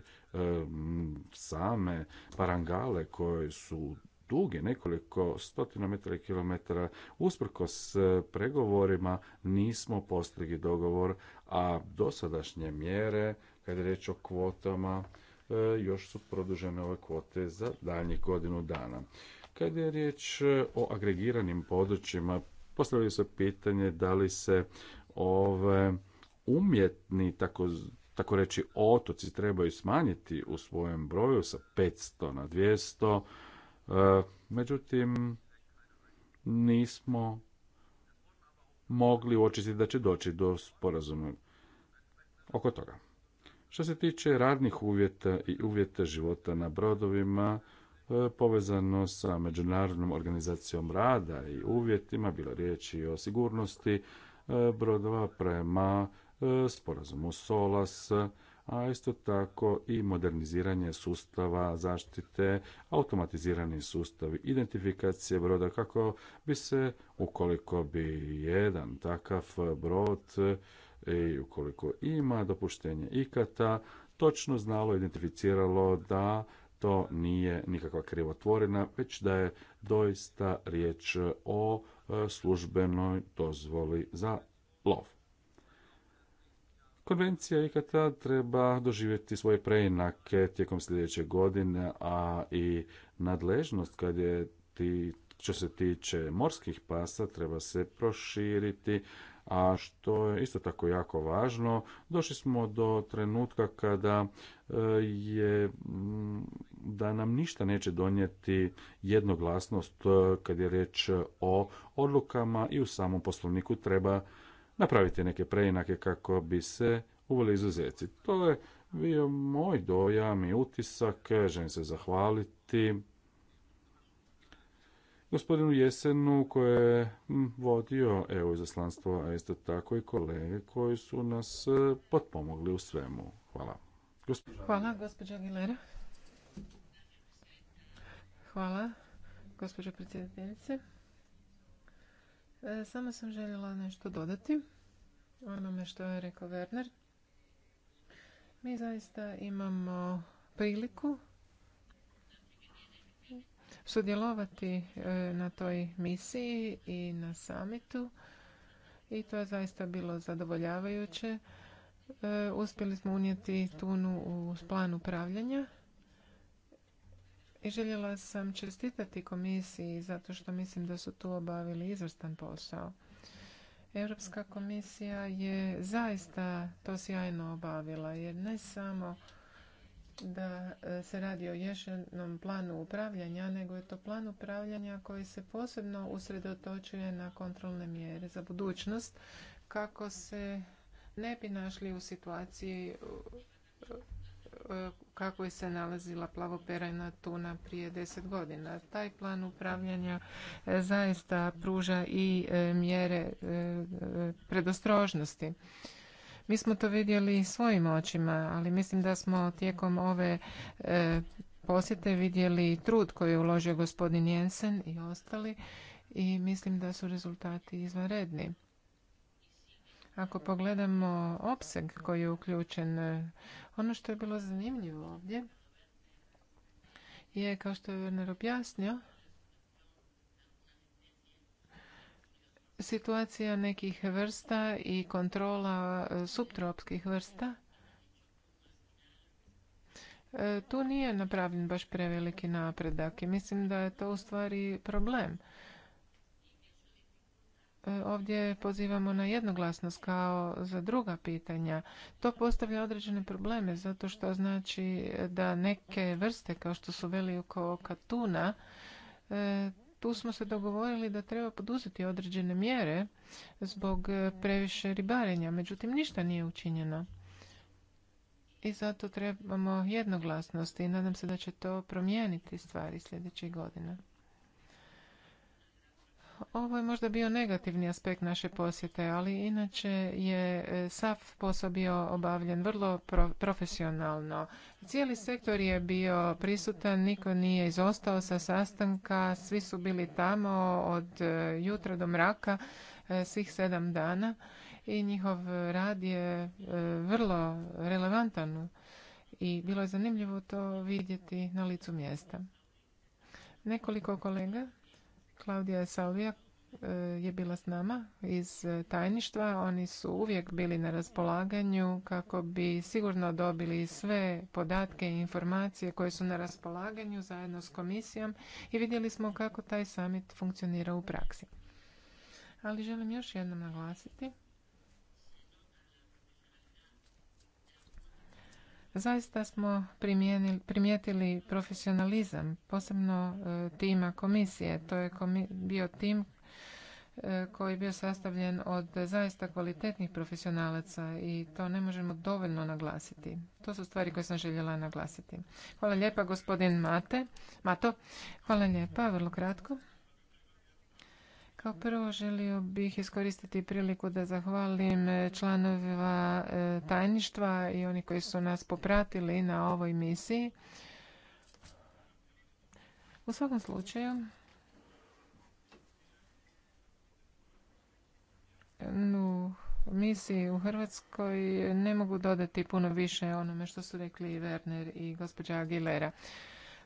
same parangale koje su duge nekoliko stotina metara i kilometara usprkos e, pregovorima nismo postigli dogovor a dosadašnje mjere kada je riječ o kvotama e, još su produžene ove kvote za daljnjih godinu dana kada je riječ o agregiranim područjima postavljaju se pitanje da li se ove umjetni tako tako reći otoci trebaju smanjiti u svojem broju sa 500 na 200, e, međutim nismo mogli uočiti da će doći do sporazuma oko toga. Što se tiče radnih uvjeta i uvjeta života na brodovima, e, povezano sa Međunarodnom organizacijom rada i uvjetima, bilo riječi o sigurnosti e, brodova prema E, sporazum u SOLAS, a isto tako i moderniziranje sustava zaštite, automatizirani sustavi identifikacije broda kako bi se, ukoliko bi jedan takav brod e, i ukoliko ima dopuštenje ikata, točno znalo, identificiralo da to nije nikakva krivotvorina, već da je doista riječ o e, službenoj dozvoli za lov. Konvencija IKT treba doživjeti svoje preinake tijekom sljedeće godine, a i nadležnost kad je ti, što se tiče morskih pasa treba se proširiti, a što je isto tako jako važno, došli smo do trenutka kada e, je da nam ništa neće donijeti jednoglasnost e, kad je riječ o odlukama i u samom poslovniku treba napraviti neke preinake kako bi se uveli izuzeci. To je bio moj dojam i utisak. Želim se zahvaliti gospodinu Jesenu koje je vodio EU izaslanstvo, a isto tako i kolege koji su nas e, potpomogli u svemu. Hvala. Hvala, gospođa Aguilera. Hvala, gospođo predsjedateljice. E, samo sam željela nešto dodati onome što je rekao Werner. Mi zaista imamo priliku sudjelovati e, na toj misiji i na samitu i to je zaista bilo zadovoljavajuće. E, uspjeli smo unijeti tunu u plan upravljanja i željela sam čestitati komisiji zato što mislim da su tu obavili izvrstan posao. Europska komisija je zaista to sjajno obavila jer ne samo da e, se radi o ješenom planu upravljanja, nego je to plan upravljanja koji se posebno usredotočuje na kontrolne mjere za budućnost kako se ne bi našli u situaciji E, kako kakvoj se nalazila plavoperajna tuna prije deset godina. Taj plan upravljanja e, zaista pruža i e, mjere predostrožnosti. Mi smo to vidjeli svojim očima, ali mislim da smo tijekom ove posjete vidjeli trud koji je uložio gospodin Jensen i ostali i mislim da su rezultati izvanredni. Ako pogledamo opseg koji je uključen, ono što je bilo zanimljivo ovdje je, kao što je Werner objasnio, situacija nekih vrsta i kontrola e, subtropskih vrsta. E, tu nije napravljen baš preveliki napredak i mislim da je to u stvari problem ovdje pozivamo na jednoglasnost kao za druga pitanja. To postavlja određene probleme zato što znači da neke vrste kao što su oko katuna, e, tu smo se dogovorili da treba poduzeti određene mjere zbog e, previše ribarenja. Međutim, ništa nije učinjeno. I zato trebamo jednoglasnost i nadam se da će to promijeniti stvari sljedećih godina. Ovo je možda bio negativni aspekt naše posjete, ali inače je e, sav posao bio obavljen vrlo profesionalno. Cijeli sektor je bio prisutan, niko nije izostao sa sastanka, svi su bili tamo od e, jutra do mraka, e, svih sedam dana i njihov rad je vrlo relevantan i bilo je zanimljivo to vidjeti na licu mjesta. Nekoliko kolega Klaudija Salvija e, je bila s nama iz e, tajništva. Oni su uvijek bili na raspolaganju kako bi sigurno dobili sve podatke i informacije koje su na raspolaganju zajedno s komisijom i vidjeli smo kako taj summit funkcionira u praksi. Ali želim još jednom naglasiti Zaista smo primijetili profesionalizam, posebno e, tima komisije. To je bio tim e, koji je bio sastavljen od zaista kvalitetnih profesionalaca i to ne možemo dovoljno naglasiti. To su stvari koje sam željela naglasiti. Hvala lijepa gospodin Mate. Mato, hvala lijepa, vrlo kratko. Kao prvo želio bih iskoristiti priliku da zahvalim e, članova e, tajništva i oni koji su nas popratili na ovoj misiji. U svakom slučaju, u misiji u Hrvatskoj ne mogu dodati puno više onome što su rekli Werner i gospođa Aguilera.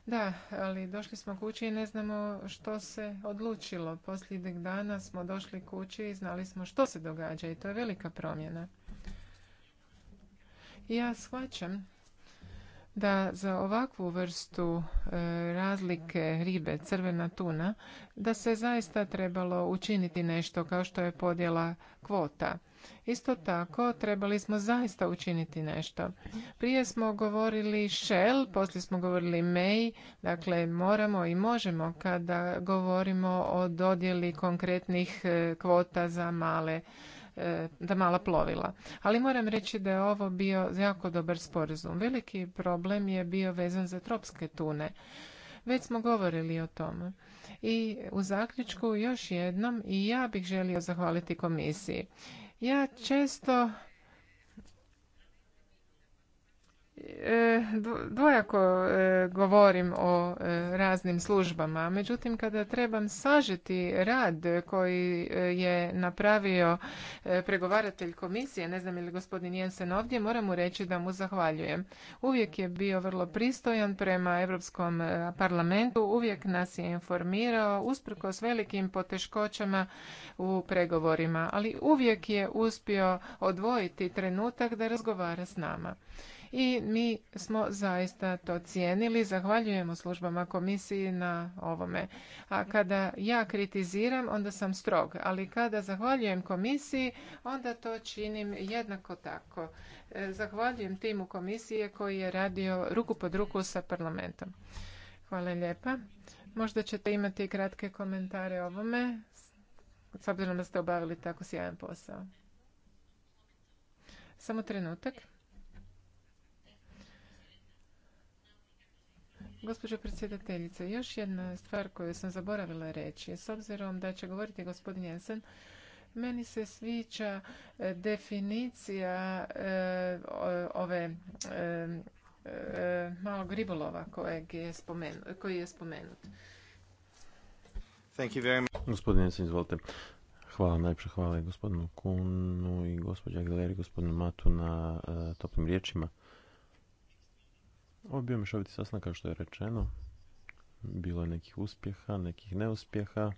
Da, ali došli smo kući i ne znamo što se odlučilo. Posljednjeg dana smo došli kući i znali smo što se događa i to je velika promjena. Ja shvaćam da za ovakvu vrstu e, razlike ribe crvena tuna da se zaista trebalo učiniti nešto kao što je podjela kvota Isto tako, trebali smo zaista učiniti nešto. Prije smo govorili shell, poslije smo govorili may, dakle moramo i možemo kada govorimo o dodjeli konkretnih e, kvota za male da e, mala plovila. Ali moram reći da je ovo bio jako dobar sporazum. Veliki problem je bio vezan za tropske tune. Već smo govorili o tome. I u zaključku još jednom i ja bih želio zahvaliti komisiji. Ja često E, dvojako e, govorim o e, raznim službama, međutim kada trebam sažeti rad koji je napravio pregovaratelj komisije, ne znam ili gospodin Jensen ovdje, moram mu reći da mu zahvaljujem. Uvijek je bio vrlo pristojan prema Europskom parlamentu, uvijek nas je informirao, usprkos velikim poteškoćama u pregovorima, ali uvijek je uspio odvojiti trenutak da razgovara s nama i mi smo zaista to cijenili. Zahvaljujemo službama komisiji na ovome. A kada ja kritiziram, onda sam strog, ali kada zahvaljujem komisiji, onda to činim jednako tako. E, zahvaljujem timu komisije koji je radio ruku pod ruku sa parlamentom. Hvala lijepa. Možda ćete imati kratke komentare o ovome, s obzirom da ste obavili tako sjajan posao. Samo trenutak. Gospođo predsjedateljice, još jedna stvar koju sam zaboravila reći. S obzirom da će govoriti gospodin Jensen, meni se sviđa e, definicija e, ove e, malog ribolova kojeg je koji je spomenut. Thank you Gospodin Jensen, izvolite. Hvala, najprije i gospodinu Kunu i gospođa Aguilera i gospodinu Matu na toplim riječima. Ovo bio mešoviti sastanak, kao što je rečeno. Bilo je nekih uspjeha, nekih neuspjeha.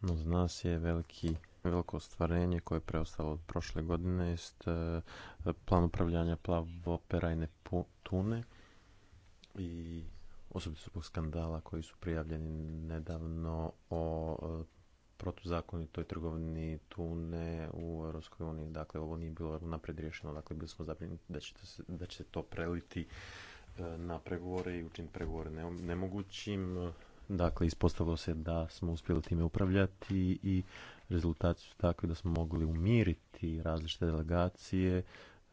No, za nas je veliki, veliko ostvarenje koje je preostalo od prošle godine jest e, plan upravljanja plavo operajne tune i osobito zbog skandala koji su prijavljeni nedavno o e, protuzakonitoj trgovini tune u Europskoj uniji. Dakle, ovo nije bilo napred riješeno. Dakle, bili smo zabrinuti da će, se, da će to preliti e, na pregovore i učiniti pregovore nemogućim. Dakle, ispostavilo se da smo uspjeli time upravljati i rezultati su takvi da smo mogli umiriti različite delegacije,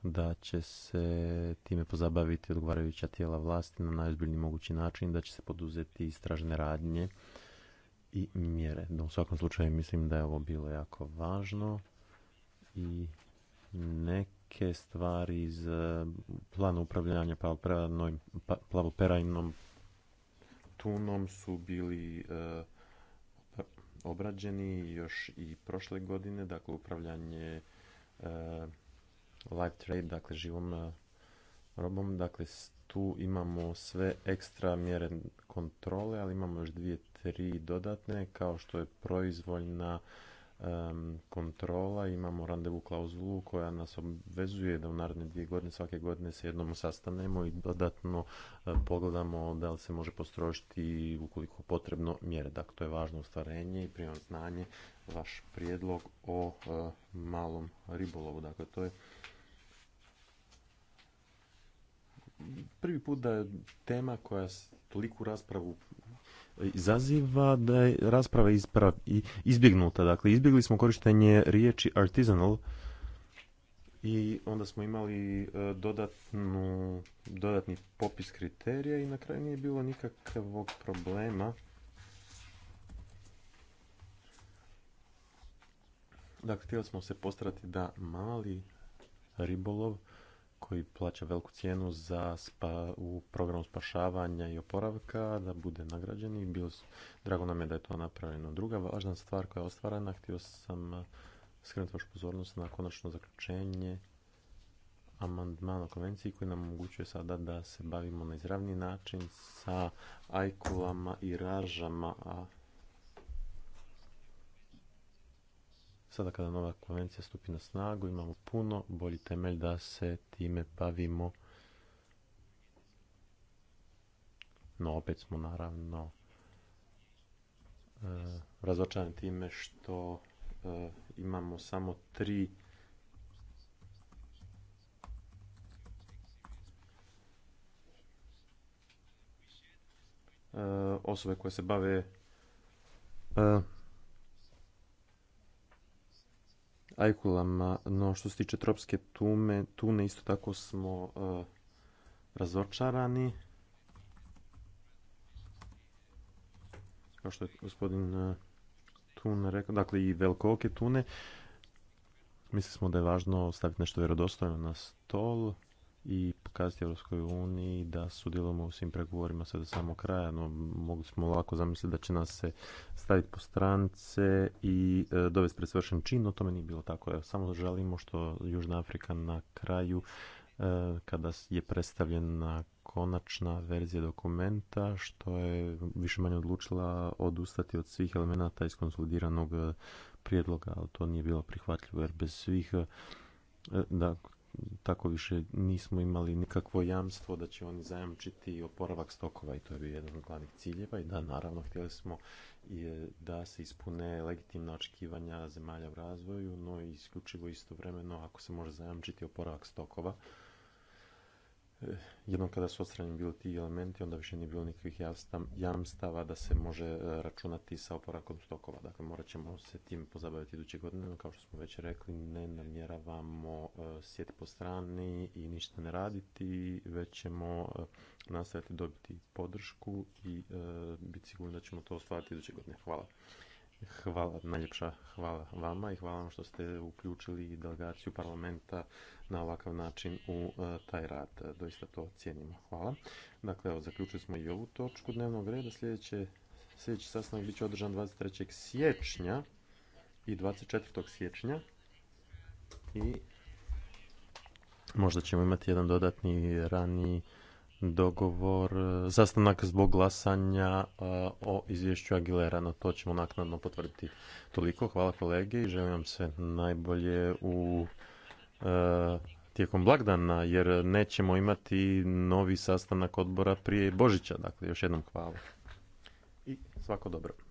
da će se time pozabaviti odgovarajuća tijela vlasti na najozbiljniji mogući način, da će se poduzeti istražne radnje i mjere. No, u svakom slučaju mislim da je ovo bilo jako važno i neke stvari iz eh, plana upravljanja pa, plavoperajnom tunom su bili eh, obrađeni još i prošle godine, dakle upravljanje eh, live trade, dakle živom robom, dakle tu imamo sve ekstra mjere kontrole, ali imamo još dvije, tri dodatne, kao što je proizvoljna kontrola. Imamo randevu klauzulu koja nas obvezuje da u naredne dvije godine, svake godine se jednom sastanemo i dodatno e, pogledamo da li se može postrožiti ukoliko potrebno mjere. Dakle, to je važno ostvarenje i primam znanje vaš prijedlog o e, malom ribolovu. Dakle, to je prvi put da je tema koja toliku raspravu izaziva da je rasprava izbjegnuta. Dakle, izbjegli smo korištenje riječi artisanal i onda smo imali e, dodatnu, dodatni popis kriterija i na kraju nije bilo nikakvog problema. Dakle, htjeli smo se postarati da mali ribolov koji plaća veliku cijenu za spa, u programu spašavanja i oporavka da bude nagrađeni. i drago nam je da je to napravljeno. Druga važna stvar koja je ostvarena, htio sam eh, skrenuti vašu pozornost na konačno zaključenje amandmana konvenciji koji nam omogućuje sada da se bavimo na izravni način sa ajkulama i ražama, a Sada kada nova konvencija stupi na snagu, imamo puno bolji temelj da se time bavimo. No, opet smo naravno e, time što e, imamo samo tri e, osobe koje se bave e, ajkulama. No što se tiče tropske tume, tune isto tako smo e, razočarani. Kao što je gospodin e, Tun rekao, dakle i velikoke tune. Mislili smo da je važno staviti nešto vjerodostojno na stol i pokazati Europskoj uniji da sudjelujemo u svim pregovorima sve do samog kraja, no mogli smo lako zamisliti da će nas se staviti po strance i e, dovesti pred svršen čin, no tome nije bilo tako. Evo, samo želimo što Južna Afrika na kraju e, kada je predstavljena konačna verzija dokumenta, što je više manje odlučila odustati od svih elemenata iz konsolidiranog e, prijedloga, ali to nije bilo prihvatljivo jer bez svih da tako više nismo imali nikakvo jamstvo da će oni zajamčiti oporavak stokova i to je bio jedan od glavnih ciljeva i da naravno htjeli smo e, da se ispune legitimna očekivanja zemalja u razvoju, no isključivo istovremeno ako se može zajamčiti oporavak stokova, Eh, jednom kada su odstranjeni bili ti elementi, onda više nije bilo nikakvih jamstava da se može eh, računati sa oporakom stokova. Dakle, morat ćemo se tim pozabaviti iduće godine, no kao što smo već rekli, ne namjeravamo eh, sjeti po strani i ništa ne raditi, već ćemo nastaviti dobiti podršku i biti sigurni da ćemo to ostvariti iduće godine. Hvala. Hvala, najljepša hvala vama i hvala vam što ste uključili delegaciju parlamenta na ovakav način u e, taj rad. E, doista to cijenimo. Hvala. Dakle, evo, zaključili smo i ovu točku dnevnog reda. sljedeći sastanak bit će održan 23. siječnja i 24. siječnja. I možda ćemo imati jedan dodatni rani dogovor, e, sastanak zbog glasanja o izvješću Agilera. no to ćemo naknadno potvrditi. Toliko, hvala kolege i želim vam sve najbolje u E, tijekom blagdana, jer nećemo imati novi sastanak odbora prije Božića. Dakle, još jednom hvala. I svako dobro.